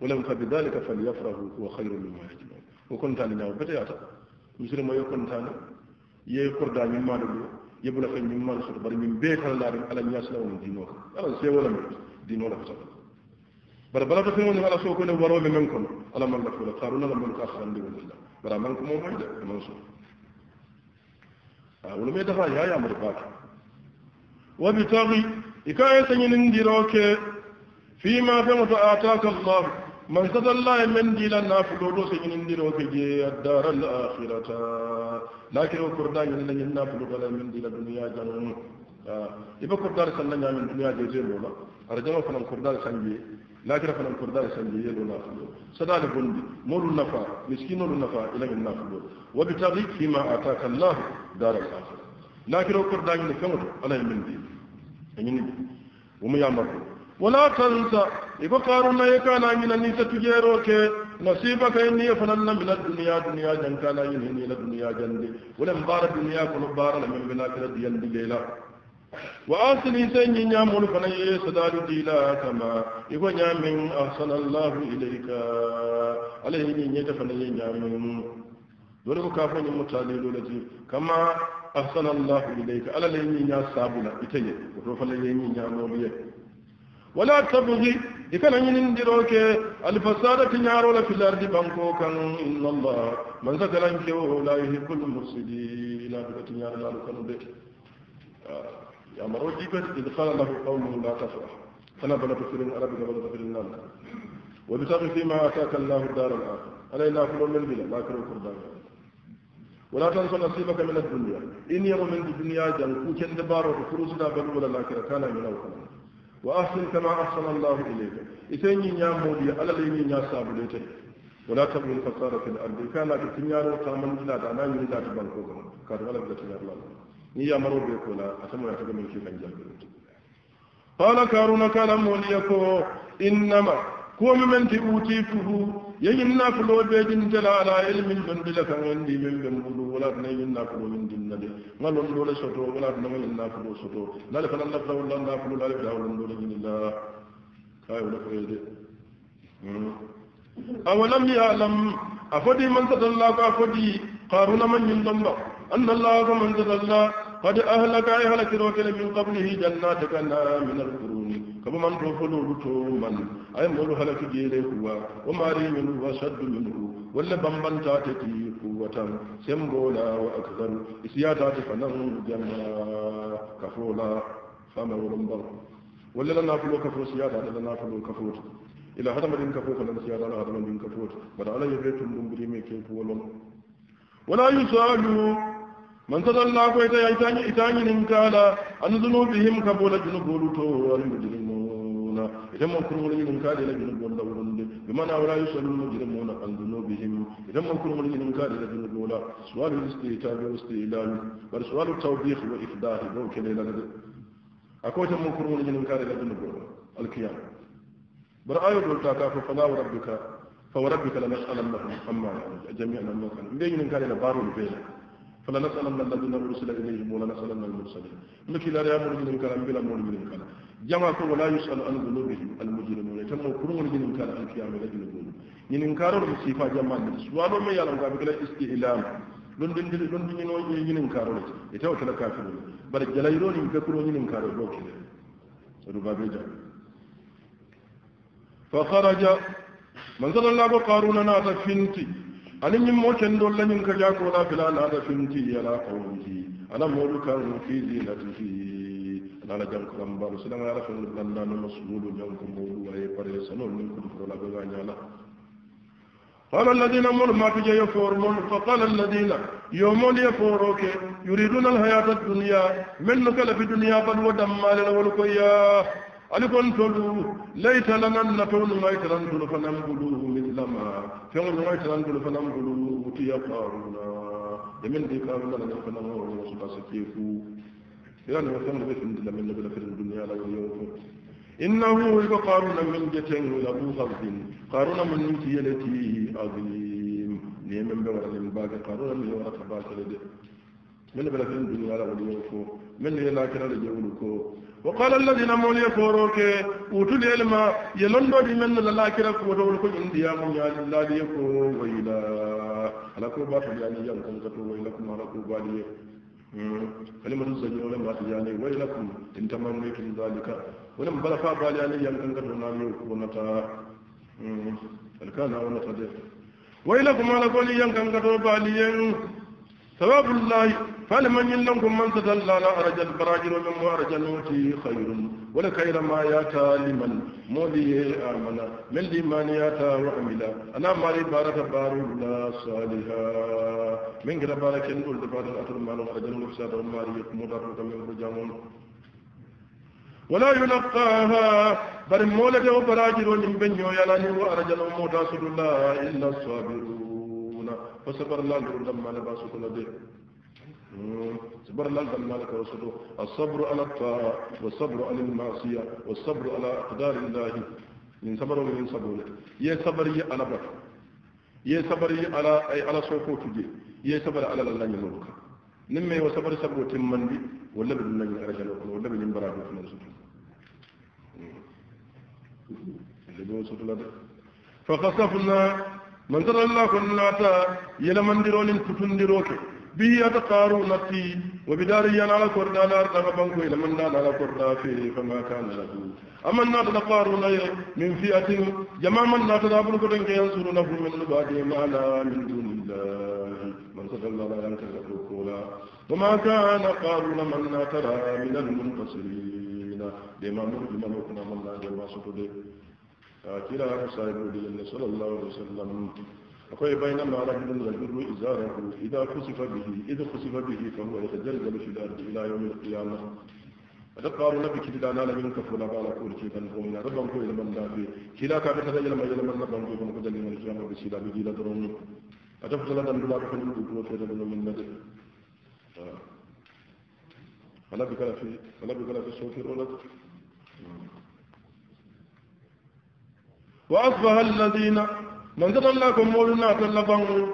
Speaker 1: ولم فبذلك فليفرحوا هو خير مما يجمعون وكنتان يامن بتياتا misiri ma yokkontaano yeey korda ñin maado ɗo yebula fen ñin maado soto bari min bee kala laarin ala ñaasila wono diinoo ka ala seewola men diinoo la fotata bara balata fen woni ala soo kone warooɓe men kono ala man la fula kaaruna la man ka sarandi wonilla bara man ko momoy de man so a wolo me dafa yayamade baake wa bi tagi i ka e sañinindiro ke fima femo to ataka llahu من قد الله من دي لنا فلولو سجن دي روكي جي الدار الآخرة لكن يلن يننا يننا فلوغلا من دي لدنيا جنون آه، إبا كردار سنة نعم من دنيا جي جي لولا أرجعنا فنم كردار سنجي لكن فنم كردار سنجي يلولا فلو سدال بندي مول النفا مسكين النفا إلا من نافلو وبتغي فيما أعطاك الله دار الآخرة لكن وكردار يلن فنم على من دي ومي يعمل ولا تنسى يبقارون ما يكان من النساء تجيروك نصيبك إني يفنن من الدنيا دنيا جن كان ينهني لدنيا جن ولم بار الدنيا كل بار لم لمن بلاك رديان دجيلا وأصل إنسان ينعمل فنن يسدار ديلا كما يقول من أحسن الله إليك عليه ينعمل فنن ينعمل dole ko kafin yin كما أحسن الله إليك على ilayka alalai سابنا إتيه sabula ita ne ko ولا تبغي إكنا ينندروك الفساد في النار ولا في الأرض بانكو كانوا إن الله من ذكر كيو لا يحب المفسدين لا بك تنيارو لا كانوا بك يا مروجي بس إدخال له قوم لا تفرح فلا بلا بسرين أربي بلا بسرين نام وبتغ فيما أتاك الله الدار الآخر ألا إلا كل من بلا ما كرو كردان ولا تنسى نصيبك من الدنيا إن يوم من الدنيا جنكو بارو وفروسنا بل ولا لا كرتانا من أوكنا وأحسن كما أحسن الله إليك إتين يا مولي على لين يا سابليت ولا تبغي الفساد في الأرض كان لك تنيار وتعمل لا دعنا من لا تبالغ كان ولا بد تنيار الله ني مرو بك ولا أسمع تكمل كيف أنجب قال كارون كلام موليكو إنما كوم من تؤتيته يجينا فلو بيجن تلا على علم من بلا كان دي من بن بلو ولا نجينا فلو من دين ندي لون دولا سوتو ولا نجنا فلو سوتو لا لا لا لا ولا لا فلو لا لا ولا دول جن الله كاي ولا فريد أولم يعلم أفدي من الله أفدي قارون من يندم أن الله من الله قد أهلك أهلك روكل من قبله جنات كنا من القرون كما من رفلوا رتوما أي مر هلك جيلي هو وماري منه وشد منه ولا بمبن تاتتي قوة سمبولا وأكثر إسياتات فنه جمع كفولا فما ولنبر ولا لنا فلو كفو سياتات لنا فلو كفوت إلى هذا مدين كفوت لنا سياتات هذا مدين كفوت بدأ على يبيتم دمبري ميكي فولون ولا يسألوا من تدل الله كويتا يتاني يتاني نمكالا أن ذنوبهم كبول جنوبولتو المجرمون إذا ما كرمون ينكالا لجنوبول دورون بمعنى ولا يسأل المجرمون عن ذنوبهم إذا ما كرمون ينكالا لجنوبولا سؤال الاستيتاب والاستئلال بل سؤال التوبيخ وإفداه أكو إذا وكليلا أكويتا من كرمون ينكالا لجنوبولا برأي برآية كافو فلا وربك فوربك لنسألنهم أما يعني جميعنا ما كانوا لين ينكالا بارو البيلة فلنسألن الذين أرسل إليهم ولنسألن المرسلين لكي لا يأمر من الكلام بلا مر من الكلام جماعة ولا يسأل عن ذنوبهم المجرمون كما يقولون من الكلام القيامة لكن يقولون من إنكار الصفة جماعة سؤال ما يعلم قبل استئلام لندن لندن من إنكار يتوكل كافرون بل جليرون يفكرون من إنكار الوكيل ربابي جاء فخرج من صلى الله قارون نات فنتي anin yin mokin dole yin ka ja kola bila na da finti ya la kawunki ana modu kan fi zinatihi ala la jan kuran ba su dan ala fin dan dan masulu jan kun modu waye pare sanon nin kun kola ba ga nyala قال الذين مر ما تجي يفورمون فقال الذين يومون يفوروك يريدون الحياة الدنيا من نكل في الدنيا بل ودم مال والكيا alikon tolu layta lananna tolu ŋaytiran tolu fanan bulu mislama feŋol ŋaytiran tolu fanan bulu utiya qaruna demin di qaruna la nan fanan ŋo ŋo suka sa kefu ila ne feŋol be findi la min ne bela firin duniya la wal yawm innahu iba qaruna min jeten la bu hazin qaruna min ninki yeleti azim ne men be wala min baga qaruna min wala tabaka de min bela firin duniya la wal yawm min ne la kira le jawluko وقال الذين مولي فوروك وتل علم يلندو دي من لا كرا كوتو ولكو اندي يا من يال لا دي يكو ويلا على كو بات يعني يان كان كتو ويلكم على كو بالي كلمة الزجر ولم بات يعني ويلكم ان تمنيتم ذلك ولم بلفا بالي يعني يان كان كتو نال يكو نتا الكانا ونتا ويلكم على كل يان كان كتو بالي سبب الله فلمن يلنكم من تدلى على أرج البراجل ومن أرج نوتي خير ولخير ما ياتا لمن مولي آمنا من لمن ياتا وعملا أنا مالي بارك بارو لا صالحا من غير بارك إن قلت بارك أتر مال أرج نوتي وماري مدرد من رجامون ولا يلقاها بر مولد وبراجل من بنيو يلاني وأرجل موتا سدلا إلا الصابرون fo sabarlal ɗum dammane ba sutola ɓe برنا لما لك رسوله الصبر على الطاعة والصبر على المعصية والصبر على أقدار الله من صبر ومن صبر يا صبر يا على بر يا صبر يا على أي على صوفه تجي يا صبر على الله يملك نمي وصبر صبر تمن بي ولا بدنا نرجع ولا بدنا نبرع في نفسنا اللي بيوصل فقصفنا man taralla kon naata yelamandiro nin tutundiro ke bihi ataqaruna fi wa bidari yan ala korda ala arda banko yelamanda ala korda fi fama kana lahu amman naata taqaruna min fi'atin jamaman naata dabul ko den kayan surunahu min ba'di ma la min dunillahi man taralla ala an taqula وما كان قارون من لا ترى من المنتصرين لما مرد من وكنا من لا جوا سطده كلا صاحب النبي صلى الله عليه وسلم أقول بينما رجل يجر إزاره إذا خسف به إذا خسف به فهو يتجلجل في الأرض إلى يوم القيامة أتقار نبي كلا نال من كفر بالا كل شيء فنقوم إلى ربهم كل من دافي كلا كان يتجلجل ما يلم ربهم كل من قدر من القيامة بسيلا بجيلا درون أتفضل لنا من الله كل من قدر من نده فلا بكلا في فلا بكلا في الصوت الأولى وأصبح الذين من تطلقكم مولنا تلقوا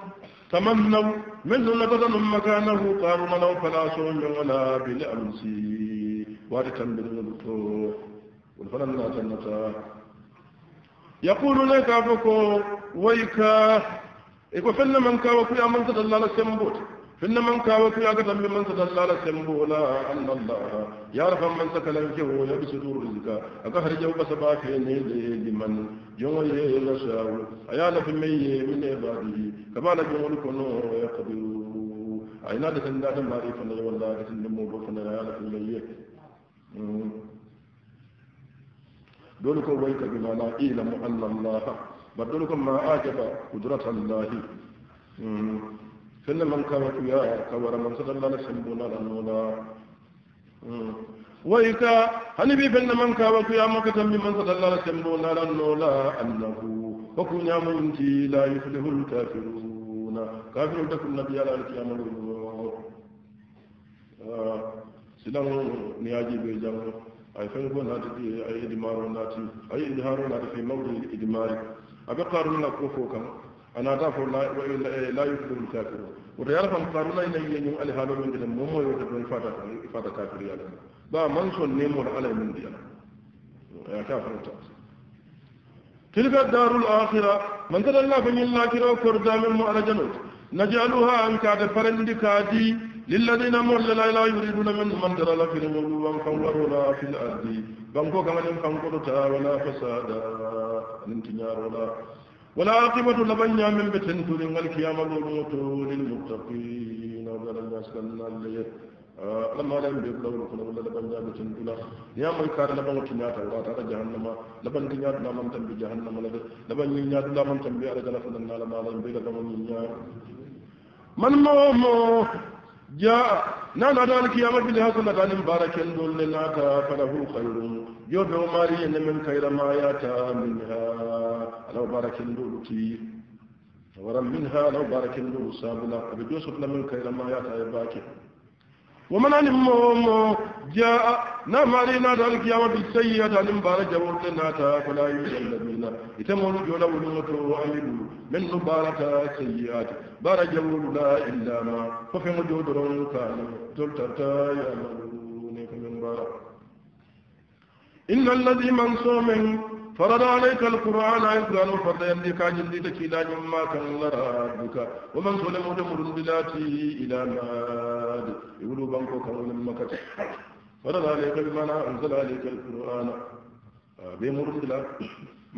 Speaker 1: تمنوا منه نتظن مكانه قالوا لو فلا سوء ولا بالأمسي واركا بالغلطو والفلن لا تنتا يقول لك أفكو ويكا إكو فلن من كاوكو يا من لك سمبوت فإن من كاوت يا قدم من سدل على سنبولا أن الله يعرف من سكل الجو يبس دور رزقا أكهر جو بسبا في لمن من جمع يلشاو أيانا في مي من إبادي كما نجمع لكنو يقدر أين هذا سندات ماري الله والله سندمو فن أيانا في مي دول كو ويك بما لا إيلم أن الله بدل ما آجب قدرة الله fenna man kawatuya kawara man sadallala sembonala nola wayka hani bi fenna man kawatuya makatambi man sadallala sembonala nola annahu hoku ñamoyinti la yuflihu lkafiruna kafiru takum nabi ala alkiyamalo silan ni yajibe jango ay fen ko naati ay idmaro naati ay idharo naati fi mawdi idmari aɓe qarunla ko fo kan أنا أضاف لا لا لا يقبل الكافر والرجال فانقطعوا لا إلى أن يوم ألهاب من جل مم ويوجدون فادا فادا كافر يا لنا با من شو نمر على من ديا يا كافر تلك الدار الآخرة من ذا الله بني الله كرا كردا من مؤر جنود نجعلها أن كاد فرند كادي للذين مر لا لا يريدون من من ذا الله في المولى وانقلرونا في الأرض بانكو كمان ينقلرونا فسادا من تنيارونا ولا عاقبة آه، لبن من بتن تورين والقيامة للموتون للمتقين وبلا الناس لنا اللي لما لم يبلغ من ولا لبن بتن تلا يا من كان لبن يا من كان جهنم لبن كنيات لا من تنبي جهنم لبن كنيات لا من تنبي على جنة من لما لم يبلغ لبن كنيات من مو جاء نانا ذلك يا مرد لها سنة عن مبارك دول لناتا فله خير جو بوماري من خير ما ياتا منها لو بارك دول كي ورم منها لو بارك دول سابلا أبي جوسف لمن خير ما ياتا يباكي ومن أن المهم جاء نمرنا ذلك يوم بالسيئة مبارك جبوت ناتا فلا يجل بنا يتمون جولا ونوتو وعملوا من نبارة سيئات بارك جبوت لا إلا ما ففي مجود كان تلتتا يا يعملون من بارك إن الذي من صومه فرد عليك القرآن عن قرآن وفرد يملك عجل لك إلى مما كان ربك ومن سلم دمر بلاته إلى ماد يقولوا بانكو كان لما فرد عليك بمعنى أنزل عليك القرآن آه، بمر بلا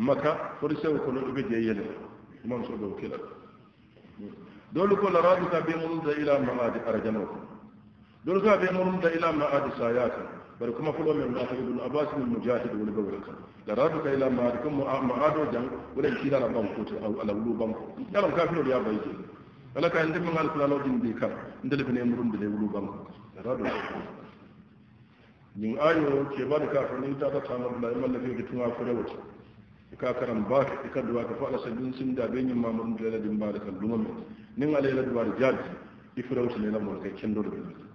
Speaker 1: مكة فرسه وكل أبجي يلي ومن سلم كلا دول كل ربك بمر إلى ماد أرجنوك دول كل بمر إلى ماد ساياتهم بل كما فلو من الله ابن عباس المجاهد والبولكم Garadu kai la maari comme maado jang kida kidara banko to ala wulu banko yalam kafiro ya bayje ala kay ndem ngal kula lo dindi kala ndele ne murum de wulu banko garatu yin ayo ke ba da kafin ni ta ta tamar da imman da fiye tun fure wuce ka karan ba ka ka duwa ka fada sabbin sun da ben yin mamurun da ladin ba da kalluma mai nin alayla duwa da jaji ifra wuce ne na mulkai kin dole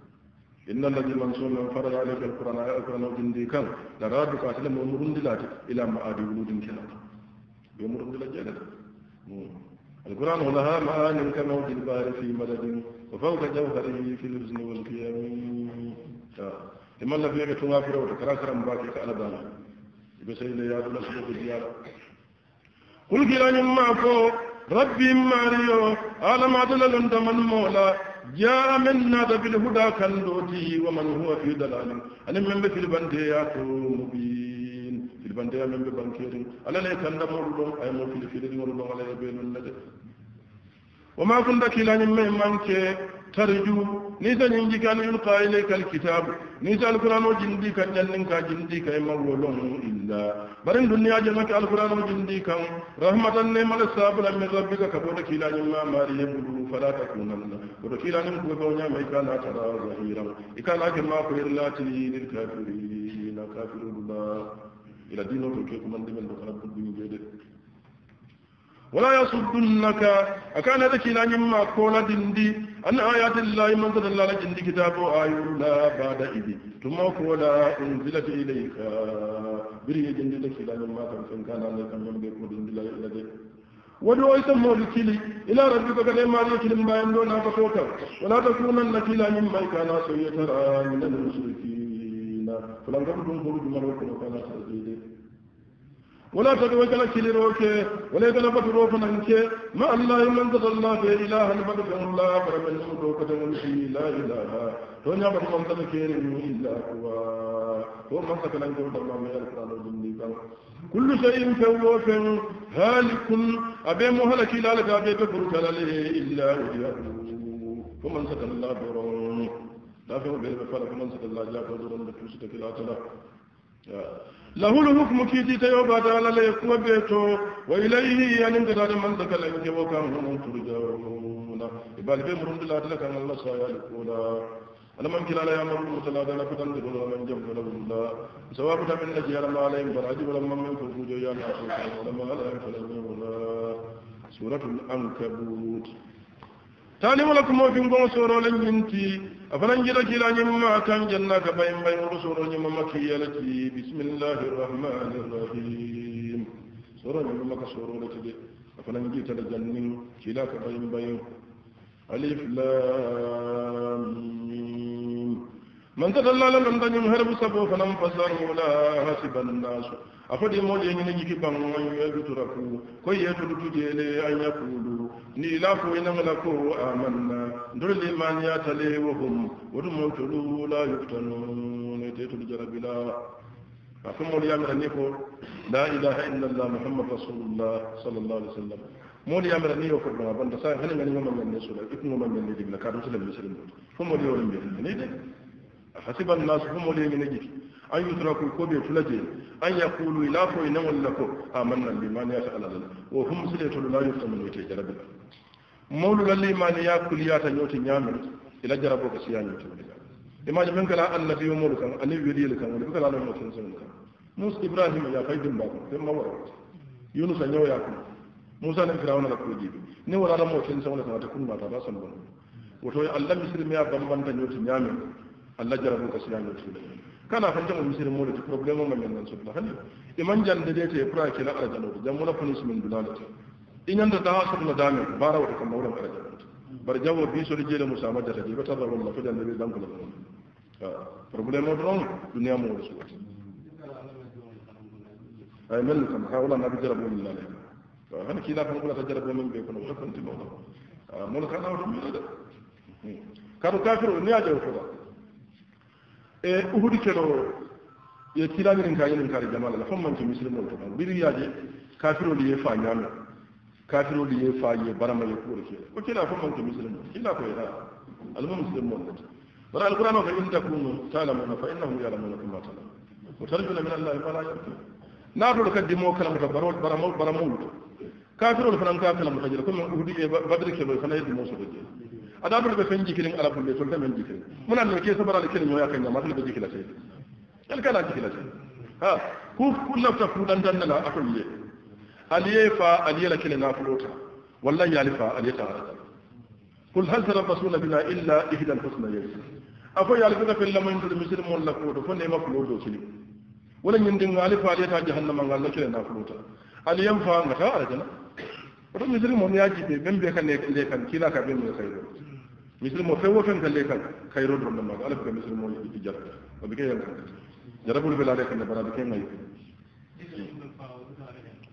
Speaker 1: inna allazi mansuna من alayka عليك القرآن alqur'ana أكرم kan la radu ka tilam umurun dilati إلى ma'adi wuludin kala be umurun dilati ala القرآن لها معاني كموج البار في مدد وفوق جوهره في الوزن والقيام آه. لمن لم يجد تغافر وتكراسر باكك على بالا سيدنا يا رب الحقوق الديار قل كلا يما فوق ربي ماريو عالم عدل لندم المولى جاء من نادى بالهدى كاللوتي ومن هو في دلال أنا من في البندية مبين في البندية من ببنكير ألا ليكن مرلوم أي مفيد في المرلوم على يبين النجد وما كنت كلا من منك ترجو نيسا نيجي كان يلقى إليك الكتاب نيسا القرآن وجندي كان ينن جندي كان مولون إلا برين دنيا جنك القرآن وجندي كان رحمة النعمة السابلة من ربك كبولك إلى جمع ماري يبلو فلا تكونن وركيلا نمكو فونا ما يكالا ترى ظهيرا يكالا كما قيل لا تلي للكافرين كافر الله إلى دين وتركيكم من دمن بقرب الدين جيدك ولا يصدنك أكان هذا كلا نما قول دندي أن آيات الله من قد الله لجند كتاب آيولا بعد إذي ثم قول أنزلت إليك بريه جند لك كلا نما كان كان لك من بقرب الدين ودعو يسمو إلى ربك قد يماري كلم ما يملو لا تفوتا ولا تكونن كلا مما كان سيترى من المشركين فلن تكون خروج مروكم وكان سيدي ولا تدعو كلا كلي روك ولا كلا بطرو فننك ما الله من ذا الله في إله البدر الله فرم المدوك تنشي لا إله تونيا بطمان تنكير إلا هو هو من سكنا يقول الله ما يلقى له كل شيء فهو فهو هالك أبي مهلك لا لك أبي بفرك عليه إلا وجهه فمن سكن الله دوران لا فهو بيه بفرك فمن سكن الله جاك ودرون بتوسطك لا تلا له الحكم كيتي تيوبا تعالى لا يقوى بيته وإليه يعني انت من ذكر لك وكان هم ترجعون إبالي بمرون الله تلك أن الله سيالك ولم يمكن على يوم الله صلى الله عليه وسلم تقول ومن جمع له الله سواء من أجي على ما عليهم فالعجب لما من فرقوا جوا يعني أخوة ولما لا يمكن أن يقول سورة الأنكبوت تاني ولكم في مبون سورة لنجنتي أفنان جرك إلى نمو كان جنك فإن بين رسول نمو مكي يلتي بسم الله الرحمن الرحيم سورة نمو مكي سورة لتي أفنان جرك إلى نمو كان جنك فإن بين ألف لام من تدلى لمن دنيم هرب سبو فنم فسروا لا حسب الناس أفدي مولي نجيك بان يدتركو كي يدتجي لي أن يقولوا ni la ko ina ngala ko amanna ndurli man ya tale wa hum wa dum tulu la yuftanun te tulu jarabila akum mol ya ngani ko la ilaha illallah muhammad rasulullah sallallahu alaihi wasallam moli yamira ni yo foddo ma bonda sa hanen ngani ngam ngam ne sula ibnu ngam ngam ne digla kadum sula muslim do fo moli yo lembe ne de hasiban nas fo moli ngene jiti an yutraku ko be tulaje an yaqulu ila ko ina walla ko amanna biman ya ta'ala wa hum muslimun la yuftamu ke jarabu mawlu lalli man ya ta nyoti nyame ila jarabu ka siya nyoti imaji men kala annabi wa mulu kan wili wadi kan wala kala no mutun sun kan mus ibrahim ya faidin ba ko sai mawar yunus an ya kuma musa ne firawuna da kogi ne wala da motsin san wala ta kun ba ta san ba wato ya Allah misir ya bambanta yoti nyame Allah jarabu ka siya yoti kana fanta mu misir mu da problema man nan su da hali iman jan da dai ta fura kila arjalo dan mu rafin su min dulalata in yanda da su da dame bara wata kan maulan arjalo bar jawo bi so rije da musama da tabi ba tarra wallahi da nabi dan kula problema don duniya mu wasu ay men kan hawla na bi jarabu min lalai fana kiila fana ɓulata jarabo men ɓe kono wota kontinoɗo mola ka nawata mino de kato kafir o niya jaw foga e uhudi keno ye kiilaminin ka yenin kaare jamala la fommanke musilimol to kan biri yaaje kafiroli ye fa ñaame kafiroli ye fa ye barama ye kuwol keela ko keela fommanke musilimol kiila koye ha alma musilimol lete bara alquran o ka in takunu talamuna fa innahum yalamuna kama talam o tarjuna min allahi ma la yarjun naatoɗo kadi mo kalamuta baramol baramol to kafirol fanan ka kalam fajir comme hudu e ke kelo fana yedi musu de ada dol be fen jikirin ala ne sun tamen jikirin mun an no ke sabara le kelen yoya kanya matal da jikila sai kal kala jikila sai ha ku kunna ta ku dan dan na akul ne aliye fa aliye la kelen na fulota wallahi ya fa aliye ta kul hal tara tarabbasuna bina illa ihda husna husnayn afa ya fa fel lamun to misir mun la ko do ne ma fulodo sili wala nyindin ali fa aliye ta jahannama ngal la kirin na fulota aliyam fa ngata ala jannah oto misiri mo ya jibe men be kan le kan kila ka be mo khayro misiri mo fewo fen kan le kan khayro don ma ala ko misiri mo yi jar o be ke yalla jarabul bela le kan da bara be ke ngai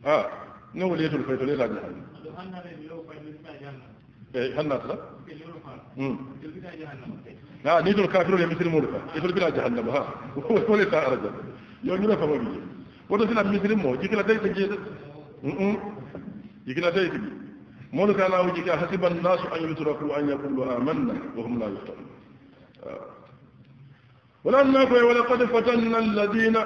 Speaker 1: ah no wali tul fayto le la ni e hanna tala mm na ni dul kafiru le misiri mo ka e tul bila jahannam ha wala ta arja yo ni la fa mo bi woto sila misiri mo jikila dai ta je mm يكنا تيتي مولك أنا وجيك حسب الناس أن يتركوا أن يقولوا آمنا وهم لا يفتنون آه. ولا نافع ولقد فتنا الذين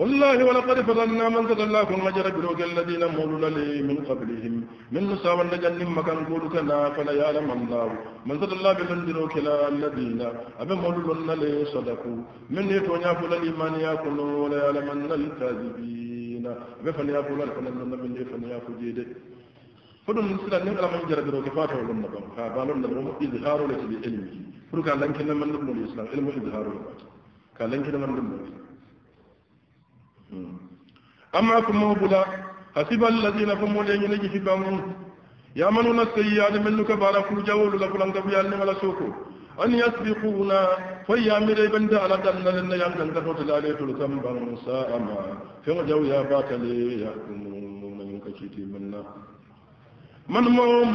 Speaker 1: والله ولقد فتنا من تدلاكم مجرى بلوك الذين مولوا لي من قبلهم من نساوى النجن مكان قولك لا فلا يعلم الله من تدلا بلندروك لا الذين أبي مولوا لي صدقوا من يتونيا فلا الإيمان يأكل ولا يعلمن الكاذبين أبي فليا فلا فلا النبي فليا فجيدك فدم نسلا نم على من جرى دروك فاتوا لنا بام فبالون لهم إظهار لك بالعلم فلو كان لنك نم من نبنو الإسلام علم إظهار لك كان لنك نم من نبنو أما كم بلا حسب الذين هم لين يجي في بام يعملون السيئات من لك بارا كل جول لك لنك بيالنا ولا سوكو أن يسبقونا فيا مري بند على دلنا لنا يمدن تفوت لاليت لكم بان ساء ما فيما جو يا باكلي يحكمون من كشيتي منا من موم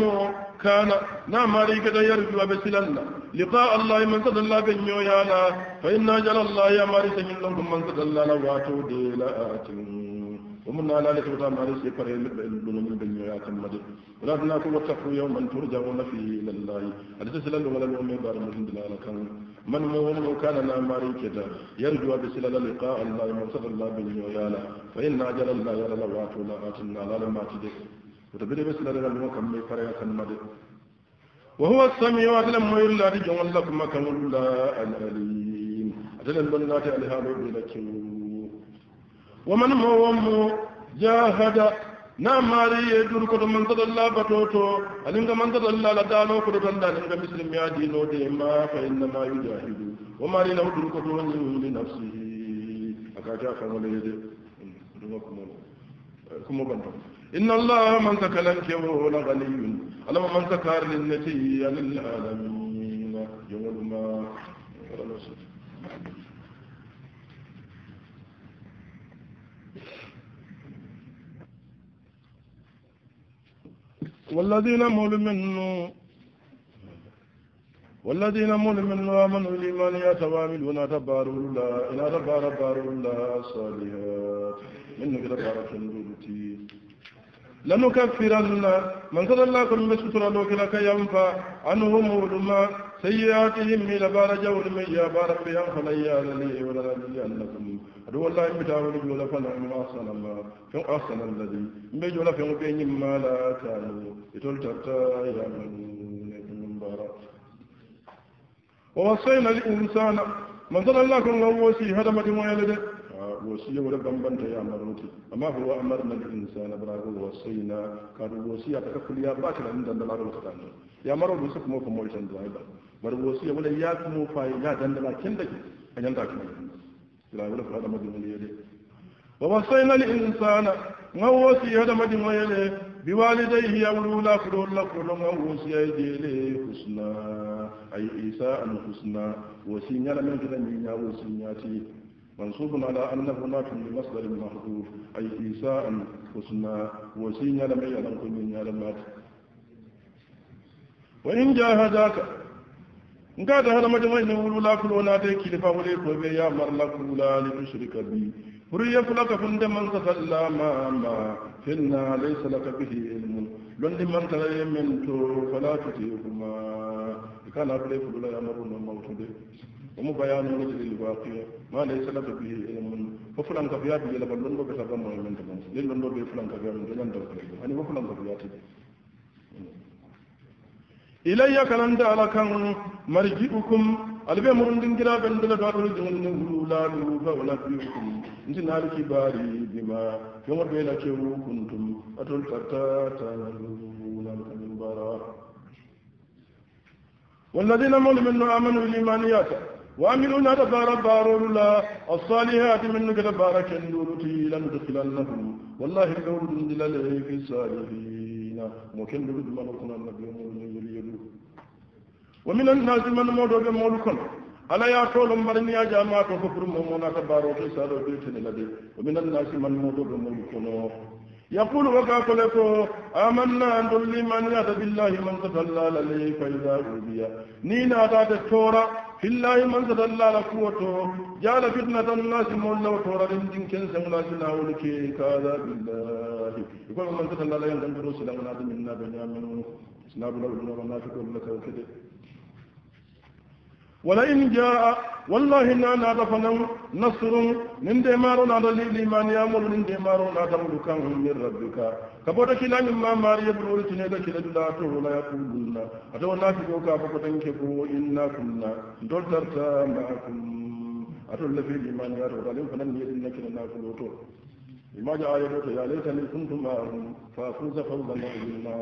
Speaker 1: كان نعم عليك يرجو بسلنا لقاء الله من صدى الله بن يويانا فإن أجل الله يا مارس من الله من صدى الله لواتو ديلات ومن على ذلك وطام مارس يقر يلبن من بن يويات مدي ولكنكم واتقوا يوما ترجعون فيه إلى الله أليس سلنا ولا يوم يبار من دلالة من موم كان نعم عليك يرجو بسلنا لقاء الله من صدى الله بن يويانا فإن أجل الله يرى لا آتنا لا لما تدك وتبدي بس لدرجة لما كم بيفر يا كن مدي وهو السميع أتلم مير لا دي جون لك ما كان ولا الأليم أتلم بن ناتي عليها بيدا ومن هو مو جاهد نعم ماري يدور كل من تدل الله بتوتو ألينك من تدل الله لدانو كل تدل ألينك مسلم يا دينو ديما فإنما يجاهد وماري لو دور كل من يولي نفسه أكاجا فمليه دي كمو بنتو إن الله من سكلن كيوهون غني ألم من تكار للنتي للعالمين يوم ما والذين مول منه والذين مول منه آمنوا الإيمان يتواملون تبار الله إلى تبار الله الصالحات منك تبارك الدولتين لنكفرن من قد الله كل كن بسطر لك ينفع عنهم ولما سيئاتهم إلى بار جور من يا بار بيان فليا لليه ولا لليه لكم أدو الله إن بتاعوا لجول فلا من أحسن ما فهم أحسن الذي إن بجول فهم بين ما لا كانوا يتول تبتا يعملون من بارا ووصينا الإنسان من قد الله كن غوصي هدمت ما يلده wasiya wala bambanta ya maroti amma huwa amarna bil insana barago wasayna ka wasiya ta kafil ya ba ta da da laro ta ne ya maro du suk mo ko moy tan duai ba bar wasiya wala ya kuma fa ya dan da kin da anyan ta kuma ila wala fa da madin ne yede wa wasayna lil insana ma wasiya da madin ne yede bi walidayhi ya wulula kudo la kudo ma wasiya yede husna ay isa al husna wasiya la men da ni ya wasiya ti منصوب على أن هناك من مصدر محذوف أي إيساء حسنى وسين لم يعلم كل من يعلم وإن جاهداك nka da hana majamai ne wulu lakulu na ta yake lifa wule ko be ya mar lakula li tushrika bi buri ya kula ka fun da man sa sallama ma finna laysa laka bihi ilmu lon di man tala yemin to fala tuti kuma kana bule kula ya maru no mautude ومبيان الوجه الواقع ما ليس لك به علم وفلان كبيات يلا بلون بو بسبب ما من تمام لين لون بو فلان كبيات من لون دو يعني وفلان كبيات إلي كلام على كان مرجئكم ألبي مرندين كلا بين بلا دارو جن ولا لوبا ولا فيكم انت نالك باري بما يوم بلا كيو كنتم أتول كتا تعلمون الكبار والذين مؤمنون آمنوا بالإيمانيات وعملون تبارا بارون الله الصالحات منك تبارك النورتي لن تدخلنهم والله النور دل في الصالحين مكن لبد من أخنا النبي ومن الناس من مودو بمولكم ala ya tolum barni ya jama to ko pour mo mona tabaro to sado be tene lade o minan nasi man mo do mo ko no يقول وكاكلته آمنا أن من يأت بالله من تدلى لليه فإذا أولي نينا ذات التورة في الله من تدلى لقوته جعل فتنة الناس مولا وتورة لمدين كنسا مناسنا لكي كذا بالله يقول من أن لينزل برسل من آدم منا بنيامين سنابنا ولنا منافق لك وكذا ولئن جاء والله إن إنا نعرفنا نصر من دمارنا نادى لمن يامر من دمارنا نادى ملكا من ربك كبوتا كلا ما ماري بروي تنيد كلا دلاته لا يقولون أتوى نافقوا إنك هو إنا كنا دولتا معكم أتوى لفي الإيمان يارو غالين فنن يدنا كلا نافقوا بما جاء يدعوك آية يا ليتني كنتم معهم فافوز فوزا عظيما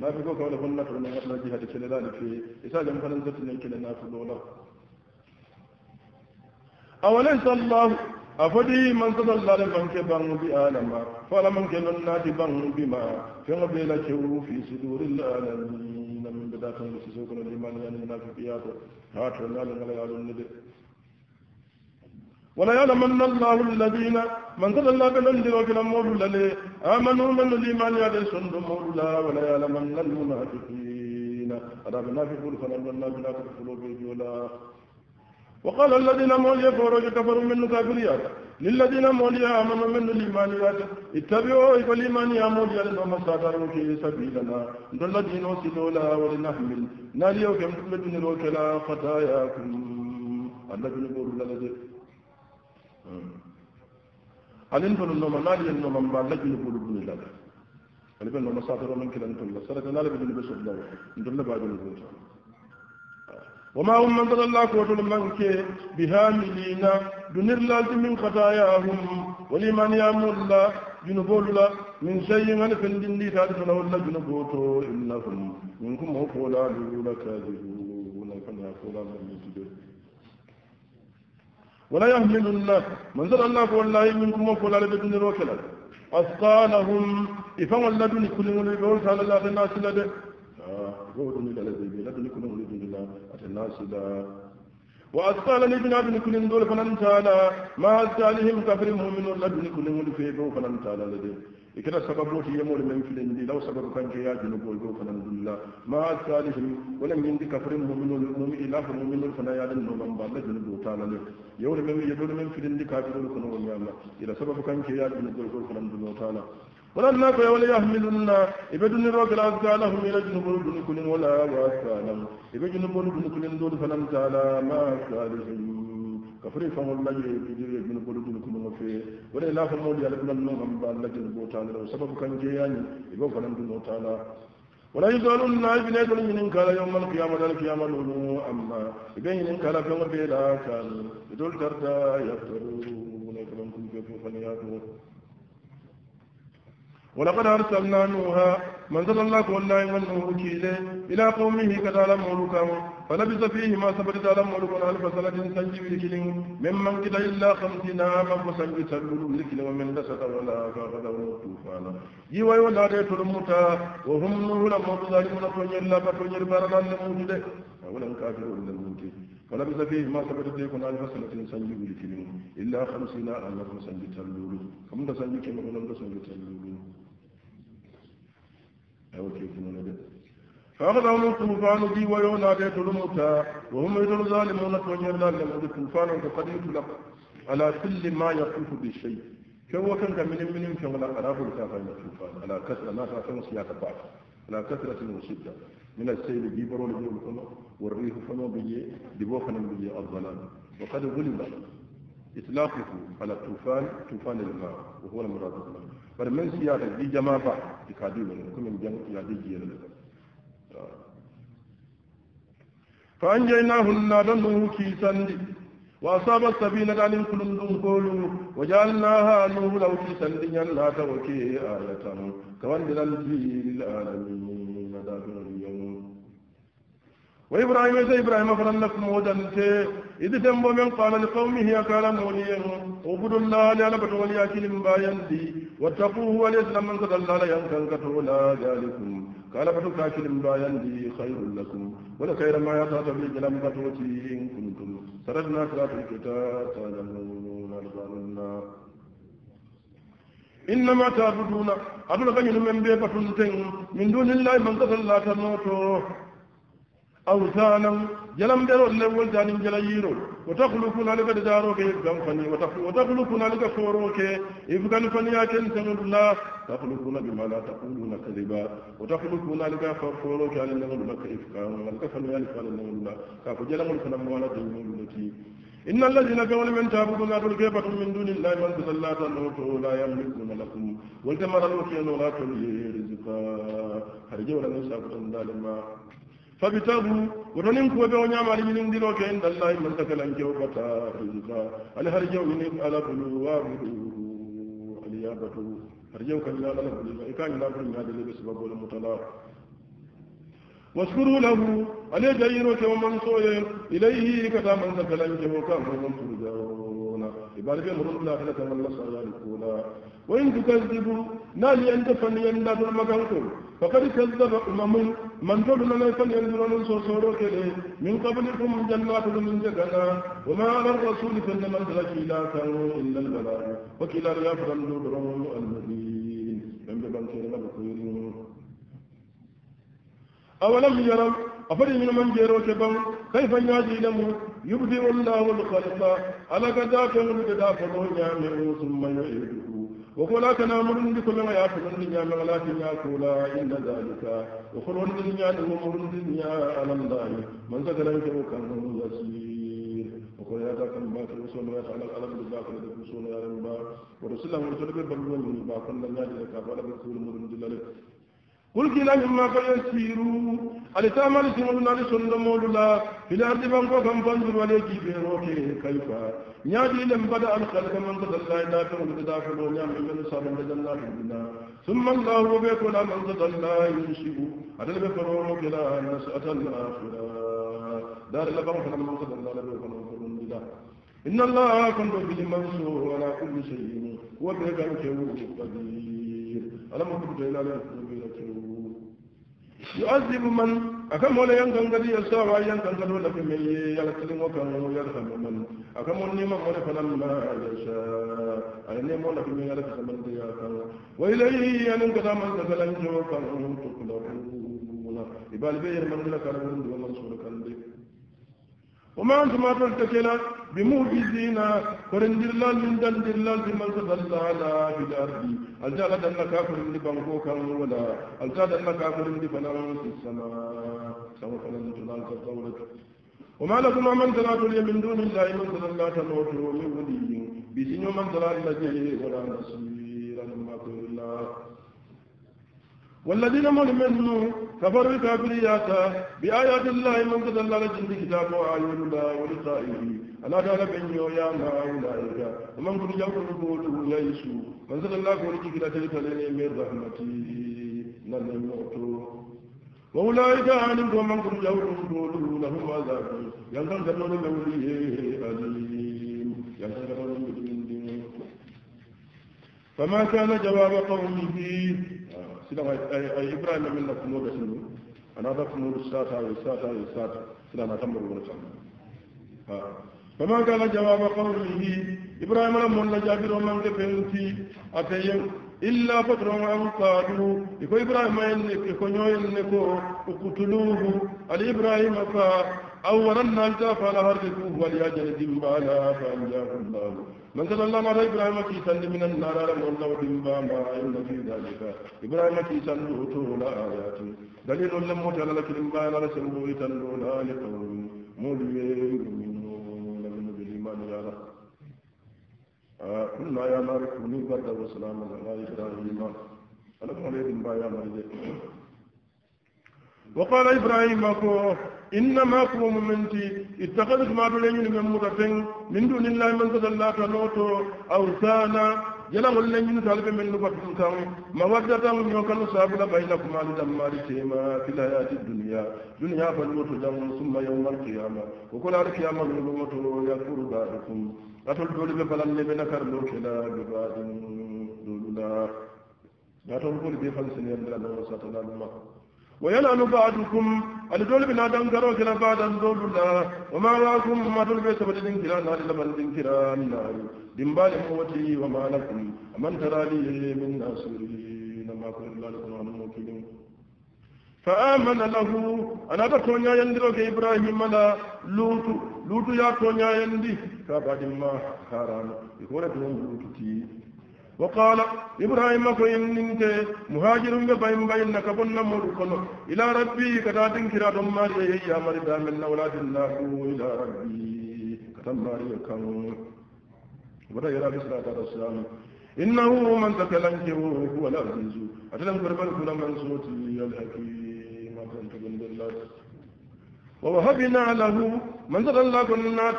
Speaker 1: ما في كوكا ولا فنك ولا نحن جهة كلالان في إساجا فلنزلت من كل الناس الأولى أوليس الله أفدي من صدر الله من كبر بآلما فلا كبر الناس بر بما في قبيل في صدور العالمين من بداخل سوق الإيمان يعني منافقيات هاتوا لا لا لا نبي ولا وليعلمن الله الذين من قد الله بلند وكلا مولولا لي آمنوا من الإيمان يالي سند مولولا وليعلمن المنافقين أنا منافقون فنبلنا بنا كفلوا بجولا وقال الذين مولي فورج كفروا من نكافر كافريات للذين مولي آمنوا من الإيمانيات اتبعوا إيك الإيمان يا مولي لنهم ساتروا في سبيلنا الذين وصلوا لا ولنحمل ناليوكم بدون وكلا خطاياكم الذين بوروا لنا Hmm. anin tolu noma naali yen noma mba lajjini kuuɗo ɗumi lala ani ɓe noma satoro non kilan tolla sarata naala ɓe ɗum ɓe sohlaw ndolle baabino goto وما هم من الله كوتل منك بهاملين دنر لالت من خطاياهم ولمن يامل الله جنبول الله من شيء من فندن لي تعرف له الله جنبوته إنهم منكم هو قولا لولا كاذبون كما يقول الله ولا يهمل الله من زل الله والله منكم وفلا لبدن الوكلا أثقالهم إفهم اللدن كل من يقول تعالى الله في الناس لدى غورني لا لدي لدن كل من يدن الله الناس لا وأثقال لابن عبد كل دول فلن تعالى ما أثقالهم كفر مؤمن لدن كل من يفيدون فلن تعالى لدي ikina sababu ti yamol men filen di law sababu kan je yaji no goy go fana dulla ma salihim wala min di kafrin mu'minul mu'min ilahu mu'minul fana ya dan no man ba da jinu ta la ne yawle men yadol men filen di kafirul fana wa yalla ila sababu kan je yaji no goy go fana dulla ta la ولا الناس ولا يحملن يبدون روك الأذكى لهم إلى جنوب الدن كل ولا وأسالم يبدون بول دن كل دول فلم تعلى ما أسالهم كفري فهم الله يبدون بول دن كل fee wona laafal mawɗi allah ɗunan noon am mbaa laggino boo taala ɗo sababu kan jeeyaani e boo banan duno taala wala yusalun naaybineeɗon minin kala yowmal qiyama dal qiyama lunu amma e ɓen inin kala feŋo ɓeeɗaa kal e dol tarda yaftaruuna kalankuɓe fofani yaatoo wala kad arsalna nuha من صلى الله والله من أمركيزي إلى قومه كتالا مولوكام فلبث فيهما سبت على مولوك ألف سنة سنجي بالكلم ممن كده إلا خمسين عاما فسنجي سلول بالكلم من دسة ولا فاقد ولا طوفانا يوي ولا ريت الموتى وهم نهلا موتى ظالمون فنجل لا فتنجل بارنا لموجد أولا كافرون للموتى فلبث فيهما سبت ديكون ألف سنة سنجيب بالكلم إلا خمسين عاما فسنجي سلول فمن دسنجي كمرون دسنجي سلول فأخذهم الطوفان بي ويونا ويونادي الموتى وهم يدر ظالمون تونيرنا لهم الطوفان وقد يطلق على كل ما يطوف بالشيء كو كان من من يمكن لا أراه الكافرين الطوفان على كثرة ما كان سياق بعض على كثرة وشدة من السيل بيبرون بيبرون والريح فما بيجي دبوخنا بيجي الظلام وقد غلب إطلاقه على الطوفان طوفان الماء وهو المراد بالله min men da ɗi jama ba ɗi ka dilon komin jan yaade jiyelele fa anjaynahunna ɗon ɗum kiisandi wa saba sabina ɗanin kulum ɗum koolu wa jaalnaha nuhulaw kiisandi ñallata wa ke ayatan ka wandiran lil alamin dafin وإبراهيم إذا إبراهيم فرن لك مودا إذا تنبو من قال لقومه يا قال موليهم اعبدوا الله لأنا بتولي أكل كلم بايندي واتقوه وليسلم من قد الله لأنك كتولا ذلكم قال أكل كاكلم بايندي خير لكم ولا خير ما يطاط في جلم بتوتي إن كنتم سردنا صراط الكتاب قال تعلمون الغالنا إنما تعبدون أبلغني من بيبة من دون الله من قد الله تنوته أوثانا جلم درو لول جانين جلا يرو وتخلقون لك دارو كي يبقى فني وتخلقون لك فورو كي يبقى فني أكن سمد الله تخلقون بما لا تقولون كذبا وتخلقون لك فورو كي ألن نغل لك إفقان لك فني ألف ألن نغل لك كافو جلم لك نموانا تنين لكي إن الذين كفروا من تعبدون أدل كيفة من دون الله من دون الله تنوته لا يملكون لكم ولتمر الوكي أنه لا تنجي رزقا هرجو لنسا كتن ظالما فابتغوا ورنين كو بيو نيام علي من ديرو كين الله من تكلن جو بتا رزقا على هرجو من على بلوا اليابتو هرجو كان لا لا بلوا كان لا بلوا هذا اللي بسبب المطلق واشكروا له عليه جيرو كما من سوى اليه كذا من تكلن جو كان من ذلك يمر الله والنصر الأولى وإن تكذبوا نالي أنت فنيان لا ترمكنكم فقد كذب أمم من تبنى فلينظر من سوسورك من قبلكم جنات من جدنا وما على الرسول فإنما لا كيلاتا إلا البلاء وكلا يفرم دورهم المدين لم يبن كيلا أولم يروا أفضل من من جيرو كبم كيف يجي لهم يبدئ الله الخلق على كذا كم كذا فلو يعمل ثم يعيده وقولا كنا مرن بكل ما يأكلون الدنيا من لا يأكلا إلا ذلك وقلون الدنيا ومرن الدنيا على الله من سكن يكره كان يسير وقل يا ذاك ما في رسول الله على الألم بالذاك الذي رسول الله ورسول الله ورسول الله بلغ من باقنا نادي لك فلا برسول مرن دلالك kulkila ñimmaka yo siiru ali taamali siŋoluna ali sondomoolu la filardi banko kam fanjuru ale kiibeeroke kayfa ñaadi lem bada alhalka man tadallaahi daafeŋolu daafelo ñaami men sarunde jannaatudina summa allahu wo ɓee kola man tadallaahi yunsibu atele ɓe korooke la nasata al akhira daare la baŋo fana man tadallaa la ɓe kono korondila إن الله كنت بالمنصور على كل شيء وبك الكون القدير ألم تبت إلى الله يعذب من أكم ولا ينكن قد يسوع ينكن قد ولا كم يلتزم وكم يرحم من أكم نيم ولا ما يشاء أي نيم ولا كم يلتزم من دياكم وإليه أن كذا من كذا تسلم وكم تقلبون إبال بير من لك رمضان ومنصور كندي وما أنتم أتلتكلا بموجزين فرند الله من دندر الله بمن تضل على الأرض الجالة أن كافر من بانكوكا ولا الجالة أن كافر من بنان في السماء سوف ننتظر القولة وما لكم من تناتوا من دون الله من صلى الله تنوتوا من ولي بسنو من صلى الله ولا نصير لما الله والذين مول منه كفروا كافريات بآيات الله من قد الله لجل كتاب آيات الله ولقائه ألا تعالى بني يا ما أولئك ومن كل يوم نقوله يا يسوع من قد الله ولجي كلا تلك من رحمته لن يموتوا وأولئك عنهم ومن كل يوم نقوله لهم عذاب ينقل كنون موليه أليم ينقل كنون فما كان جواب قومه silan ay ibrahima min na kumoɗo sinnu anata kumoɗo satayo satayo sata silan ata mbarugono kam فما كان جواب قومه إبراهيم لم ولا جابر من كفنتي أتيم إلا فتر أن قالوا إكو إبراهيم إنك إكو نيو إنك اقتلوه على إبراهيم فا أولا نالتا فلا هرقوه وليجل دمبالا فأنجاه الله من كان الله مر إبراهيم كي سند من النار لم الله دمبا ما إلا في ذلك إبراهيم كي سند أطول آيات دليل لم مجال لك دمبا لا سند يتنون آيات مولين من من بالإيمان يا رب كنا آه، يا نار كوني برد وسلام على إبراهيم أنا مولين دمبا يا مريم وقال إبراهيم أكو إنما قوم منتي اتخذت ما دولين من مرفين من دون الله من قد الله تنوتو أوثانا جلغ اللين تالب من نبطن كان مودة يوكل سابل بينكما لدمار تيما في الحياة الدنيا دنيا فالموت جمع ثم يوم القيامة وكل القيامة للموت يكفر بعدكم أتل دول بفلن لبنكر لوكلا ببعد دولا أتل دول بفلسن يدلنا وسطنا المهر وينال بعضكم الدول بنا دنكروا كلا بعد الدول لا وما راكم ما دول بسبب الانكران هذا لمن الانكران نار دمبال موتي وما لكم من ترى لي من ناصرين ما كل الله لكم عن موكلين فآمن له أنا تونيا يندرو كإبراهيم لا لوط لوط يا تونيا يندي كبعد ما خاران يقول لهم لوط تي وقال إبراهيم كوين انت مهاجر بين بينك بن كن إلى ربي كتاتن كرا دمار يا مرد من أولاد الله إلى ربي كتمار يكن ودا يرى بسرعة السلام إنه من تكلنكه هو العزيز أتلم بربل كل من صوت الحكيم ما كنت بن الله ووهبنا له من ذا الله كنا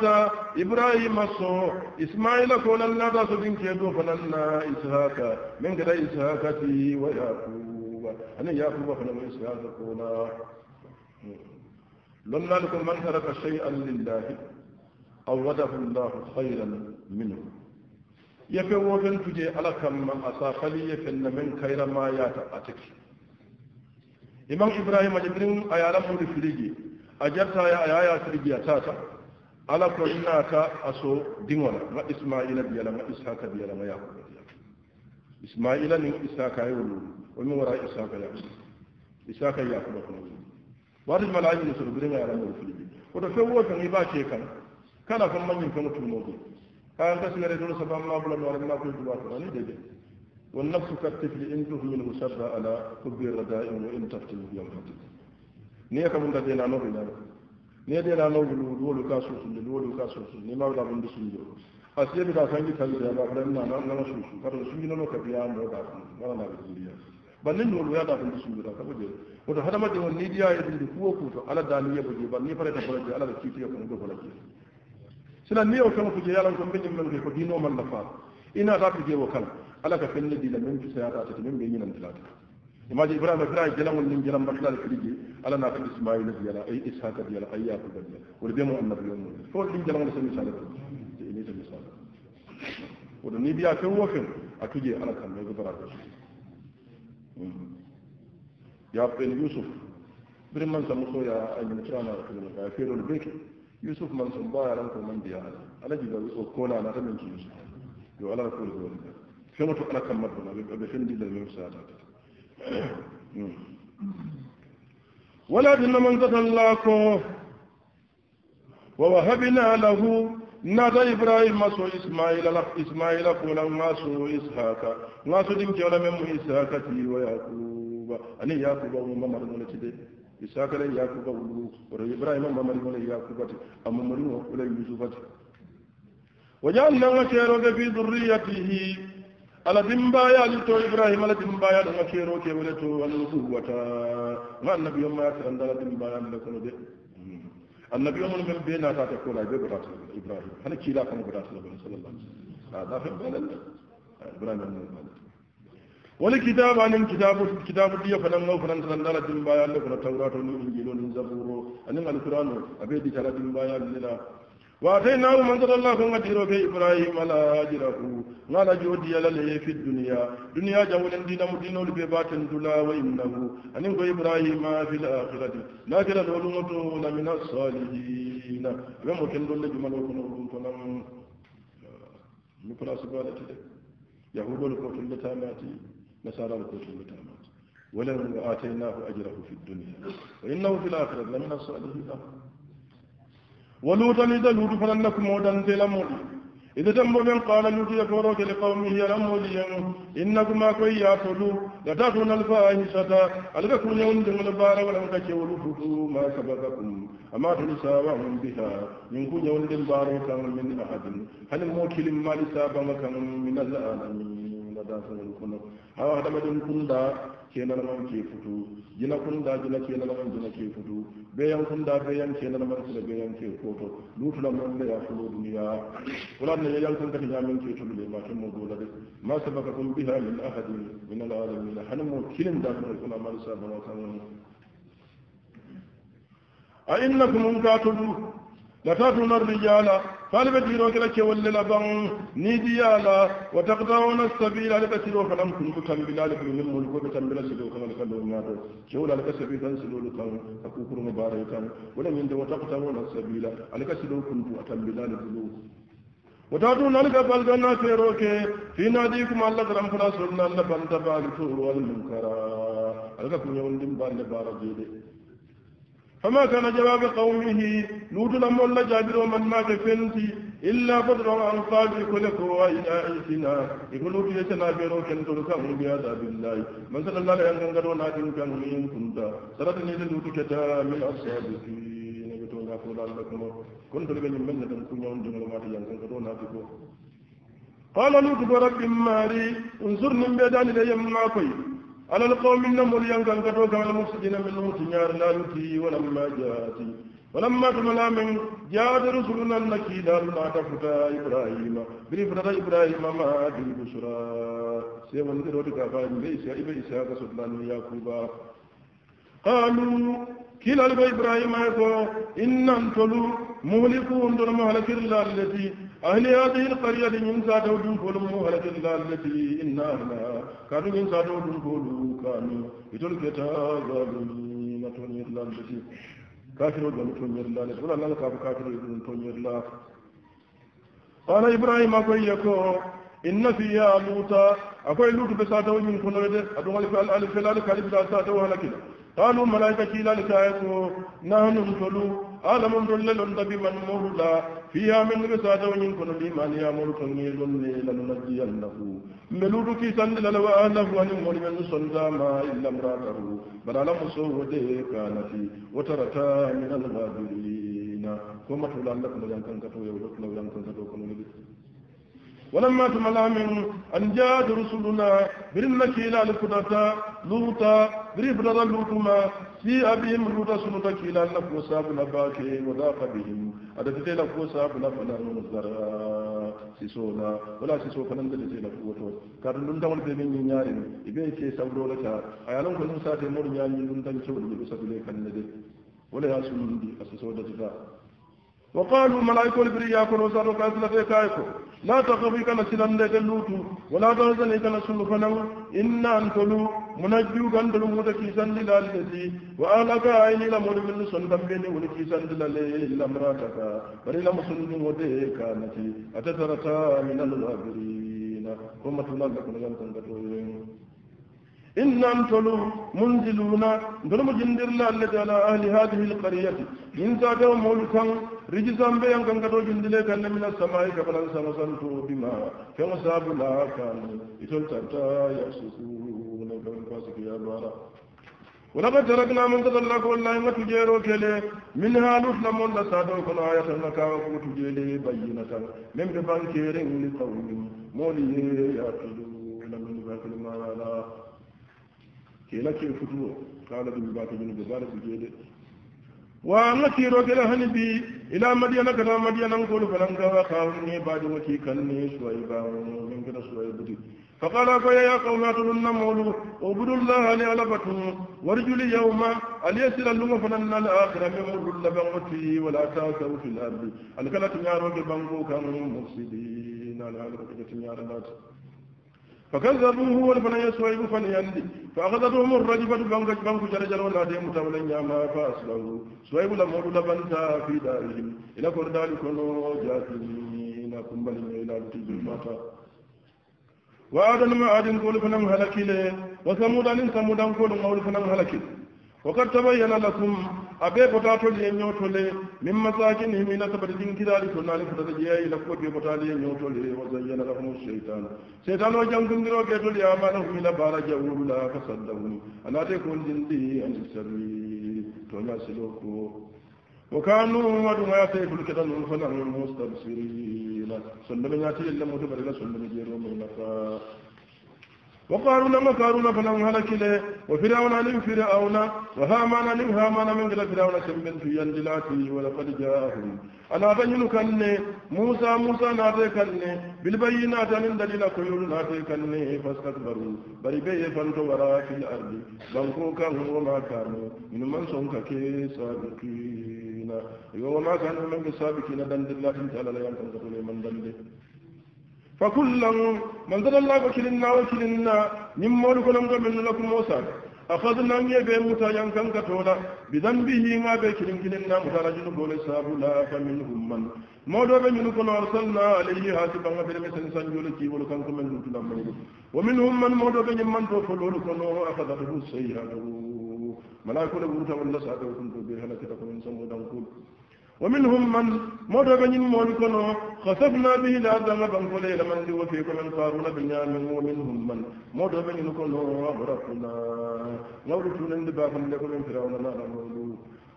Speaker 1: إبراهيم سو إسماعيل كنا ناتا سبين كيدو فننا إسحاق من كده إسحاق تي ويعقوب أنا يعقوب فنما إسحاق كنا لنا لكم من ترك شيئا لله أو أورده الله خيرا منه يفي وفن تجي على كم أسا خلي فن من خير ما ياتا أتكي إمام إبراهيم جبرين أيالا مولي فريجي a jarta ya a yaya sirgiya ta ta ala ina ka aso dingola ma isma'ila biyala ma ishaka biyala ma yaqub isma'ila ni ishaka ya wulu wani wara ishaka ya ishaka ya kuma kuma wadi malaji ne suru dinga ya ramu fili ko da fewo kan ba ce kan kana kan manyan kan mutum mu kan ka sinare dole saban ma bulan wa ma ko duwa to ne dai والنفس in إن min musabba ala حب الرداء وإن تفتنه يوم فتنه niŋ ka bunta deena noo ila niŋ ye deena noo wulu wolu ka suusundi wolu ka suusundi ni maa bila bundi sunjo asiye bi daa sanji tali de baa fulani naa nana suusu kato suusu noo ka biyaa noo daa sunu mana naa bi dundiya ba ni nuwolu yaa daa bundi sunjo daa sabu jee wato hadamadenwo ni diyaa ye dundi kuwo kuuto ala daa niŋ ye bo jee ba niŋ fara ita bola jee ala la kiitiya kono do bola jee sina niŋ yeo feŋo fujee yalanko mbe ñim men ke ko diinoo man la faa i naataa fujee wo kala ala ka feŋ ne dii la meŋ kisayaataa tete meŋ be ñinantilaatita imaji ibrahima fira jelaŋol niŋ jelaŋ batilal firiji alla naata ismaila diyala ay ishaka diyala ay yakuba diyala wala bee mu annabiyo mu fo niŋ jelaŋol sa misala ni sa misala woto niŋ biya feŋ wo feŋ a tuje alla kamma ko fara ya pen yusuf biri man sa muso ya a ñin kirana kilima ya feerolu bee ke yusuf man son baa yaran ko man diya alla alla jiga o koona naata meŋ ki yusuf yo alla la kuolu ko wala feŋo to alla kamma dona abe feŋ dilla meŋ saata ولكن من قتل الله ووهبنا له نادى إبراهيم مسو إسماعيل لك إسماعيل قولا مسو إسحاق مسو دمك ولا من إسحاق تي ويعقوب أني يعقوب وما مرد ولا تدي إسحاق لا يعقوب ولا إبراهيم ما مرد ولا يعقوب أما مرد ولا يوسف وجعلنا شيرا في ذريته ala dimbayalil to ibrahima ala dimbayal nga keero ke wole to anal quwata nga annabi yo maya siranda ala dimbayal le kono de annabi yo mon men be natata kola be botata ibrahima hana kiila kono botata la bono sallallah a da fe balal ibrahima no balal wani kitabu anin kitabu kitabu diya fanan ngau fanan tan dala dimbayal le kono tawrato ni injilo ni zaburo anin alqur'ano abe di tala dimbayal ni la واتيناه من قد الله كن قدير في إبراهيم على أجره نالا جودي لله في الدنيا دنيا جمول دين مدين لبيبات دلا وإنه أن إبراهيم في الآخرة لكن الولومتون من الصالحين ومكن دل جمال وكنهم كنم نقرأ سبالة يهود الكوت اللتامات نسار الكوت اللتامات ولن آتيناه أجره في الدنيا وإنه في الآخرة لمن الصالحين ولوطا إذا لوط فلن لكم ودن تلمون إذا تم بمن قال لوط يكوروك لقومه يا يلموليا إنكم أكوي يأتلو لتكون الفاحشة ألككم يوم دمون البار ولم تكيولوا ما سبقكم أما تلساوهم بها من كن يوم دم بارا من أحد هل موكل ما لسابا من العالمين da da sa ñu kuno a wax dama dem kunda cena na mom ci futu dina kunda dina cena na mom dina ci futu be yam kunda be yam cena na mom ci be yam ci foto lutu na mom ya ko do dunya wala ne yal tan ka jami ci tu le ma ci mo do la de ma sabakum biha min ahad min al alamin hanmu kilin da ko kuma man sa ba wa kan a innakum mun ka tudu لتاتون الرجال فالبتيرو كلا كول لبن نيديالا وتقطعون السبيل لبتيرو كلام كن كم بلال كن ملك بتم بلا سلو كم كن نادو كول لك سبيل سلو كم أكوكر مبارك كم ولا من دو تقطعون السبيل لك سلو كن أتم بلال سلو وتاتون لك بلدنا فيروك في ناديكم الله كرم فلا سرنا الله بنتبع الكفر والمنكر لك كن يوم دم بال بارجيدي فما كان جواب قومه لوط لما ولا جابر ومن ما فنتي إلا فتر عن قابل كل قوى إلى إيسنا يقول لوط يسنا بيرو كنتر كامل بعذاب الله من صلى الله عليه وسلم قالوا ناكن كامل إن كنت سرتني لوط كتا من الصادقين يقول لكم كنت لكم من لكم كن يوم جمال ماتي ينكن قالوا ناكن قال لوط رب ماري انصرني بيدان إلي يمناكي على القوم النمر ينقل قدوك على المفسدين منهم تنيار لا نتي ولما جاءتي ولما تملا من جاءت رسلنا النكي دارنا تفتا إبراهيم بريفتا إبراهيم ما دي بشرى سيوان ذروتك أفاين بيسا إبيسا كسلان ياكوبا قالوا كلا لك إبراهيم أيضا إن أنتلوا مهلكون دون مهلك الله التي أهل هذه القرية إن ساتوا دنفول مهلة التي إنا أهلها كانوا إن ساتوا دنفول كانوا كتاب من تنير لا التي كافروا جل تنير لا ولا لا كاب كافروا جل تنير لا قال إبراهيم أقول يكو إن فيها لوطا أقول لوط بساتوا من كنولد أدوغل في الألف الألف كالب ساتو ساتوا هلكي قالوا ملائكة كيلا لكايكو نحن نسلو alamun dollelon tabiban morula fiha min risata woñin kono limani yamolu kan ngelon ne lanunajjiyannahu mbeluɗu kisandilala wa ahlahu ani moni men sondama illa mratahu bara ala musowode kanati wotarata min algabirina komatula allah kono yankankato yewlotulaw yankankato kononeɓe ولما تملا من أن جاءت رسلنا برنا كيلا لكتاتا لوطا بريف لوطما fi abin ruda sunu ta kila ko sabu na ba a da ta ko sabu na fana na na wala si so da ta ko to ka da nun da wani bebin yin yari ne ibe ce sabu da wala a yanan ko sun sa ta mun ya yi nun dan cewa da bile kan ne dai wala ya sun bi a so da ta wa qalu malaiku al birya ko rosaru ka sun fe kai ko la ta ka kana sinan da lutu wala da zan yi kana sunu fana inna antulu منجو غندل مودا كيسان للالتي وآلق عين لمن من سندم بين ولكيسان للالي لمراتك وليل مسلم وديكا نتي أتترتا من الغابرين هم تنال لكم يمتن بطولين إنهم تلو منزلون دلم جندر لالة على أهل هذه القرية إن ساكوا ملكا رجسا بيان كان كتو جندلي كان من السماء كبلا سمسان بما كما سابلا كانوا إتلتتا يأسسون الوراء ولقد تركنا من تدلك والله ما تجيرو كلي منها لوت لمن لسادو كنا آية لك وتجيلي بينة من بفان كيرين لقوم مولي يأكلون من باكل ما لا كيلا كي فتو قال ابن باكل من ببارك جيلي وأن كيرو كلا هنبي إلى مدينة كنا مدينة نقول فلنكا وخاوني بعد وكي كني شويبا من كنا فقال فيا يا قوم اتلون مولو اعبدوا الله لعلبتم وارجوا اليوم اليسر اللغة فنن الآخرة من مر لبغتي ولا تاسوا في الأرض الكلة نارو ببنغو كانوا مفسدين على الرقية نار الناس فكذبوه والفن يسوعب فنيندي فأخذتهم الرجفة بنغج بنغ جرجر ولا ديم تولن ياما فأسلوا سوعب لمر لبنتا في دارهم إلى كردال كنو جاثمين كنبل إلى تجمعتا وعادا ما عاد قول فنم هلك له وثمود ان ثمود قول قول فنم هلك وقد تبين لكم أبي بطاطو لي نيوتو لي من مساكنهم إلى تبرجين كذلك نالي فتجيا إلى كوب بطاطو لي نيوتو لي وزين لهم الشيطان شيطان وجنكم درو كيتو لي أمانهم إلى بارج أولا فصدهم أنا تكون جندي أن السبيل تناسلوكم وكانوا ما دون ودوا ما يتيب الكتاب والفنان والمستبصرين سلم ياتي إلا مدبر إلى سلم من نفا وقارون ما قارون فلم هلك له وفرعون لم فرعون وهامان لم هامان من قبل فرعون سمن في يندلاتي ولقد جاءهم أنا بين كني موسى موسى ناتي كن بالبينات من دليل قيول نادي كني فاستكبروا بل بي فانت وراء في الأرض بنكوكا وما كانوا من من سنك كي سابقين يقول وما كان من بسابقين بند الله إن تعالى لا ينتظر من بنده فكلا من ذل الله وكلنا وكلنا من مما لكم من لكم موسى أخذنا من يبين متى ينكن كتولا بذنبه ما بكلم كلنا مترجل قول لا فمنهم من موضوع من كنا أرسلنا عليه حاسبا غفر مثل سنجول كي ولكن من لكنا من ومنهم من موضوع من من تفلول كنا أخذته السيئة ملائكة بروتا والله سعادة وكنت بها لكتكم سمو دنكول ومنهم من مر بن مولكن خسفنا به الأرض مبن فليل من لي وفيكم من قارون يامن ومنهم من مر بن لكن غرقنا نورث لندباهم لكم من فرعون لا نعبد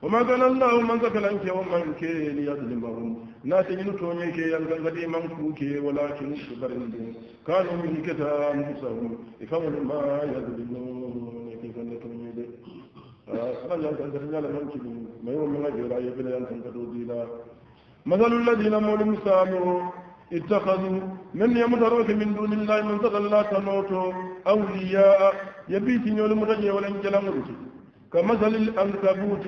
Speaker 1: وما كان الله من ذكر أنك ومن كي ليظلمهم ناس ينتوني كي يلقن قدي من كوكي ولكن كبرن كانوا من كتاب أنفسهم إفهم ما يظلمون سبل لك أنت رجال من كبير ما يوم من أجل رأي بلا أنت تدودينا مثل الذين مولم سامروا اتخذوا من يمتروك من دون الله من تقل لا تنوتوا أولياء يبيتي يولي مرجع ولن جلمرتي كمثل الأنكبوت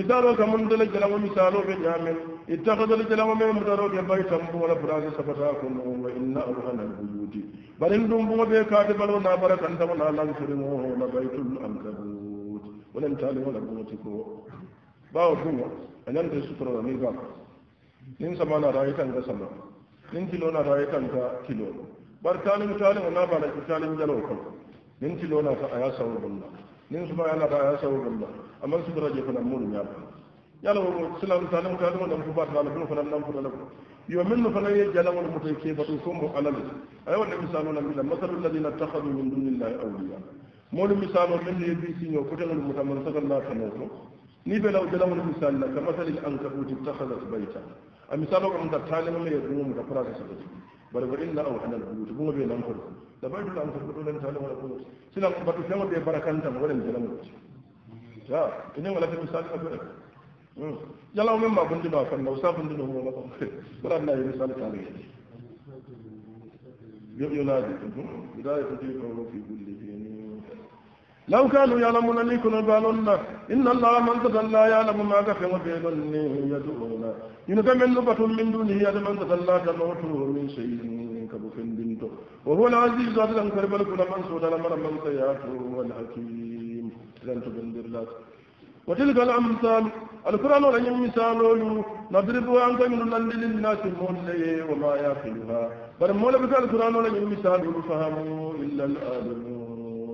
Speaker 1: مثالو كمن دل جلم مثالو في جامل اتخذ الجلم من متروك بيتا مبولا فراس سفتاكم وإن أرهن البيوت بل إن دنبوا بكاتب لنا بركا تمنا لنفرموه بيت الأنكبوت ولم تعلم ولا قوة كو باو شنو أنا أنت سفر ولا ميزان نين سمانا رأيك أنت سما نين كيلونا رأيك أنت كيلو بركالم تعلم ونا بالا تعلم جلوك نين كيلونا فأيا سوى بالله نين سما أنا فأيا سوى بالله أما سفر جفنا مول نعم yala wo silam tanam ka dum dum fubat dal dum fanam dum fanam yo min no fanay jala wal mutay ke batu ko mo alal ay wala misalu lam bil masal alladhina molu misalo men ne bi siño kotegol mutaman sagalna kanoto ni belaw jalawol misal la ka masalil ankabuti tahadat bayta a misalo kam da talima me yedumo muta prase sagati bare ko inna awhana albuyuti bugo ɓe nan kol da baytul ankabuto len talimola kuyot sina batu fego ɓe barakantam waɗen jalamoti a eñegolake misal abere jalaw men ma bondino a fanna sa bondino humola ko waɗanna ye misal talige ينادي بداية تلك في كل دين لو كانوا يعلمون لي كنا بالون إن الله من تدل لا يعلم ما في ظنه يدعون إنك من لبة من دونه يد من تدل تموته من شيء كبف بنته وهو العزيز عدل أن كربل كنا من سود لمن من سياته والحكيم لن تبندر لك وتلك الأمثال القرآن لن يمثال نضرب عنك من الله للناس مولي وما يأخذها بل مولى بك القرآن لن يمثال فهموا إلا الآدمون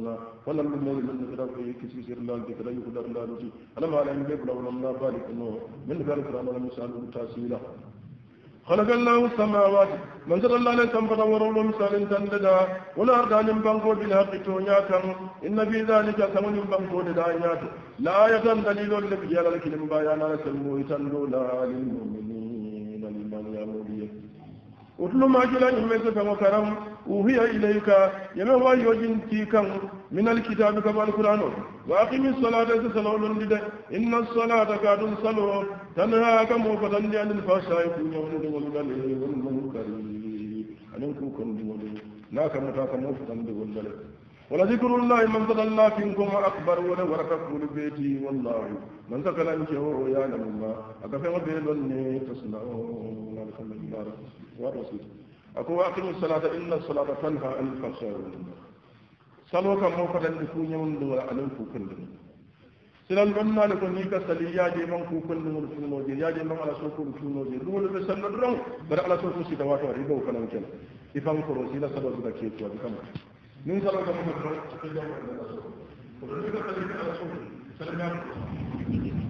Speaker 1: الله ولا من الله من غير في كسي سير الله كتر يقدر الله رجي ألم على أن يبلغ الله بارك الله من ذلك الأمر المسأل تاسيلا خلق الله السماوات من سر الله لكم فقد ورولو مثال تنددا ولا أردان ينبنكو بالحق تونياكا إن في ذلك كمن ينبنكو لدائنات لا يتن آية دليل لبيانا لكلم بيانا لسلمو يتن لا للمؤمنين لمن يمود utlu ma jula ñimme so feŋo karam uhiya ilayka yeme wa yojin ti kaŋ min alkitabi kam alquran o wa aqimi solata so salo londi de inna solata ka ɗum salo tanha kamo fotandi anil fasai kuñawnudiŋolugale wonmankari anin ku kondiŋolu na kamuta kamo fotandigollale ولذكر الله من فضل الله فيكم أكبر ونور كفر بيتي والله من سكن الجو يعلم ما أكفر بيت الله تصنعون الحمد لله ورسوله أكو أقيم الصلاة إن الصلاة تنهى عن الفحشاء والمنكر صلوا كما فضل لكون يوم دور على الفوكل سلام بنا لكم نيكا سلي يا جي من كوكل من الفنو جي يا جي من على سوكل الفنو جي رول بسم الله الرحمن الرحيم بدأ على سوكل سيدواتو ريبو كلام كلام إفهم كروسي لا سبب ذكية وادي كمان ننزل لهم الرزق في يوم من الايام ونزل عليهم على صوره فلم
Speaker 2: يعرفوا